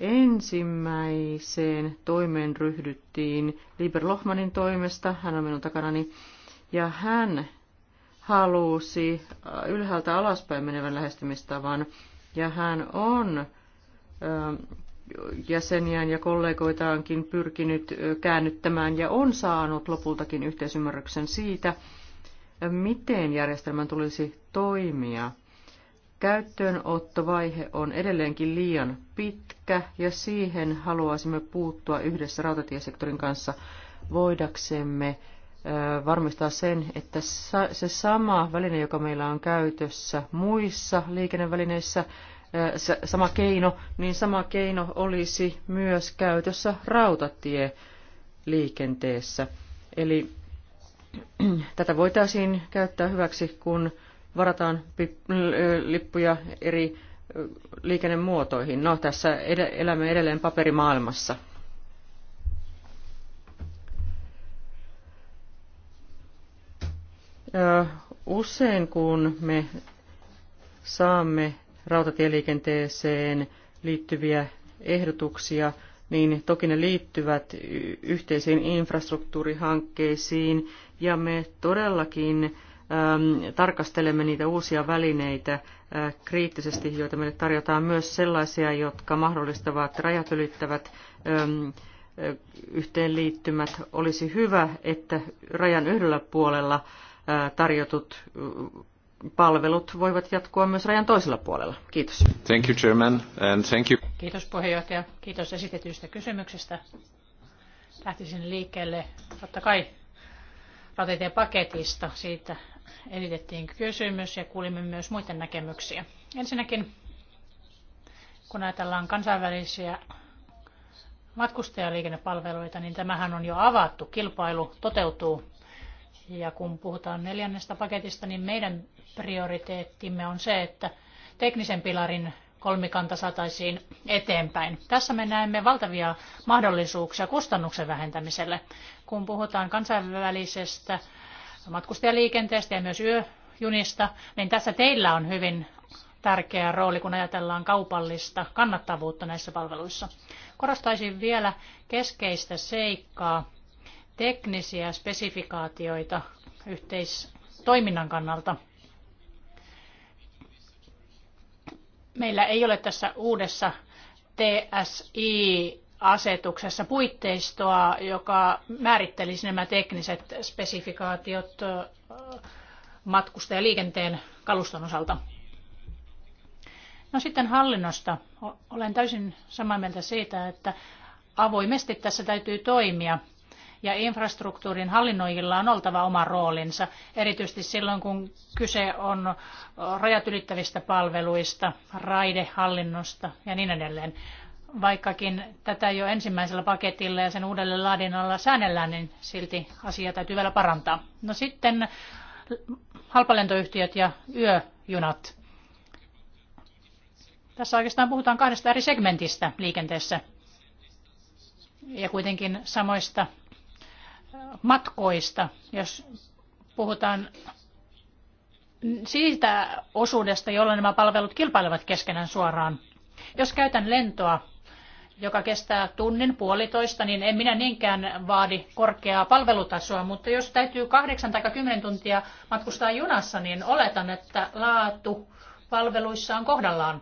Ensimmäiseen toimeen ryhdyttiin Liber Lohmanin toimesta, hän on minun takanani, ja hän halusi äh, ylhäältä alaspäin menevän lähestymistavan, ja hän on äh, jäseniään ja kollegoitaankin pyrkinyt käännyttämään ja on saanut lopultakin yhteisymmärryksen siitä, miten järjestelmän tulisi toimia. Käyttöönottovaihe on edelleenkin liian pitkä ja siihen haluaisimme puuttua yhdessä rautatiesektorin kanssa voidaksemme varmistaa sen, että se sama väline, joka meillä on käytössä muissa liikennevälineissä, sama keino, niin sama keino olisi myös käytössä rautatieliikenteessä. Eli *clears throat* tätä voitaisiin käyttää hyväksi, kun varataan lippuja eri liikennemuotoihin. No, tässä elämme edelleen paperimaailmassa. Usein kun me saamme rautatieliikenteeseen liittyviä ehdotuksia, niin toki ne liittyvät yhteisiin infrastruktuurihankkeisiin ja me todellakin tarkastelemme niitä uusia välineitä äh, kriittisesti, joita meille tarjotaan myös sellaisia, jotka mahdollistavat rajat ylittävät äh, yhteenliittymät. Olisi hyvä, että rajan yhdellä puolella äh, tarjotut palvelut voivat jatkua myös rajan toisella puolella. Kiitos. Thank you, Chairman, and thank you. Kiitos puheenjohtaja. Kiitos esitetyistä kysymyksistä. Lähtisin liikkeelle totta kai rautatien paketista. Siitä esitettiin kysymys ja kuulimme myös muiden näkemyksiä. Ensinnäkin, kun ajatellaan kansainvälisiä matkustajaliikennepalveluita, niin tämähän on jo avattu, kilpailu toteutuu. Ja kun puhutaan neljännestä paketista, niin meidän prioriteettimme on se, että teknisen pilarin kolmikanta saataisiin eteenpäin. Tässä me näemme valtavia mahdollisuuksia kustannuksen vähentämiselle. Kun puhutaan kansainvälisestä matkustajaliikenteestä ja myös yöjunista, niin tässä teillä on hyvin tärkeä rooli, kun ajatellaan kaupallista kannattavuutta näissä palveluissa. Korostaisin vielä keskeistä seikkaa, teknisiä spesifikaatioita yhteistoiminnan kannalta. Meillä ei ole tässä uudessa TSI asetuksessa puitteistoa, joka määrittelisi nämä tekniset spesifikaatiot matkustajaliikenteen kaluston osalta. No sitten hallinnosta. Olen täysin samaa mieltä siitä, että avoimesti tässä täytyy toimia ja infrastruktuurin hallinnoijilla on oltava oma roolinsa, erityisesti silloin kun kyse on rajat ylittävistä palveluista, raidehallinnosta ja niin edelleen vaikkakin tätä jo ensimmäisellä paketilla ja sen uudelle laadinnalla säännellään, niin silti asia täytyy vielä parantaa. No sitten halpalentoyhtiöt ja yöjunat. Tässä oikeastaan puhutaan kahdesta eri segmentistä liikenteessä ja kuitenkin samoista matkoista. Jos puhutaan siitä osuudesta, jolla nämä palvelut kilpailevat keskenään suoraan. Jos käytän lentoa joka kestää tunnin puolitoista, niin en minä niinkään vaadi korkeaa palvelutasoa, mutta jos täytyy kahdeksan tai kymmenen tuntia matkustaa junassa, niin oletan, että laatu palveluissa on kohdallaan.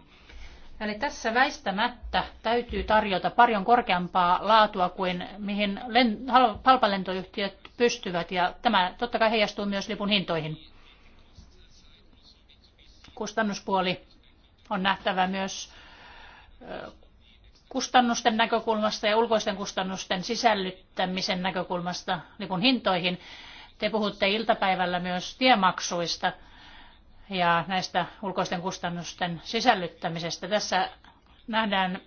Eli tässä väistämättä täytyy tarjota paljon korkeampaa laatua kuin mihin halpalentoyhtiöt pystyvät, ja tämä totta kai heijastuu myös lipun hintoihin. Kustannuspuoli on nähtävä myös kustannusten näkökulmasta ja ulkoisten kustannusten sisällyttämisen näkökulmasta lipun niin hintoihin. Te puhutte iltapäivällä myös tiemaksuista ja näistä ulkoisten kustannusten sisällyttämisestä. Tässä nähdään,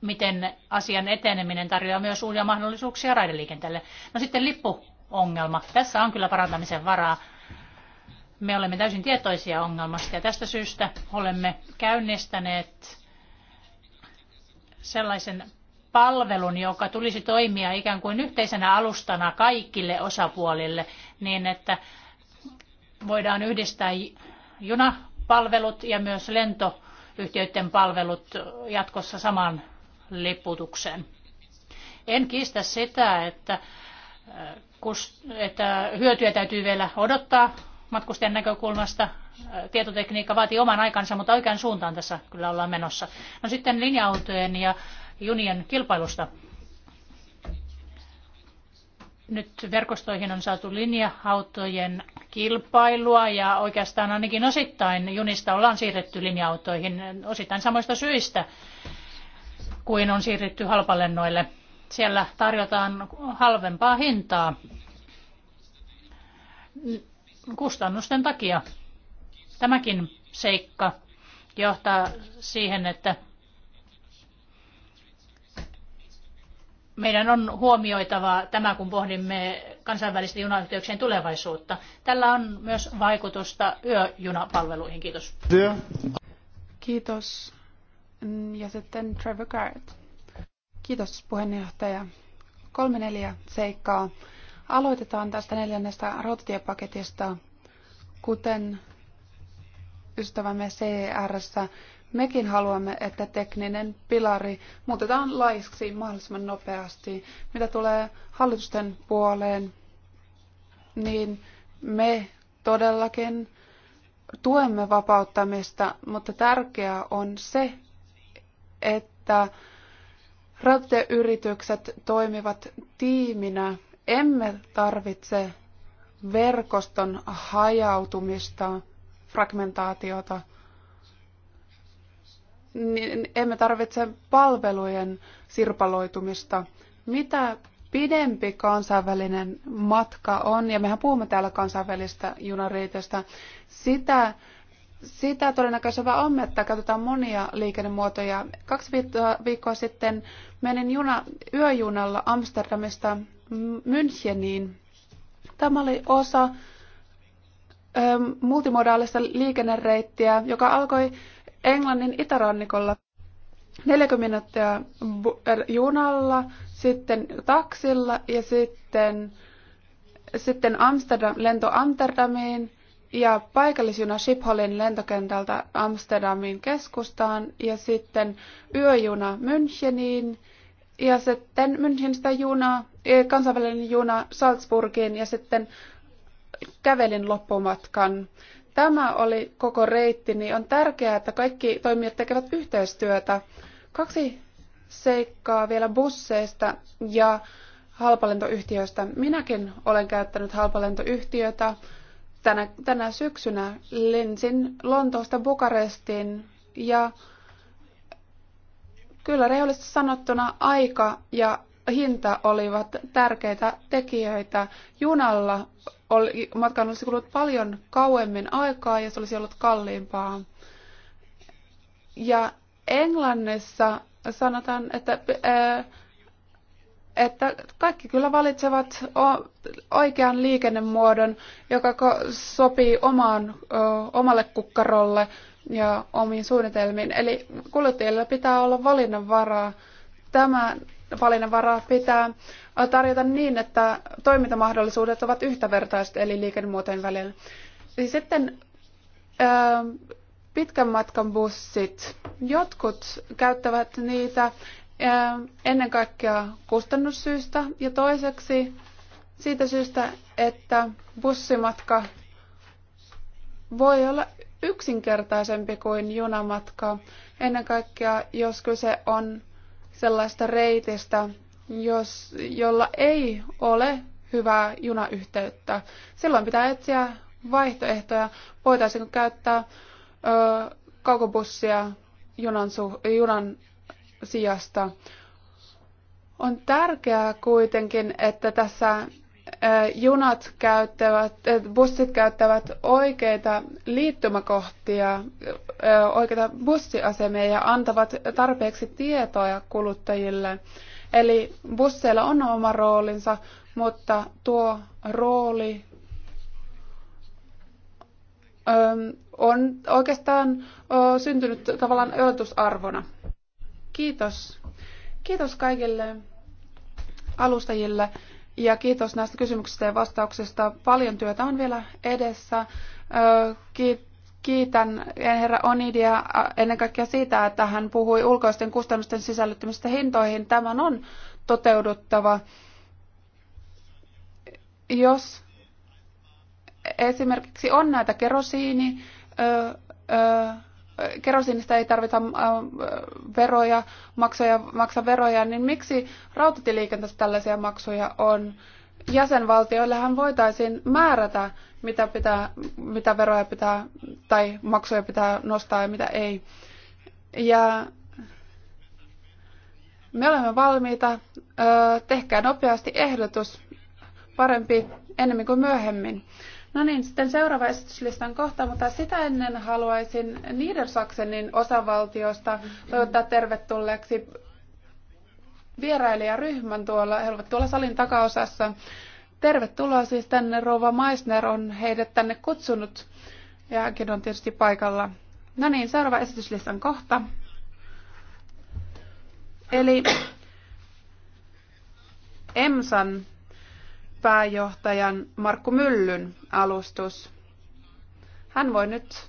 miten asian eteneminen tarjoaa myös uusia mahdollisuuksia raideliikenteelle. No sitten lippuongelma. Tässä on kyllä parantamisen varaa. Me olemme täysin tietoisia ongelmasta ja tästä syystä olemme käynnistäneet sellaisen palvelun, joka tulisi toimia ikään kuin yhteisenä alustana kaikille osapuolille, niin että voidaan yhdistää junapalvelut ja myös lentoyhtiöiden palvelut jatkossa saman liputukseen. En kiistä sitä, että, äh, että hyötyjä täytyy vielä odottaa matkustajan näkökulmasta äh, tietotekniikka vaatii oman aikansa, mutta oikean suuntaan tässä kyllä ollaan menossa. No sitten linja-autojen ja junien kilpailusta. Nyt verkostoihin on saatu linja-autojen kilpailua ja oikeastaan ainakin osittain junista ollaan siirretty linja-autoihin osittain samoista syistä kuin on siirrytty halpalennoille. Siellä tarjotaan halvempaa hintaa kustannusten takia. Tämäkin seikka johtaa siihen, että meidän on huomioitava tämä, kun pohdimme kansainvälisten junayhteyksien tulevaisuutta. Tällä on myös vaikutusta yöjunapalveluihin. Kiitos. Kiitos. Ja sitten Trevor Garrett. Kiitos puheenjohtaja. Kolme neljä seikkaa Aloitetaan tästä neljännestä rautatiepaketista. Kuten ystävämme CRssä, mekin haluamme, että tekninen pilari muutetaan laiksi mahdollisimman nopeasti. Mitä tulee hallitusten puoleen, niin me todellakin tuemme vapauttamista, mutta tärkeää on se, että rautatieyritykset toimivat tiiminä – emme tarvitse verkoston hajautumista, fragmentaatiota. Emme tarvitse palvelujen sirpaloitumista. Mitä pidempi kansainvälinen matka on, ja mehän puhumme täällä kansainvälistä junareitestä, sitä, sitä todennäköisempää on, että käytetään monia liikennemuotoja. Kaksi viikkoa sitten menin juna, yöjunalla Amsterdamista Müncheniin. Tämä oli osa multimodaalista liikennereittiä, joka alkoi Englannin itärannikolla 40 minuuttia er, junalla, sitten taksilla ja sitten, sitten Amsterdam, lento Amsterdamiin ja paikallisjuna Schipholin lentokentältä Amsterdamin keskustaan ja sitten yöjuna Müncheniin ja sitten Münchenistä juna, eh, kansainvälinen juna Salzburgiin ja sitten kävelin loppumatkan. Tämä oli koko reitti, niin on tärkeää, että kaikki toimijat tekevät yhteistyötä. Kaksi seikkaa vielä busseista ja halpalentoyhtiöistä. Minäkin olen käyttänyt halpalentoyhtiötä. Tänä, tänä syksynä lensin Lontoosta Bukarestiin ja Kyllä rehellisesti sanottuna aika ja hinta olivat tärkeitä tekijöitä. Junalla oli, matkan olisi kulunut paljon kauemmin aikaa ja se olisi ollut kalliimpaa. Ja Englannissa sanotaan, että, eh, että kaikki kyllä valitsevat oikean liikennemuodon, joka sopii omaan, eh, omalle kukkarolle – ja omiin suunnitelmiin. Eli kuluttajilla pitää olla valinnanvaraa. Tämä valinnanvaraa pitää tarjota niin, että toimintamahdollisuudet ovat yhtävertaiset eli liikennemuotojen välillä. Sitten ähm, pitkän matkan bussit. Jotkut käyttävät niitä ähm, ennen kaikkea kustannussyistä ja toiseksi siitä syystä, että bussimatka voi olla yksinkertaisempi kuin junamatka, ennen kaikkea jos kyse on sellaista reitistä, jos, jolla ei ole hyvää junayhteyttä. Silloin pitää etsiä vaihtoehtoja, voitaisiinko käyttää ö, kaukobussia junan, su, junan sijasta. On tärkeää kuitenkin, että tässä junat käyttävät, bussit käyttävät oikeita liittymäkohtia, oikeita bussiasemia ja antavat tarpeeksi tietoa kuluttajille. Eli busseilla on oma roolinsa, mutta tuo rooli on oikeastaan syntynyt tavallaan odotusarvona. Kiitos. Kiitos kaikille alustajille ja kiitos näistä kysymyksistä ja vastauksista. Paljon työtä on vielä edessä. Kiitän herra Onidia ennen kaikkea siitä, että hän puhui ulkoisten kustannusten sisällyttämisestä hintoihin. Tämän on toteuduttava. Jos esimerkiksi on näitä kerosiini, öö, öö, kerosiinista ei tarvita äh, veroja, maksuja, maksa veroja, niin miksi rautatieliikenteessä tällaisia maksuja on? Jäsenvaltioillehan voitaisiin määrätä, mitä, pitää, mitä veroja pitää tai maksuja pitää nostaa ja mitä ei. Ja me olemme valmiita. Äh, tehkää nopeasti ehdotus parempi enemmän kuin myöhemmin. No niin, sitten seuraava esityslistan kohta, mutta sitä ennen haluaisin Niedersaksenin osavaltiosta toivottaa tervetulleeksi vierailijaryhmän tuolla, he ovat tuolla salin takaosassa. Tervetuloa siis tänne, Rova Meissner on heidät tänne kutsunut ja hänkin on tietysti paikalla. No niin, seuraava esityslistan kohta. Eli EMSAN pääjohtajan Markku Myllyn alustus. Hän voi nyt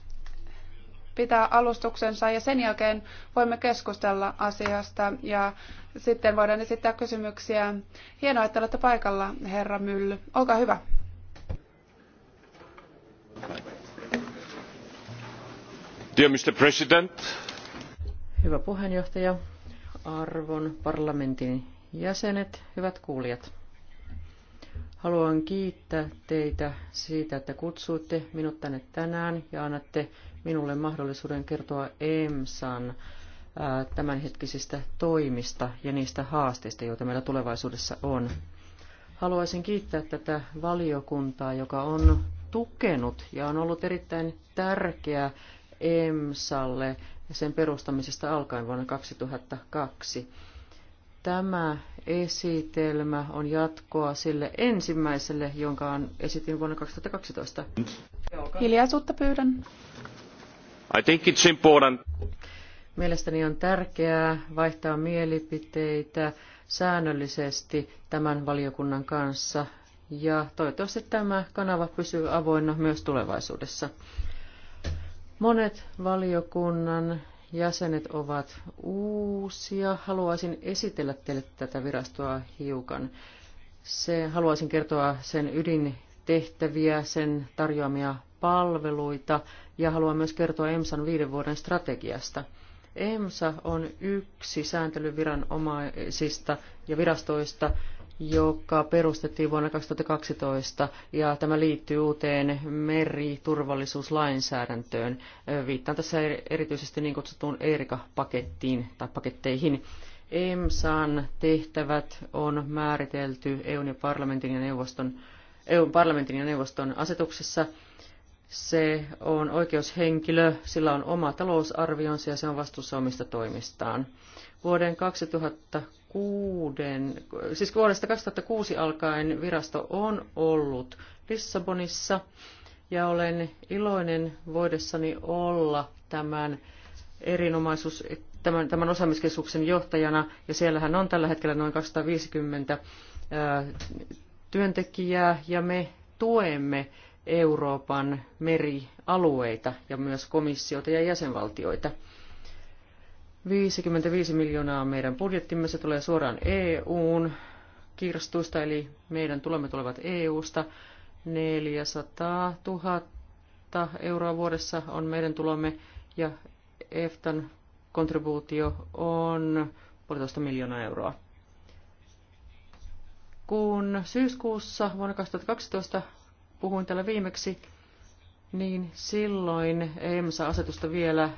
pitää alustuksensa ja sen jälkeen voimme keskustella asiasta ja sitten voidaan esittää kysymyksiä. Hienoa, että olette paikalla, herra Mylly. Olkaa hyvä. Dear Mr. President. Hyvä puheenjohtaja, arvon parlamentin jäsenet, hyvät kuulijat. Haluan kiittää teitä siitä, että kutsuitte minut tänne tänään ja annatte minulle mahdollisuuden kertoa EMSAn tämänhetkisistä toimista ja niistä haasteista, joita meillä tulevaisuudessa on. Haluaisin kiittää tätä valiokuntaa, joka on tukenut ja on ollut erittäin tärkeä EMSalle sen perustamisesta alkaen vuonna 2002. Tämä esitelmä on jatkoa sille ensimmäiselle, jonka esitin vuonna 2012. Hiljaisuutta pyydän. I think it's important. Mielestäni on tärkeää vaihtaa mielipiteitä säännöllisesti tämän valiokunnan kanssa ja toivottavasti tämä kanava pysyy avoinna myös tulevaisuudessa. Monet valiokunnan jäsenet ovat uusia. Haluaisin esitellä teille tätä virastoa hiukan. Se, haluaisin kertoa sen ydintehtäviä, sen tarjoamia palveluita ja haluan myös kertoa EMSAn viiden vuoden strategiasta. EMSA on yksi sääntelyviranomaisista ja virastoista, joka perustettiin vuonna 2012 ja tämä liittyy uuteen meriturvallisuuslainsäädäntöön. Viittaan tässä erityisesti niin kutsuttuun ERIKA-pakettiin tai paketteihin. EMSAn tehtävät on määritelty EUn ja parlamentin ja neuvoston, EUn parlamentin ja neuvoston asetuksessa. Se on oikeushenkilö, sillä on oma talousarvionsa ja se on vastuussa omista toimistaan. Vuoden 2006, siis vuodesta 2006 alkaen virasto on ollut Lissabonissa ja olen iloinen voidessani olla tämän erinomaisuus, tämän, tämän osaamiskeskuksen johtajana, ja siellähän on tällä hetkellä noin 250 ää, työntekijää, ja me tuemme Euroopan merialueita ja myös komissiota ja jäsenvaltioita. 55 miljoonaa meidän budjettimme, se tulee suoraan EUn kirstuista, eli meidän tulemme tulevat EUsta. 400 000 euroa vuodessa on meidän tulomme, ja EFTAn kontribuutio on puolitoista miljoonaa euroa. Kun syyskuussa vuonna 2012 puhuin täällä viimeksi, niin silloin EMSA-asetusta vielä äh,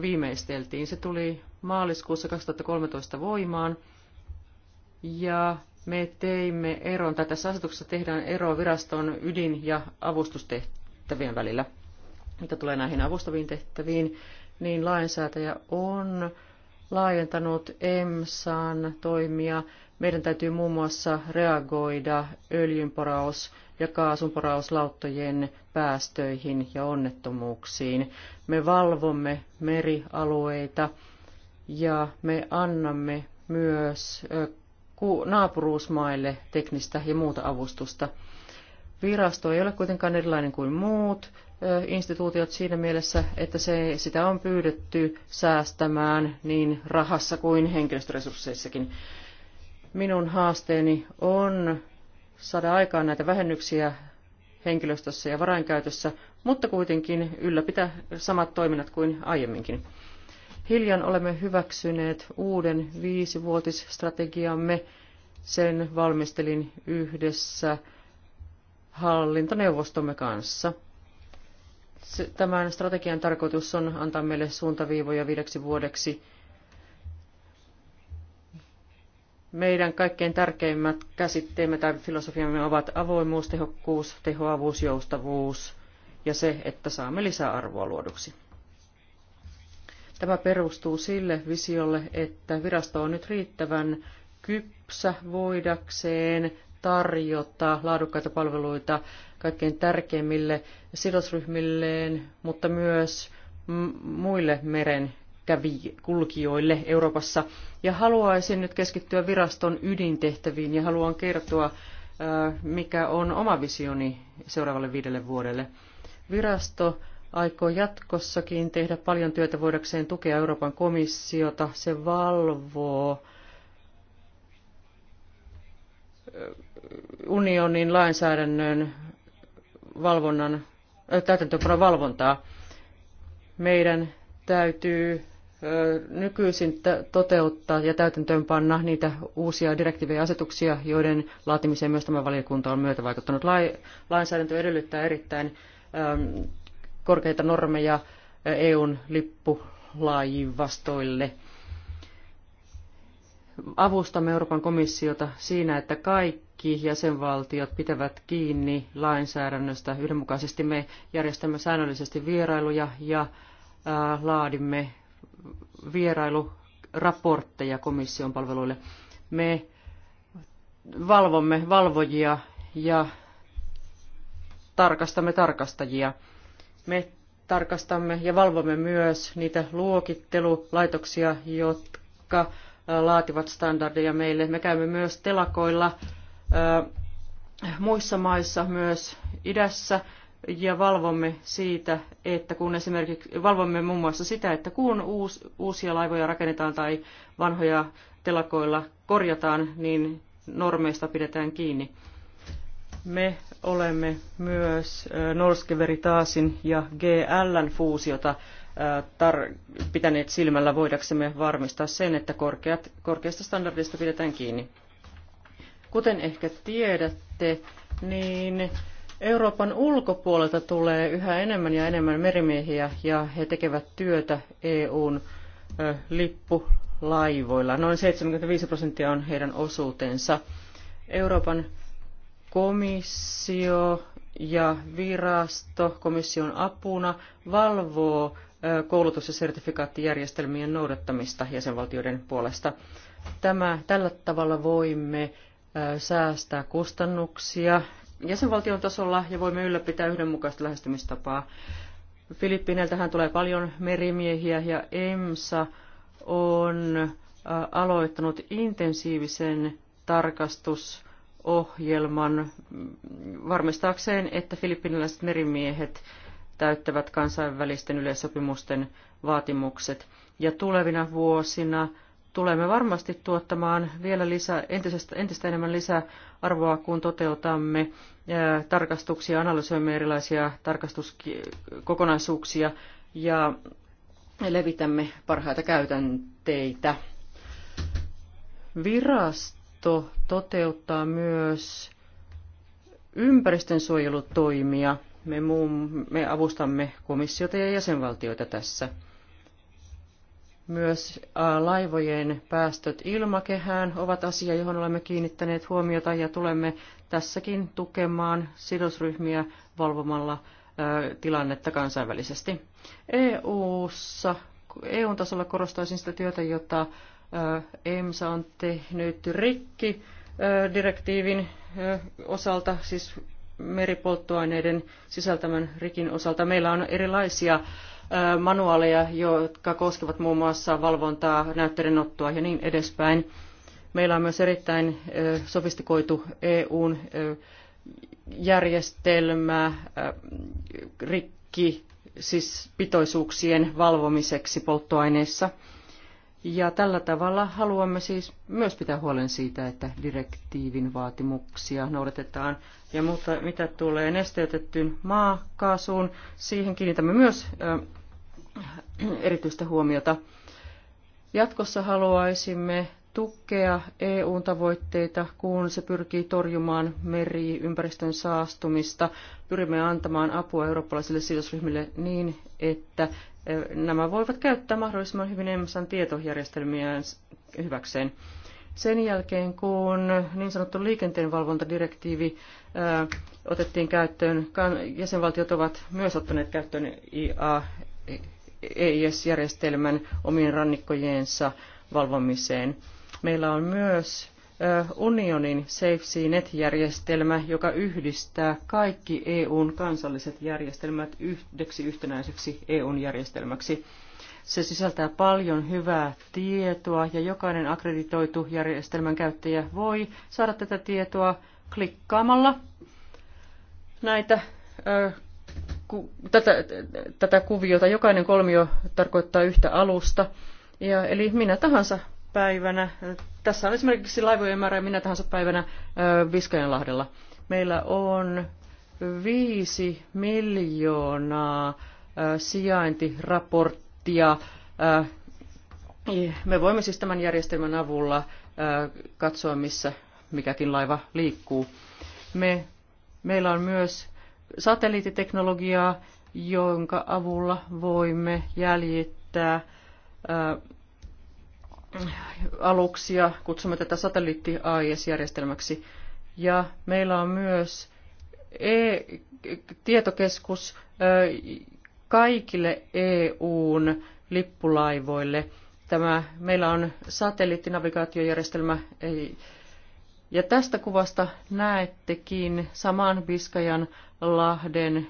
viimeisteltiin. Se tuli maaliskuussa 2013 voimaan ja me teimme eron, tai tässä asetuksessa tehdään ero viraston ydin- ja avustustehtävien välillä. Mitä tulee näihin avustaviin tehtäviin, niin lainsäätäjä on laajentanut EMSAan toimia. Meidän täytyy muun muassa reagoida öljynporaus- ja kaasunporauslauttojen päästöihin ja onnettomuuksiin. Me valvomme merialueita ja me annamme myös naapuruusmaille teknistä ja muuta avustusta. Virasto ei ole kuitenkaan erilainen kuin muut instituutiot siinä mielessä, että se, sitä on pyydetty säästämään niin rahassa kuin henkilöstöresursseissakin. Minun haasteeni on saada aikaan näitä vähennyksiä henkilöstössä ja varainkäytössä, mutta kuitenkin ylläpitää samat toiminnat kuin aiemminkin. Hiljan olemme hyväksyneet uuden viisivuotisstrategiamme. Sen valmistelin yhdessä hallintoneuvostomme kanssa – Tämän strategian tarkoitus on antaa meille suuntaviivoja viideksi vuodeksi. Meidän kaikkein tärkeimmät käsitteemme tai filosofiamme ovat avoimuus, tehokkuus, tehoavuus, joustavuus ja se, että saamme lisää arvoa luoduksi. Tämä perustuu sille visiolle, että virasto on nyt riittävän kypsä voidakseen tarjota laadukkaita palveluita kaikkein tärkeimmille sidosryhmilleen, mutta myös muille meren kulkijoille Euroopassa. Ja haluaisin nyt keskittyä viraston ydintehtäviin ja haluan kertoa, äh, mikä on oma visioni seuraavalle viidelle vuodelle. Virasto aikoo jatkossakin tehdä paljon työtä voidakseen tukea Euroopan komissiota. Se valvoo unionin lainsäädännön valvonnan, täytäntöönpanon valvontaa. Meidän täytyy nykyisin toteuttaa ja täytäntöönpanna niitä uusia direktiivejä ja asetuksia, joiden laatimiseen myös tämä valiokunta on myötävaikuttanut. Lainsäädäntö edellyttää erittäin korkeita normeja EUn lippulaivastoille – avustamme Euroopan komissiota siinä, että kaikki jäsenvaltiot pitävät kiinni lainsäädännöstä. Yhdenmukaisesti me järjestämme säännöllisesti vierailuja ja äh, laadimme vierailuraportteja komission palveluille. Me valvomme valvojia ja tarkastamme tarkastajia. Me tarkastamme ja valvomme myös niitä luokittelulaitoksia, jotka laativat standardeja meille. Me käymme myös telakoilla muissa maissa, myös idässä, ja valvomme siitä, että kun esimerkiksi valvomme muun muassa sitä, että kun uus, uusia laivoja rakennetaan tai vanhoja telakoilla korjataan, niin normeista pidetään kiinni. Me olemme myös Norske Veritaasin ja GLn fuusiota pitäneet silmällä voidaksemme varmistaa sen, että korkeat, korkeista standardeista pidetään kiinni. Kuten ehkä tiedätte, niin Euroopan ulkopuolelta tulee yhä enemmän ja enemmän merimiehiä ja he tekevät työtä EUn ö, lippulaivoilla. Noin 75 prosenttia on heidän osuutensa. Euroopan komissio ja virasto komission apuna valvoo koulutus- ja sertifikaattijärjestelmien noudattamista jäsenvaltioiden puolesta. Tämä, tällä tavalla voimme säästää kustannuksia jäsenvaltion tasolla ja voimme ylläpitää yhdenmukaista lähestymistapaa. Filippiineiltähän tulee paljon merimiehiä ja EMSA on aloittanut intensiivisen tarkastusohjelman mm, varmistaakseen, että filippiniläiset merimiehet täyttävät kansainvälisten yleissopimusten vaatimukset. Ja tulevina vuosina tulemme varmasti tuottamaan vielä lisää, entistä, entistä enemmän lisäarvoa, kun toteutamme ää, tarkastuksia, analysoimme erilaisia tarkastuskokonaisuuksia ja levitämme parhaita käytänteitä. Virasto toteuttaa myös ympäristönsuojelutoimia – me, muun, me avustamme komissiota ja jäsenvaltioita tässä. Myös laivojen päästöt ilmakehään ovat asia, johon olemme kiinnittäneet huomiota ja tulemme tässäkin tukemaan sidosryhmiä valvomalla tilannetta kansainvälisesti. EU-ssa, EUn tasolla korostaisin sitä työtä, jota EMSA on tehnyt rikki direktiivin osalta, siis meripolttoaineiden sisältämän rikin osalta. Meillä on erilaisia manuaaleja, jotka koskevat muun muassa valvontaa, näytteidenottoa ja niin edespäin. Meillä on myös erittäin sofistikoitu EUn järjestelmä rikki siis pitoisuuksien valvomiseksi polttoaineissa. Ja tällä tavalla haluamme siis myös pitää huolen siitä, että direktiivin vaatimuksia noudatetaan. Ja mutta mitä tulee nesteytettyyn maakaasuun, siihen kiinnitämme myös äh, erityistä huomiota. Jatkossa haluaisimme tukea eu tavoitteita, kun se pyrkii torjumaan meriympäristön saastumista. Pyrimme antamaan apua eurooppalaisille sidosryhmille niin, että nämä voivat käyttää mahdollisimman hyvin EMSAn tietojärjestelmiä hyväkseen. Sen jälkeen, kun niin sanottu liikenteenvalvontadirektiivi otettiin käyttöön, jäsenvaltiot ovat myös ottaneet käyttöön IA, EIS-järjestelmän omien rannikkojensa valvomiseen. Meillä on myös unionin net järjestelmä joka yhdistää kaikki EUn kansalliset järjestelmät yhdeksi yhtenäiseksi EUn järjestelmäksi. Se sisältää paljon hyvää tietoa ja jokainen akkreditoitu järjestelmän käyttäjä voi saada tätä tietoa klikkaamalla näitä ö, ku, tätä, tätä kuviota. Jokainen kolmio tarkoittaa yhtä alusta. Ja, eli minä tahansa päivänä, tässä on esimerkiksi laivojen määrä minä tahansa päivänä Viskajanlahdella. Meillä on viisi miljoonaa sijaintiraporttia. Me voimme siis tämän järjestelmän avulla katsoa, missä mikäkin laiva liikkuu. Me, meillä on myös satelliittiteknologiaa, jonka avulla voimme jäljittää aluksia, kutsumme tätä satelliitti AIS-järjestelmäksi. Ja meillä on myös e-tietokeskus kaikille EUn lippulaivoille. Tämä, meillä on satelliittinavigaatiojärjestelmä ja tästä kuvasta näettekin saman Biskajan lahden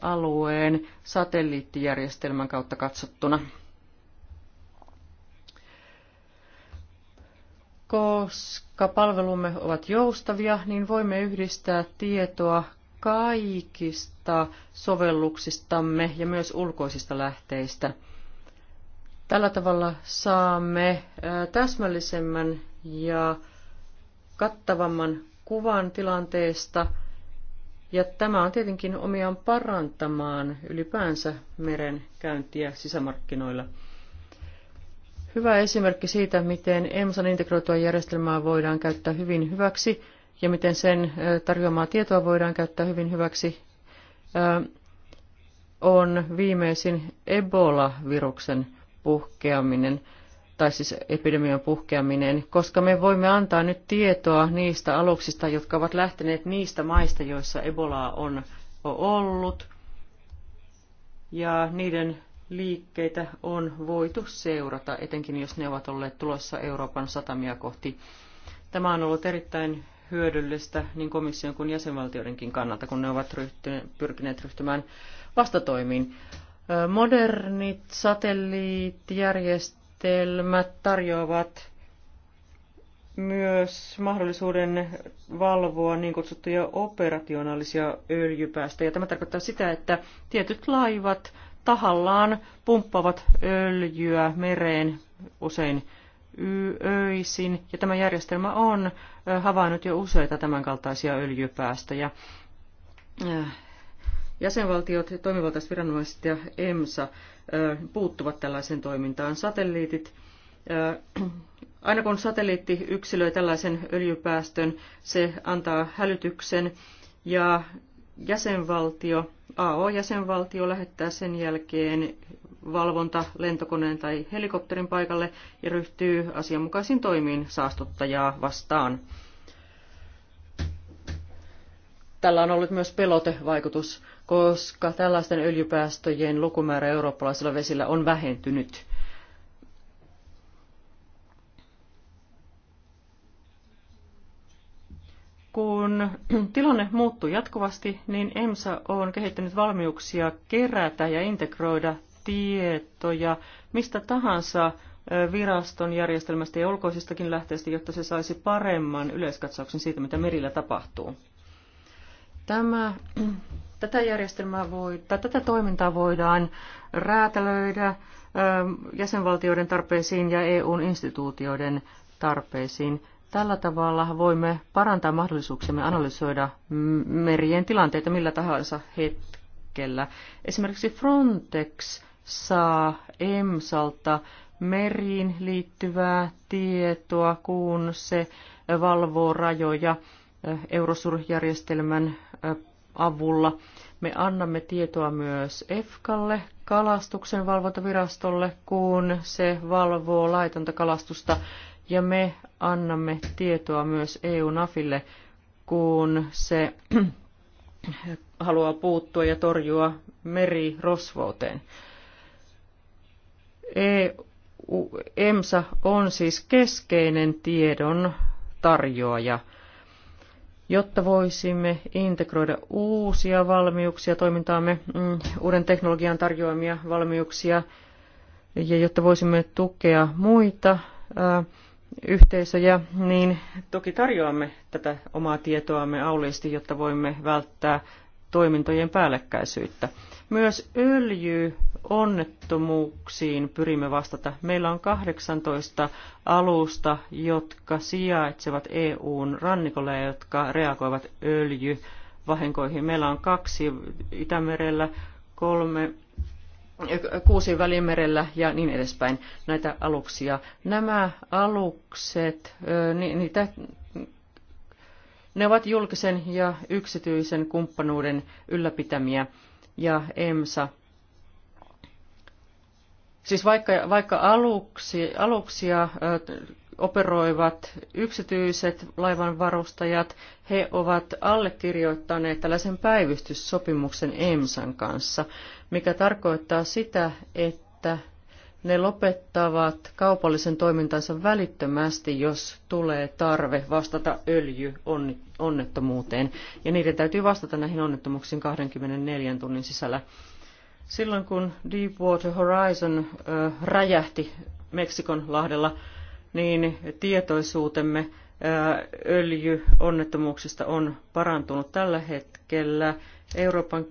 alueen satelliittijärjestelmän kautta katsottuna. Koska palvelumme ovat joustavia, niin voimme yhdistää tietoa kaikista sovelluksistamme ja myös ulkoisista lähteistä. Tällä tavalla saamme täsmällisemmän ja kattavamman kuvan tilanteesta, ja tämä on tietenkin omiaan parantamaan ylipäänsä meren käyntiä sisämarkkinoilla hyvä esimerkki siitä, miten EMSAn integroitua järjestelmää voidaan käyttää hyvin hyväksi ja miten sen tarjoamaa tietoa voidaan käyttää hyvin hyväksi, on viimeisin Ebola-viruksen puhkeaminen, tai siis epidemian puhkeaminen, koska me voimme antaa nyt tietoa niistä aluksista, jotka ovat lähteneet niistä maista, joissa Ebolaa on ollut, ja niiden liikkeitä on voitu seurata, etenkin jos ne ovat olleet tulossa Euroopan satamia kohti. Tämä on ollut erittäin hyödyllistä niin komission kuin jäsenvaltioidenkin kannalta, kun ne ovat ryhtyneet, pyrkineet ryhtymään vastatoimiin. Modernit satelliittijärjestelmät tarjoavat myös mahdollisuuden valvoa niin kutsuttuja operationaalisia öljypäästöjä. Tämä tarkoittaa sitä, että tietyt laivat tahallaan pumppavat öljyä mereen usein öisin. Ja tämä järjestelmä on havainnut jo useita tämänkaltaisia öljypäästöjä. Jäsenvaltiot, toimivaltaiset viranomaiset ja EMSA puuttuvat tällaiseen toimintaan. Satelliitit Aina kun satelliitti yksilöi tällaisen öljypäästön, se antaa hälytyksen ja jäsenvaltio, AO-jäsenvaltio lähettää sen jälkeen valvonta lentokoneen tai helikopterin paikalle ja ryhtyy asianmukaisiin toimiin saastuttajaa vastaan. Tällä on ollut myös pelotevaikutus, koska tällaisten öljypäästöjen lukumäärä eurooppalaisilla vesillä on vähentynyt. kun *clears throat* tilanne muuttuu jatkuvasti, niin EMSA on kehittänyt valmiuksia kerätä ja integroida tietoja mistä tahansa viraston järjestelmästä ja ulkoisistakin lähteistä, jotta se saisi paremman yleiskatsauksen siitä, mitä merillä tapahtuu. Tämä, *clears throat* tätä, järjestelmää voi, tai tätä toimintaa voidaan räätälöidä jäsenvaltioiden tarpeisiin ja EUn instituutioiden tarpeisiin. Tällä tavalla voimme parantaa mahdollisuuksiamme analysoida merien tilanteita millä tahansa hetkellä. Esimerkiksi Frontex saa EMSalta meriin liittyvää tietoa, kun se valvoo rajoja Eurosur-järjestelmän avulla. Me annamme tietoa myös EFKalle, kalastuksen valvontavirastolle, kun se valvoo laitonta kalastusta ja me annamme tietoa myös EU-NAFille, kun se *clears throat* haluaa puuttua ja torjua merirosvouteen. EU, EMSA on siis keskeinen tiedon tarjoaja. Jotta voisimme integroida uusia valmiuksia toimintaamme, mm, uuden teknologian tarjoamia valmiuksia, ja jotta voisimme tukea muita yhteisöjä, niin toki tarjoamme tätä omaa tietoamme auliisti, jotta voimme välttää toimintojen päällekkäisyyttä. Myös öljyonnettomuuksiin pyrimme vastata. Meillä on 18 alusta, jotka sijaitsevat EUn rannikolle ja jotka reagoivat öljyvahinkoihin. Meillä on kaksi Itämerellä, kolme kuusi välimerellä ja niin edespäin näitä aluksia. Nämä alukset, niitä, ne ovat julkisen ja yksityisen kumppanuuden ylläpitämiä ja EMSA. Siis vaikka, vaikka aluksi, aluksia operoivat yksityiset laivanvarustajat, he ovat allekirjoittaneet tällaisen päivystyssopimuksen EMSAn kanssa, mikä tarkoittaa sitä, että ne lopettavat kaupallisen toimintansa välittömästi, jos tulee tarve vastata öljyonnettomuuteen. Ja niiden täytyy vastata näihin onnettomuuksiin 24 tunnin sisällä. Silloin kun Deepwater Horizon äh, räjähti Meksikon lahdella, niin tietoisuutemme öljyonnettomuuksista on parantunut tällä hetkellä. Euroopan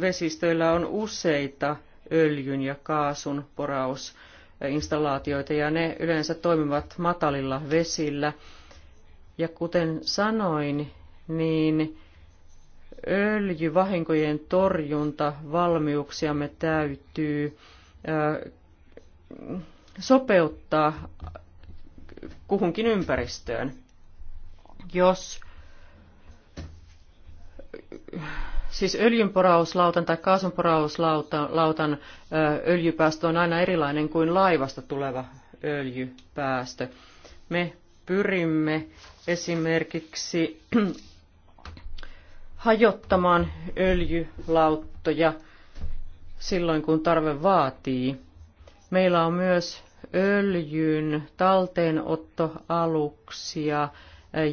vesistöillä on useita öljyn ja kaasun porausinstallaatioita ja ne yleensä toimivat matalilla vesillä. Ja kuten sanoin, niin öljyvahinkojen valmiuksiamme täytyy sopeuttaa kuhunkin ympäristöön. Jos siis öljynporauslautan tai kaasunporauslautan öljypäästö on aina erilainen kuin laivasta tuleva öljypäästö. Me pyrimme esimerkiksi hajottamaan öljylauttoja silloin, kun tarve vaatii. Meillä on myös öljyn talteenottoaluksia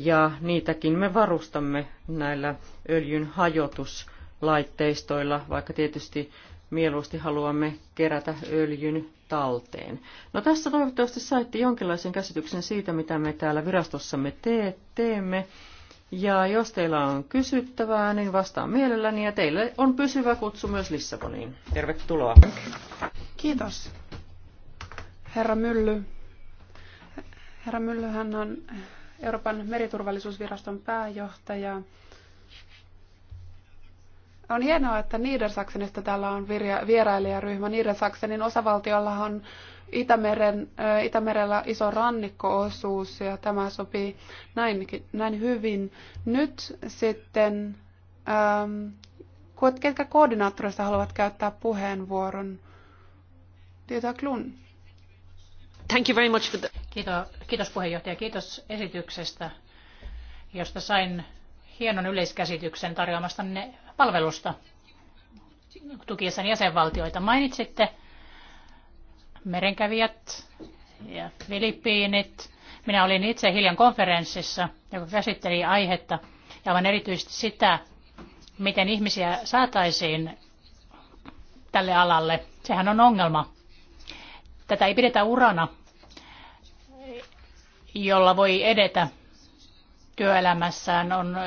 ja niitäkin me varustamme näillä öljyn hajotuslaitteistoilla, vaikka tietysti mieluusti haluamme kerätä öljyn talteen. No tässä toivottavasti saitte jonkinlaisen käsityksen siitä, mitä me täällä virastossamme te- teemme. Ja jos teillä on kysyttävää, niin vastaan mielelläni ja teille on pysyvä kutsu myös Lissaboniin. Tervetuloa. Kiitos. Herra Mylly, herra Myllyhän on Euroopan meriturvallisuusviraston pääjohtaja. On hienoa, että Niedersaksenista täällä on vierailijaryhmä. Niedersaksenin osavaltiolla on Itämeren, Itämerellä iso rannikkoosuus ja tämä sopii näin, näin hyvin. Nyt sitten, ähm, ketkä koordinaattorista haluavat käyttää puheenvuoron? Tietää Klun. Thank Kiitos, kiitos esityksestä, josta sain hienon yleiskäsityksen tarjoamastanne palvelusta tukiessani jäsenvaltioita. Mainitsitte merenkävijät ja Filippiinit. Minä olin itse hiljan konferenssissa, joka käsitteli aihetta ja aivan erityisesti sitä, miten ihmisiä saataisiin tälle alalle. Sehän on ongelma. Tätä ei pidetä urana, jolla voi edetä työelämässään. On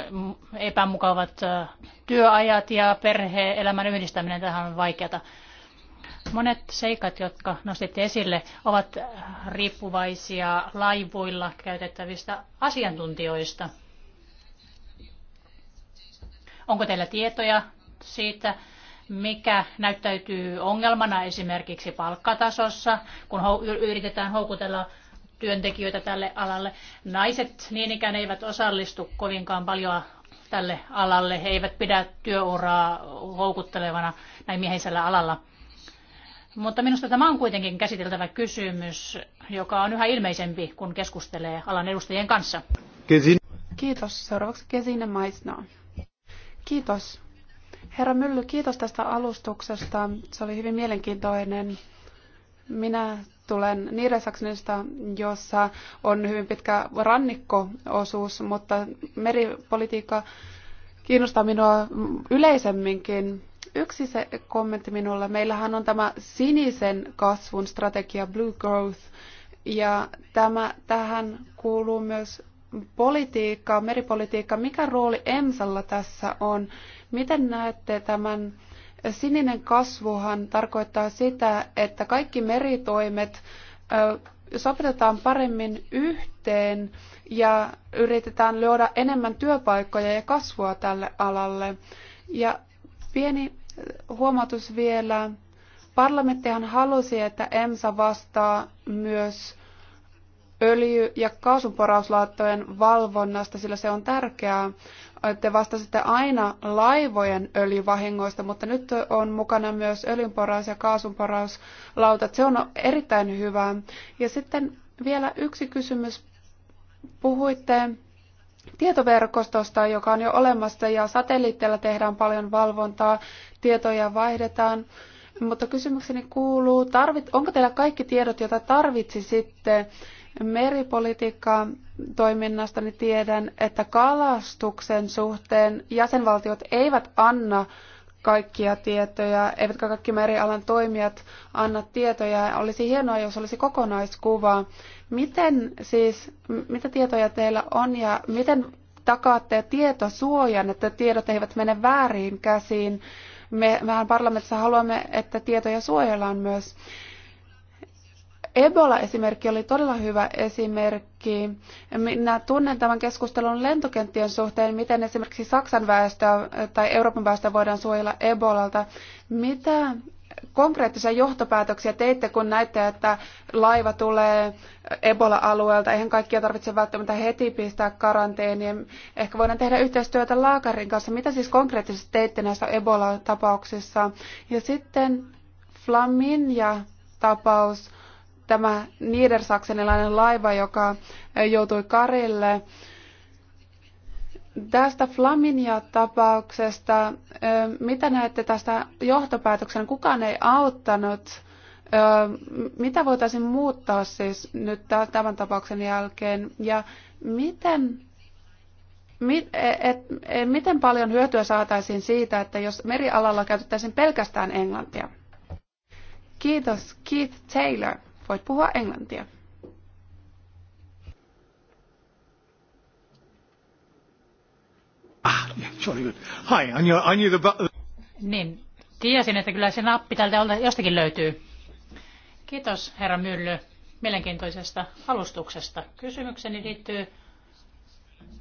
epämukavat työajat ja perhe-elämän yhdistäminen tähän on vaikeata. Monet seikat, jotka nostitte esille, ovat riippuvaisia laivoilla käytettävistä asiantuntijoista. Onko teillä tietoja siitä, mikä näyttäytyy ongelmana esimerkiksi palkkatasossa, kun yritetään houkutella työntekijöitä tälle alalle. Naiset niin ikään eivät osallistu kovinkaan paljon tälle alalle. He eivät pidä työuraa houkuttelevana näin miehisellä alalla. Mutta minusta tämä on kuitenkin käsiteltävä kysymys, joka on yhä ilmeisempi, kun keskustelee alan edustajien kanssa. Kiitos. Seuraavaksi Kesine Maisnaa. Kiitos. Herra Mylly, kiitos tästä alustuksesta. Se oli hyvin mielenkiintoinen. Minä tulen Niiresaksenista, jossa on hyvin pitkä rannikkoosuus, mutta meripolitiikka kiinnostaa minua yleisemminkin. Yksi se kommentti minulla. Meillähän on tämä sinisen kasvun strategia, Blue Growth, ja tämä, tähän kuuluu myös politiikkaa, meripolitiikkaa, mikä rooli EMSalla tässä on? Miten näette tämän sininen kasvuhan tarkoittaa sitä, että kaikki meritoimet sopitetaan paremmin yhteen ja yritetään luoda enemmän työpaikkoja ja kasvua tälle alalle. Ja pieni huomautus vielä. Parlamenttihan halusi, että EMSA vastaa myös öljy- ja kaasuporauslaattojen valvonnasta, sillä se on tärkeää. Te vastasitte aina laivojen öljyvahingoista, mutta nyt on mukana myös öljynporaus- ja kaasunporauslautat. Se on erittäin hyvää. Ja sitten vielä yksi kysymys. Puhuitte tietoverkostosta, joka on jo olemassa ja satelliitteilla tehdään paljon valvontaa, tietoja vaihdetaan. Mutta kysymykseni kuuluu, tarvit, onko teillä kaikki tiedot, joita tarvitsisitte meripolitiikkaa niin tiedän, että kalastuksen suhteen jäsenvaltiot eivät anna kaikkia tietoja, eivätkä kaikki merialan toimijat anna tietoja. Olisi hienoa, jos olisi kokonaiskuva. Miten siis, mitä tietoja teillä on ja miten takaatte tietosuojan, että tiedot eivät mene väärin käsiin? Me, mehän parlamentissa haluamme, että tietoja suojellaan myös. Ebola-esimerkki oli todella hyvä esimerkki. Minä tunnen tämän keskustelun lentokenttien suhteen, miten esimerkiksi Saksan väestöä tai Euroopan väestöä voidaan suojella Ebolalta. Mitä konkreettisia johtopäätöksiä teitte, kun näitte, että laiva tulee Ebola-alueelta? Eihän kaikkia tarvitse välttämättä heti pistää karanteeniin. Ehkä voidaan tehdä yhteistyötä laakarin kanssa. Mitä siis konkreettisesti teitte näissä Ebola-tapauksissa? Ja sitten flaminja tapaus tämä niedersaksenilainen laiva, joka joutui Karille. Tästä Flaminia-tapauksesta, mitä näette tästä johtopäätöksen? Kukaan ei auttanut. Mitä voitaisiin muuttaa siis nyt tämän tapauksen jälkeen? Ja miten, mit, e, et, et, miten paljon hyötyä saataisiin siitä, että jos merialalla käytettäisiin pelkästään englantia? Kiitos, Keith Taylor. Voit puhua englantia. Ah, yeah, sorry, good. Hi, I knew, I knew the... Niin, tiesin, että kyllä se nappi tältä jostakin löytyy. Kiitos, herra Mylly, mielenkiintoisesta alustuksesta. Kysymykseni liittyy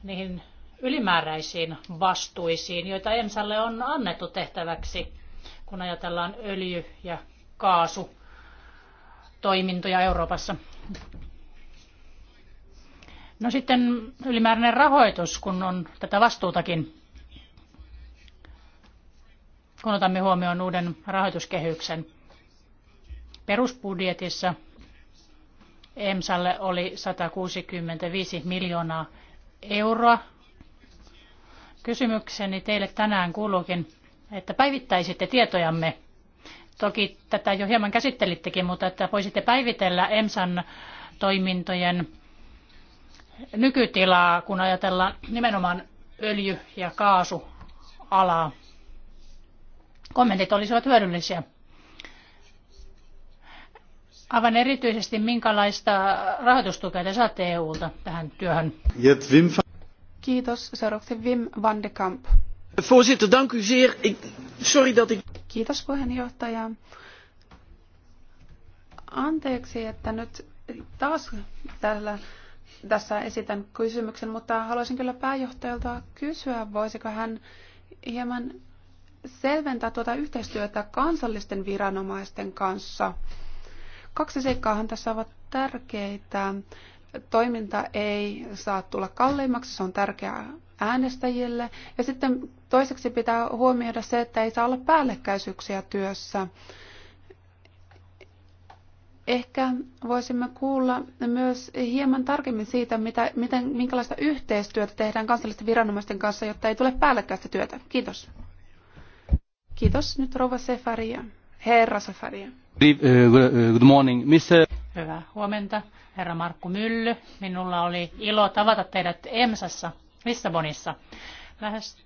niihin ylimääräisiin vastuisiin, joita EMSalle on annettu tehtäväksi, kun ajatellaan öljy- ja kaasu toimintoja Euroopassa. No sitten ylimääräinen rahoitus, kun on tätä vastuutakin, kun otamme huomioon uuden rahoituskehyksen. Perusbudjetissa EMSalle oli 165 miljoonaa euroa. Kysymykseni teille tänään kuuluukin, että päivittäisitte tietojamme Toki tätä jo hieman käsittelittekin, mutta että voisitte päivitellä EMSAn toimintojen nykytilaa, kun ajatellaan nimenomaan öljy- ja kaasualaa. Kommentit olisivat hyödyllisiä. Aivan erityisesti, minkälaista rahoitustukea te saatte EUlta tähän työhön? Kiitos. Seuraavaksi Wim van de Kamp. Voorzitter, dank u zeer. Ik, sorry dat ik... Kiitos puheenjohtaja. Anteeksi, että nyt taas tällä, tässä esitän kysymyksen, mutta haluaisin kyllä pääjohtajalta kysyä, voisiko hän hieman selventää tuota yhteistyötä kansallisten viranomaisten kanssa. Kaksi seikkaahan tässä ovat tärkeitä. Toiminta ei saa tulla kalliimmaksi, se on tärkeää äänestäjille. Ja sitten toiseksi pitää huomioida se, että ei saa olla päällekkäisyyksiä työssä. Ehkä voisimme kuulla myös hieman tarkemmin siitä, mitä, miten, minkälaista yhteistyötä tehdään kansallisten viranomaisten kanssa, jotta ei tule päällekkäistä työtä. Kiitos. Kiitos. Nyt rouva Sefaria. Herra Sefaria. Good uh, uh, morning, Mr. Hyvää huomenta, herra Markku Mylly. Minulla oli ilo tavata teidät EMSassa Lissabonissa. Lähes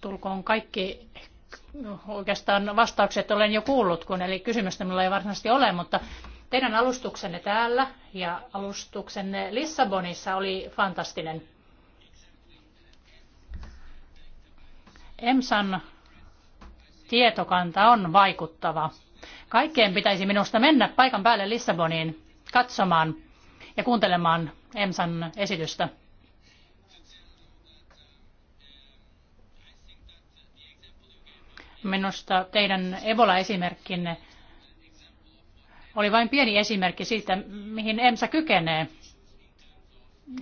tulkoon kaikki oikeastaan vastaukset olen jo kuullut, kun eli kysymystä minulla ei varsinaisesti ole, mutta teidän alustuksenne täällä ja alustuksenne Lissabonissa oli fantastinen. EMSAn tietokanta on vaikuttava. Kaikkeen pitäisi minusta mennä paikan päälle Lissaboniin katsomaan ja kuuntelemaan EMSAn esitystä. Minusta teidän Ebola-esimerkkinne oli vain pieni esimerkki siitä, mihin EMSA kykenee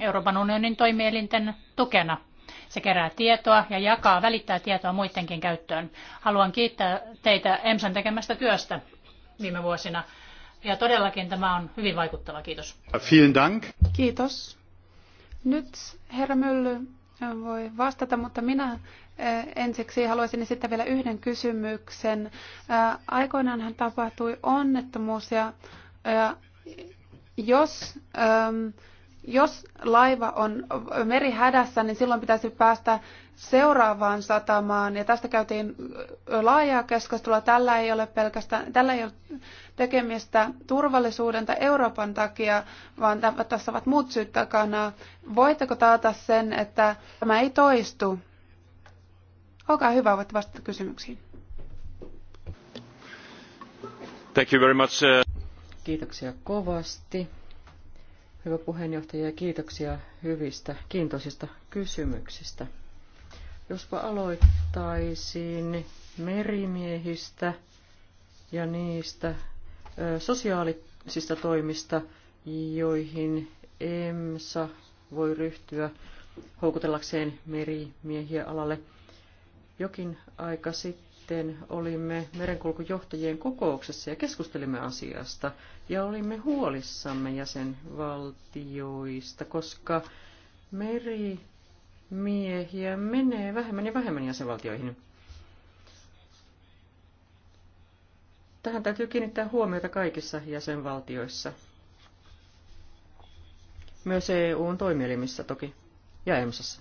Euroopan unionin toimielinten tukena. Se kerää tietoa ja jakaa, välittää tietoa muidenkin käyttöön. Haluan kiittää teitä EMSAn tekemästä työstä viime vuosina. Ja todellakin tämä on hyvin vaikuttava. Kiitos. Vielen dank. Kiitos. Nyt herra Mylly voi vastata, mutta minä Eh, ensiksi haluaisin esittää vielä yhden kysymyksen. Eh, aikoinaanhan tapahtui onnettomuus ja eh, jos, ehm, jos laiva on merihädässä, niin silloin pitäisi päästä seuraavaan satamaan. Ja tästä käytiin laajaa keskustelua. Tällä ei ole pelkästään, tällä ei ole tekemistä turvallisuuden tai Euroopan takia, vaan tässä ovat muut syyt takana. Voitteko taata sen, että tämä ei toistu? Olkaa hyvä, voitte vastata kysymyksiin. Thank you very much. Uh, kiitoksia kovasti. Hyvä puheenjohtaja ja kiitoksia hyvistä, kiintoisista kysymyksistä. Jospa aloittaisin merimiehistä ja niistä sosiaalisista toimista, joihin EMSA voi ryhtyä houkutellakseen merimiehiä alalle – jokin aika sitten olimme merenkulkujohtajien kokouksessa ja keskustelimme asiasta ja olimme huolissamme jäsenvaltioista, koska merimiehiä menee vähemmän ja vähemmän jäsenvaltioihin. Tähän täytyy kiinnittää huomiota kaikissa jäsenvaltioissa. Myös EUn toimielimissä toki ja EMSassa.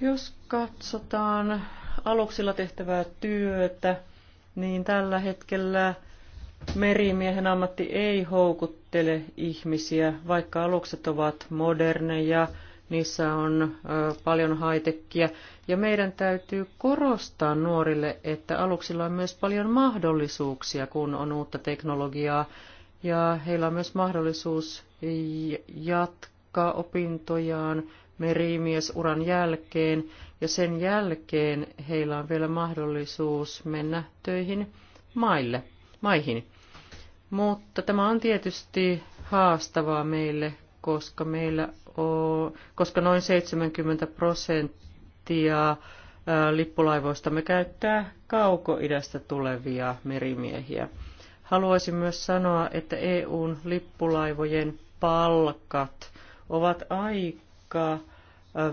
Jos katsotaan aluksilla tehtävää työtä, niin tällä hetkellä merimiehen ammatti ei houkuttele ihmisiä, vaikka alukset ovat moderneja, niissä on paljon haitekkiä. Ja meidän täytyy korostaa nuorille, että aluksilla on myös paljon mahdollisuuksia, kun on uutta teknologiaa. Ja heillä on myös mahdollisuus jatkaa opintojaan merimiesuran jälkeen ja sen jälkeen heillä on vielä mahdollisuus mennä töihin maille, maihin. Mutta tämä on tietysti haastavaa meille, koska meillä on, koska noin 70 prosenttia lippulaivoistamme käyttää kaukoidästä tulevia merimiehiä. Haluaisin myös sanoa, että EUn lippulaivojen palkat ovat aika taakkaa,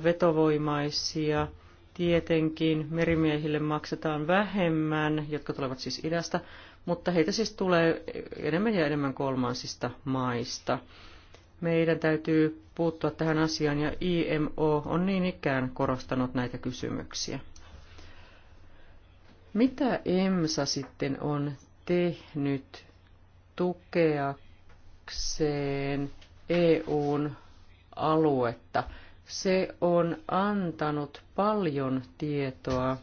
vetovoimaisia. Tietenkin merimiehille maksetaan vähemmän, jotka tulevat siis idästä, mutta heitä siis tulee enemmän ja enemmän kolmansista maista. Meidän täytyy puuttua tähän asiaan ja IMO on niin ikään korostanut näitä kysymyksiä. Mitä EMSA sitten on tehnyt tukeakseen EUn aluetta. Se on antanut paljon tietoa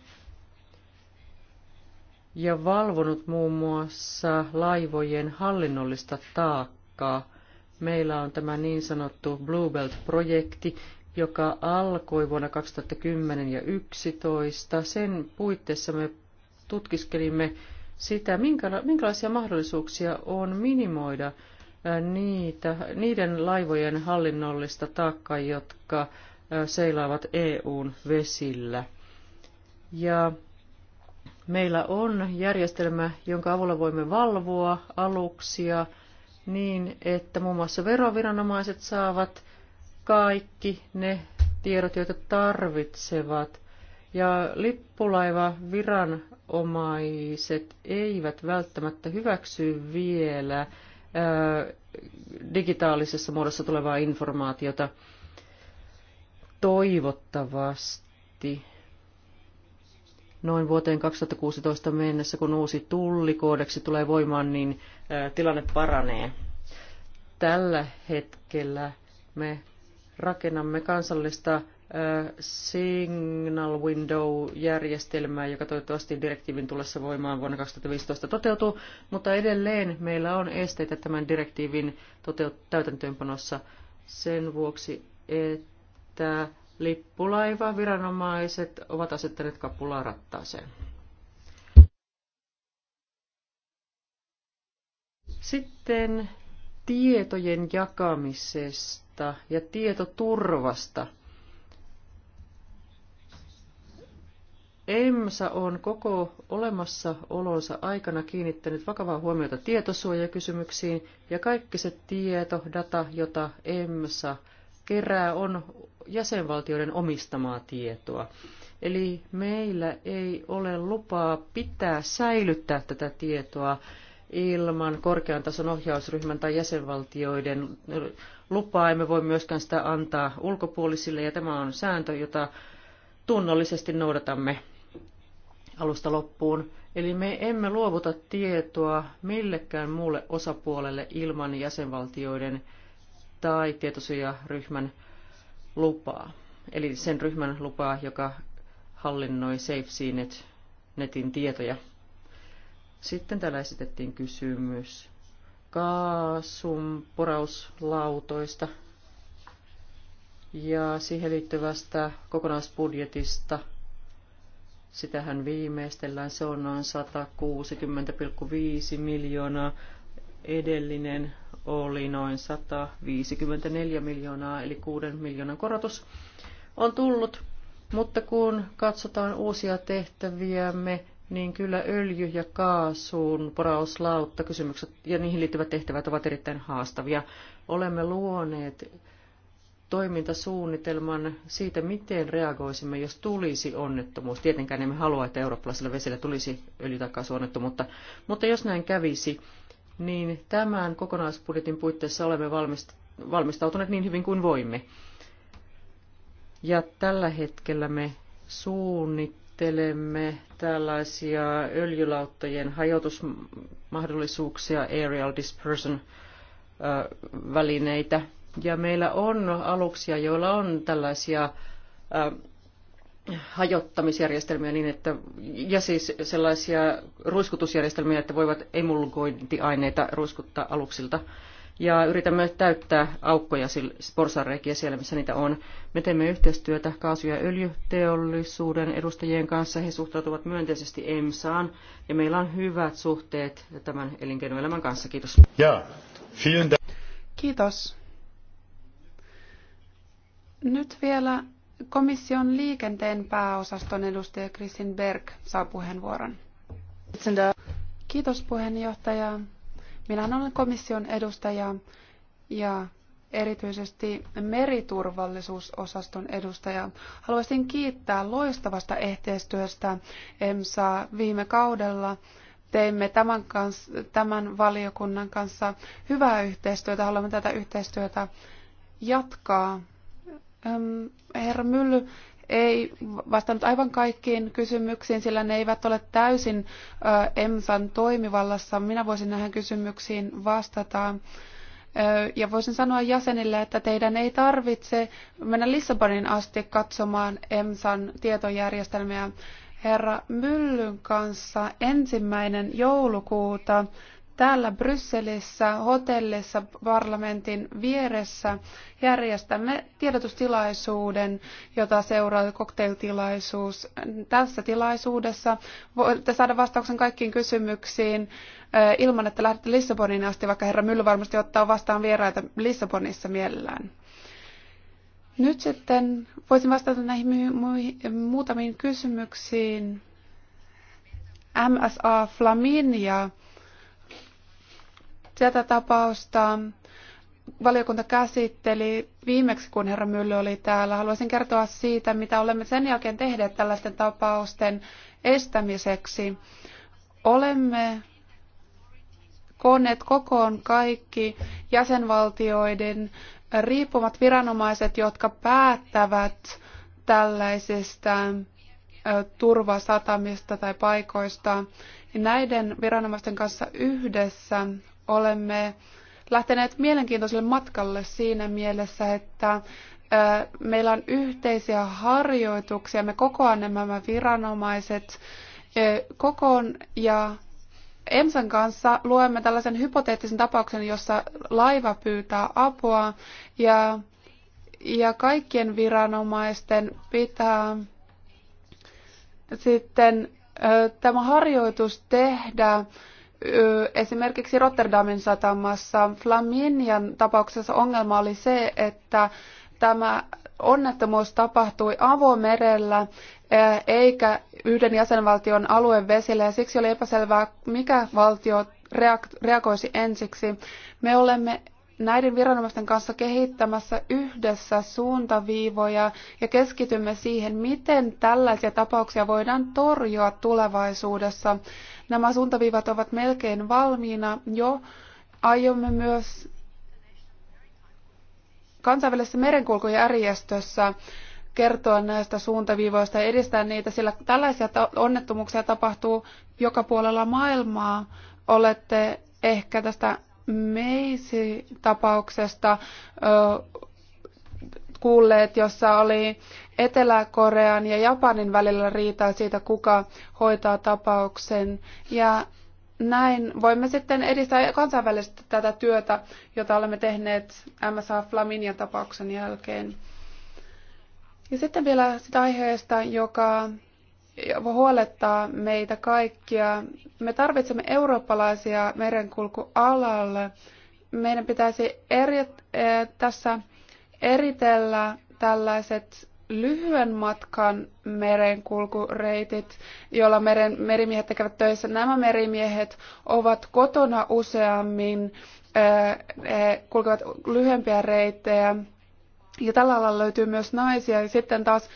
ja valvonut muun muassa laivojen hallinnollista taakkaa. Meillä on tämä niin sanottu Blue Belt-projekti, joka alkoi vuonna 2010 ja 2011. Sen puitteissa me tutkiskelimme sitä, minkälaisia mahdollisuuksia on minimoida niitä, niiden laivojen hallinnollista taakkaa, jotka seilaavat EUn vesillä. Ja meillä on järjestelmä, jonka avulla voimme valvoa aluksia niin, että muun muassa veroviranomaiset saavat kaikki ne tiedot, joita tarvitsevat. Ja lippulaiva viranomaiset eivät välttämättä hyväksy vielä digitaalisessa muodossa tulevaa informaatiota. Toivottavasti noin vuoteen 2016 mennessä, kun uusi tullikoodeksi tulee voimaan, niin tilanne paranee. Tällä hetkellä me rakennamme kansallista Signal Window-järjestelmää, joka toivottavasti direktiivin tullessa voimaan vuonna 2015 toteutuu, mutta edelleen meillä on esteitä tämän direktiivin toteut- täytäntöönpanossa sen vuoksi, että lippulaiva viranomaiset ovat asettaneet kapulaa rattaaseen. Sitten tietojen jakamisesta ja tietoturvasta – EMSA on koko olemassaolonsa aikana kiinnittänyt vakavaa huomiota tietosuojakysymyksiin, ja kaikki se tieto, data, jota EMSA kerää, on jäsenvaltioiden omistamaa tietoa. Eli meillä ei ole lupaa pitää säilyttää tätä tietoa ilman korkean tason ohjausryhmän tai jäsenvaltioiden lupaa. Emme voi myöskään sitä antaa ulkopuolisille, ja tämä on sääntö, jota tunnollisesti noudatamme alusta loppuun. Eli me emme luovuta tietoa millekään muulle osapuolelle ilman jäsenvaltioiden tai tietosuojaryhmän lupaa. Eli sen ryhmän lupaa, joka hallinnoi SafeSeaNet netin tietoja. Sitten täällä esitettiin kysymys kaasun porauslautoista ja siihen liittyvästä kokonaisbudjetista – Sitähän viimeistellään, se on noin 160,5 miljoonaa. Edellinen oli noin 154 miljoonaa, eli 6 miljoonan korotus on tullut. Mutta kun katsotaan uusia tehtäviämme, niin kyllä öljy- ja kaasuun porauslautta kysymykset ja niihin liittyvät tehtävät ovat erittäin haastavia. Olemme luoneet toimintasuunnitelman siitä, miten reagoisimme, jos tulisi onnettomuus. Tietenkään emme halua, että eurooppalaisilla vesillä tulisi öljytakaisuonnettomuutta, mutta jos näin kävisi, niin tämän kokonaisbudjetin puitteissa olemme valmistautuneet niin hyvin kuin voimme. Ja tällä hetkellä me suunnittelemme tällaisia öljylauttojen hajotusmahdollisuuksia, aerial dispersion välineitä, ja meillä on aluksia, joilla on tällaisia äh, hajottamisjärjestelmiä niin, että, ja siis sellaisia ruiskutusjärjestelmiä, että voivat emulgointiaineita ruiskuttaa aluksilta. Ja yritämme täyttää aukkoja, porsareikiä siellä, missä niitä on. Me teemme yhteistyötä kaasu- ja öljyteollisuuden edustajien kanssa. He suhtautuvat myönteisesti EMSAan ja meillä on hyvät suhteet tämän elinkeinoelämän kanssa. Kiitos. Ja, Kiitos. Nyt vielä komission liikenteen pääosaston edustaja Kristin Berg saa puheenvuoron. Kiitos puheenjohtaja. Minä olen komission edustaja ja erityisesti meriturvallisuusosaston edustaja. Haluaisin kiittää loistavasta yhteistyöstä EMSA viime kaudella. Teimme tämän, kanssa, tämän valiokunnan kanssa hyvää yhteistyötä. Haluamme tätä yhteistyötä jatkaa herra Mylly ei vastannut aivan kaikkiin kysymyksiin, sillä ne eivät ole täysin EMSAn toimivallassa. Minä voisin näihin kysymyksiin vastata. Ja voisin sanoa jäsenille, että teidän ei tarvitse mennä Lissabonin asti katsomaan EMSAn tietojärjestelmiä. Herra Myllyn kanssa ensimmäinen joulukuuta täällä Brysselissä hotellissa parlamentin vieressä järjestämme tiedotustilaisuuden, jota seuraa kokteiltilaisuus. Tässä tilaisuudessa voitte saada vastauksen kaikkiin kysymyksiin eh, ilman, että lähdette Lissaboniin asti, vaikka herra Mylly varmasti ottaa vastaan vieraita Lissabonissa mielellään. Nyt sitten voisin vastata näihin muutamiin kysymyksiin. MSA Flaminia Tätä tapausta valiokunta käsitteli viimeksi, kun herra Mylly oli täällä. Haluaisin kertoa siitä, mitä olemme sen jälkeen tehneet tällaisten tapausten estämiseksi. Olemme koonneet kokoon kaikki jäsenvaltioiden riippumat viranomaiset, jotka päättävät tällaisista turvasatamista tai paikoista. Näiden viranomaisten kanssa yhdessä olemme lähteneet mielenkiintoiselle matkalle siinä mielessä, että meillä on yhteisiä harjoituksia, me kokoamme nämä viranomaiset kokoon ja Emsan kanssa luemme tällaisen hypoteettisen tapauksen, jossa laiva pyytää apua ja, ja kaikkien viranomaisten pitää sitten tämä harjoitus tehdä esimerkiksi Rotterdamin satamassa Flaminian tapauksessa ongelma oli se, että tämä onnettomuus tapahtui avomerellä eikä yhden jäsenvaltion vesillä ja siksi oli epäselvää, mikä valtio reagoisi ensiksi. Me olemme näiden viranomaisten kanssa kehittämässä yhdessä suuntaviivoja ja keskitymme siihen, miten tällaisia tapauksia voidaan torjua tulevaisuudessa. Nämä suuntaviivat ovat melkein valmiina jo. Aiomme myös kansainvälisessä merenkulkujärjestössä kertoa näistä suuntaviivoista ja edistää niitä, sillä tällaisia onnettomuuksia tapahtuu joka puolella maailmaa. Olette ehkä tästä Meisi tapauksesta kuulleet, jossa oli Etelä-Korean ja Japanin välillä riitaa siitä, kuka hoitaa tapauksen. Ja näin voimme sitten edistää kansainvälisesti tätä työtä, jota olemme tehneet MSA Flaminian tapauksen jälkeen. Ja sitten vielä sitä aiheesta, joka huolettaa meitä kaikkia. Me tarvitsemme eurooppalaisia merenkulkualalle. Meidän pitäisi eri, e, tässä eritellä tällaiset lyhyen matkan merenkulkureitit, joilla meren, merimiehet tekevät töissä. Nämä merimiehet ovat kotona useammin, e, kulkevat lyhyempiä reittejä. Ja tällä alalla löytyy myös naisia. Ja sitten taas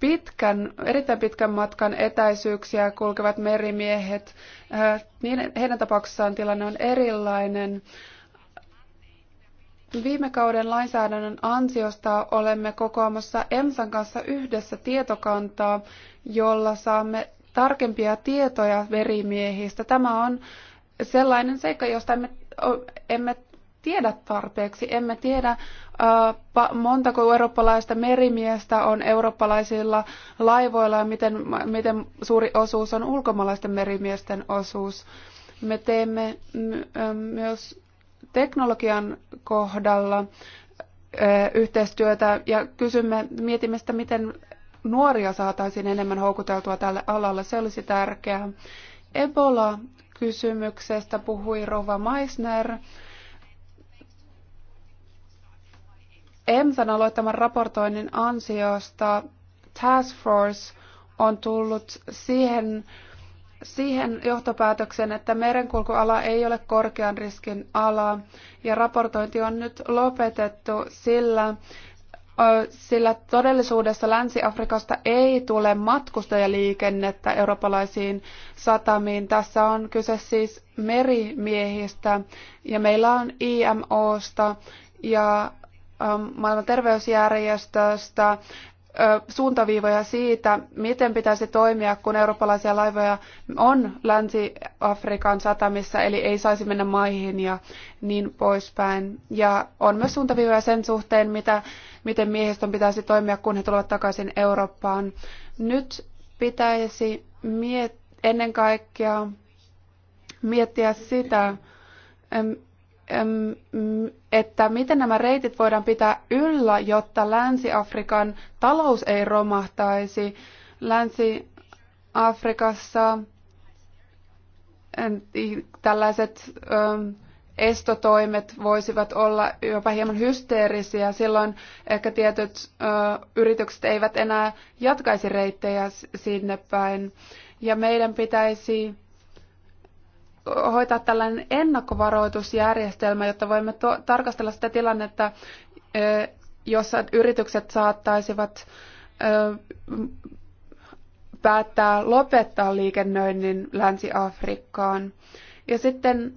pitkän, erittäin pitkän matkan etäisyyksiä kulkevat merimiehet, äh, niin heidän tapauksessaan tilanne on erilainen. Viime kauden lainsäädännön ansiosta olemme kokoamassa EMSAn kanssa yhdessä tietokantaa, jolla saamme tarkempia tietoja verimiehistä. Tämä on sellainen seikka, josta emme, emme tiedä tarpeeksi. Emme tiedä, äh, montako eurooppalaista merimiestä on eurooppalaisilla laivoilla ja miten, miten suuri osuus on ulkomaalaisten merimiesten osuus. Me teemme äh, myös teknologian kohdalla äh, yhteistyötä ja kysymme, mietimme sitä, miten nuoria saataisiin enemmän houkuteltua tälle alalle. Se olisi tärkeää. Ebola-kysymyksestä puhui Rova Meissner. EMSAn aloittaman raportoinnin ansiosta Task Force on tullut siihen, siihen johtopäätöksen, että merenkulkuala ei ole korkean riskin ala ja raportointi on nyt lopetettu, sillä sillä todellisuudessa Länsi-Afrikasta ei tule matkustajaliikennettä eurooppalaisiin satamiin. Tässä on kyse siis merimiehistä ja meillä on IMOsta ja Ähm, maailman terveysjärjestöstä suuntaviivoja siitä, miten pitäisi toimia, kun eurooppalaisia laivoja on Länsi-Afrikan satamissa, eli ei saisi mennä maihin ja niin poispäin. Ja on myös suuntaviivoja sen suhteen, mitä, miten miehistön pitäisi toimia, kun he tulevat takaisin Eurooppaan. Nyt pitäisi miet- ennen kaikkea miettiä sitä, että miten nämä reitit voidaan pitää yllä, jotta Länsi-Afrikan talous ei romahtaisi. Länsi-Afrikassa tällaiset estotoimet voisivat olla jopa hieman hysteerisiä. Silloin ehkä tietyt yritykset eivät enää jatkaisi reittejä sinne päin. Ja meidän pitäisi hoitaa tällainen ennakkovaroitusjärjestelmä, jotta voimme tarkastella sitä tilannetta, jossa yritykset saattaisivat päättää lopettaa liikennöinnin Länsi-Afrikkaan. Ja sitten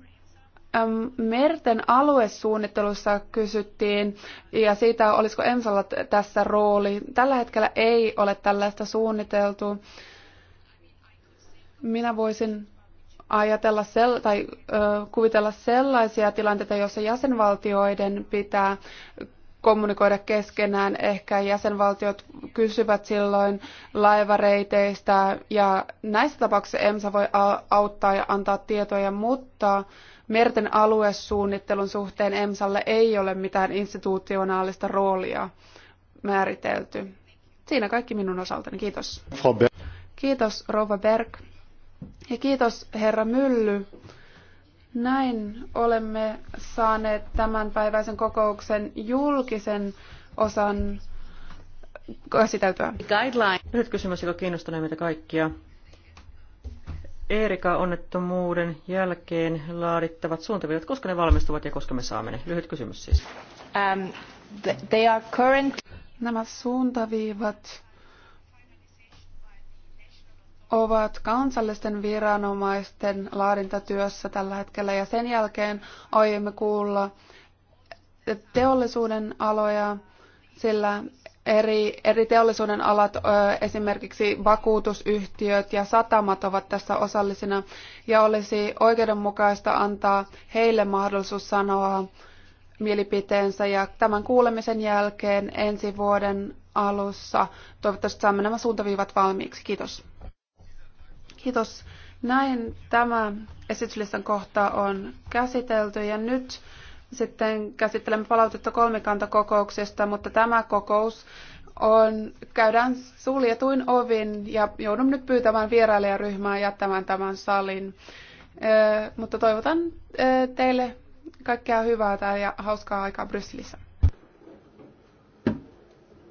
merten aluesuunnittelussa kysyttiin, ja siitä olisiko Ensalla tässä rooli. Tällä hetkellä ei ole tällaista suunniteltu. Minä voisin ajatella sel- tai ö, kuvitella sellaisia tilanteita, joissa jäsenvaltioiden pitää kommunikoida keskenään. Ehkä jäsenvaltiot kysyvät silloin laivareiteistä ja näissä tapauksissa EMSA voi auttaa ja antaa tietoja, mutta merten aluesuunnittelun suhteen EMSAlle ei ole mitään institutionaalista roolia määritelty. Siinä kaikki minun osaltani. Kiitos. Kiitos, Rova Berg. Ja kiitos herra Mylly. Näin olemme saaneet tämän päiväisen kokouksen julkisen osan käsiteltyä. Guideline. Nyt kysymys, joka kiinnostaa meitä kaikkia. Erika-onnettomuuden jälkeen laadittavat suuntaviivat, koska ne valmistuvat ja koska me saamme ne? Lyhyt kysymys siis. Um, they are current... Nämä suuntaviivat ovat kansallisten viranomaisten laadintatyössä tällä hetkellä ja sen jälkeen aiemme kuulla teollisuuden aloja, sillä eri, eri teollisuuden alat, esimerkiksi vakuutusyhtiöt ja satamat ovat tässä osallisina ja olisi oikeudenmukaista antaa heille mahdollisuus sanoa mielipiteensä ja tämän kuulemisen jälkeen ensi vuoden alussa toivottavasti saamme nämä suuntaviivat valmiiksi. Kiitos. Kiitos. Näin tämä esityslistan kohta on käsitelty ja nyt sitten käsittelemme palautetta kolmikantakokouksesta, mutta tämä kokous on, käydään suljetuin ovin ja joudun nyt pyytämään vierailijaryhmää jättämään tämän salin. Ee, mutta toivotan teille kaikkea hyvää ja hauskaa aikaa Brysselissä.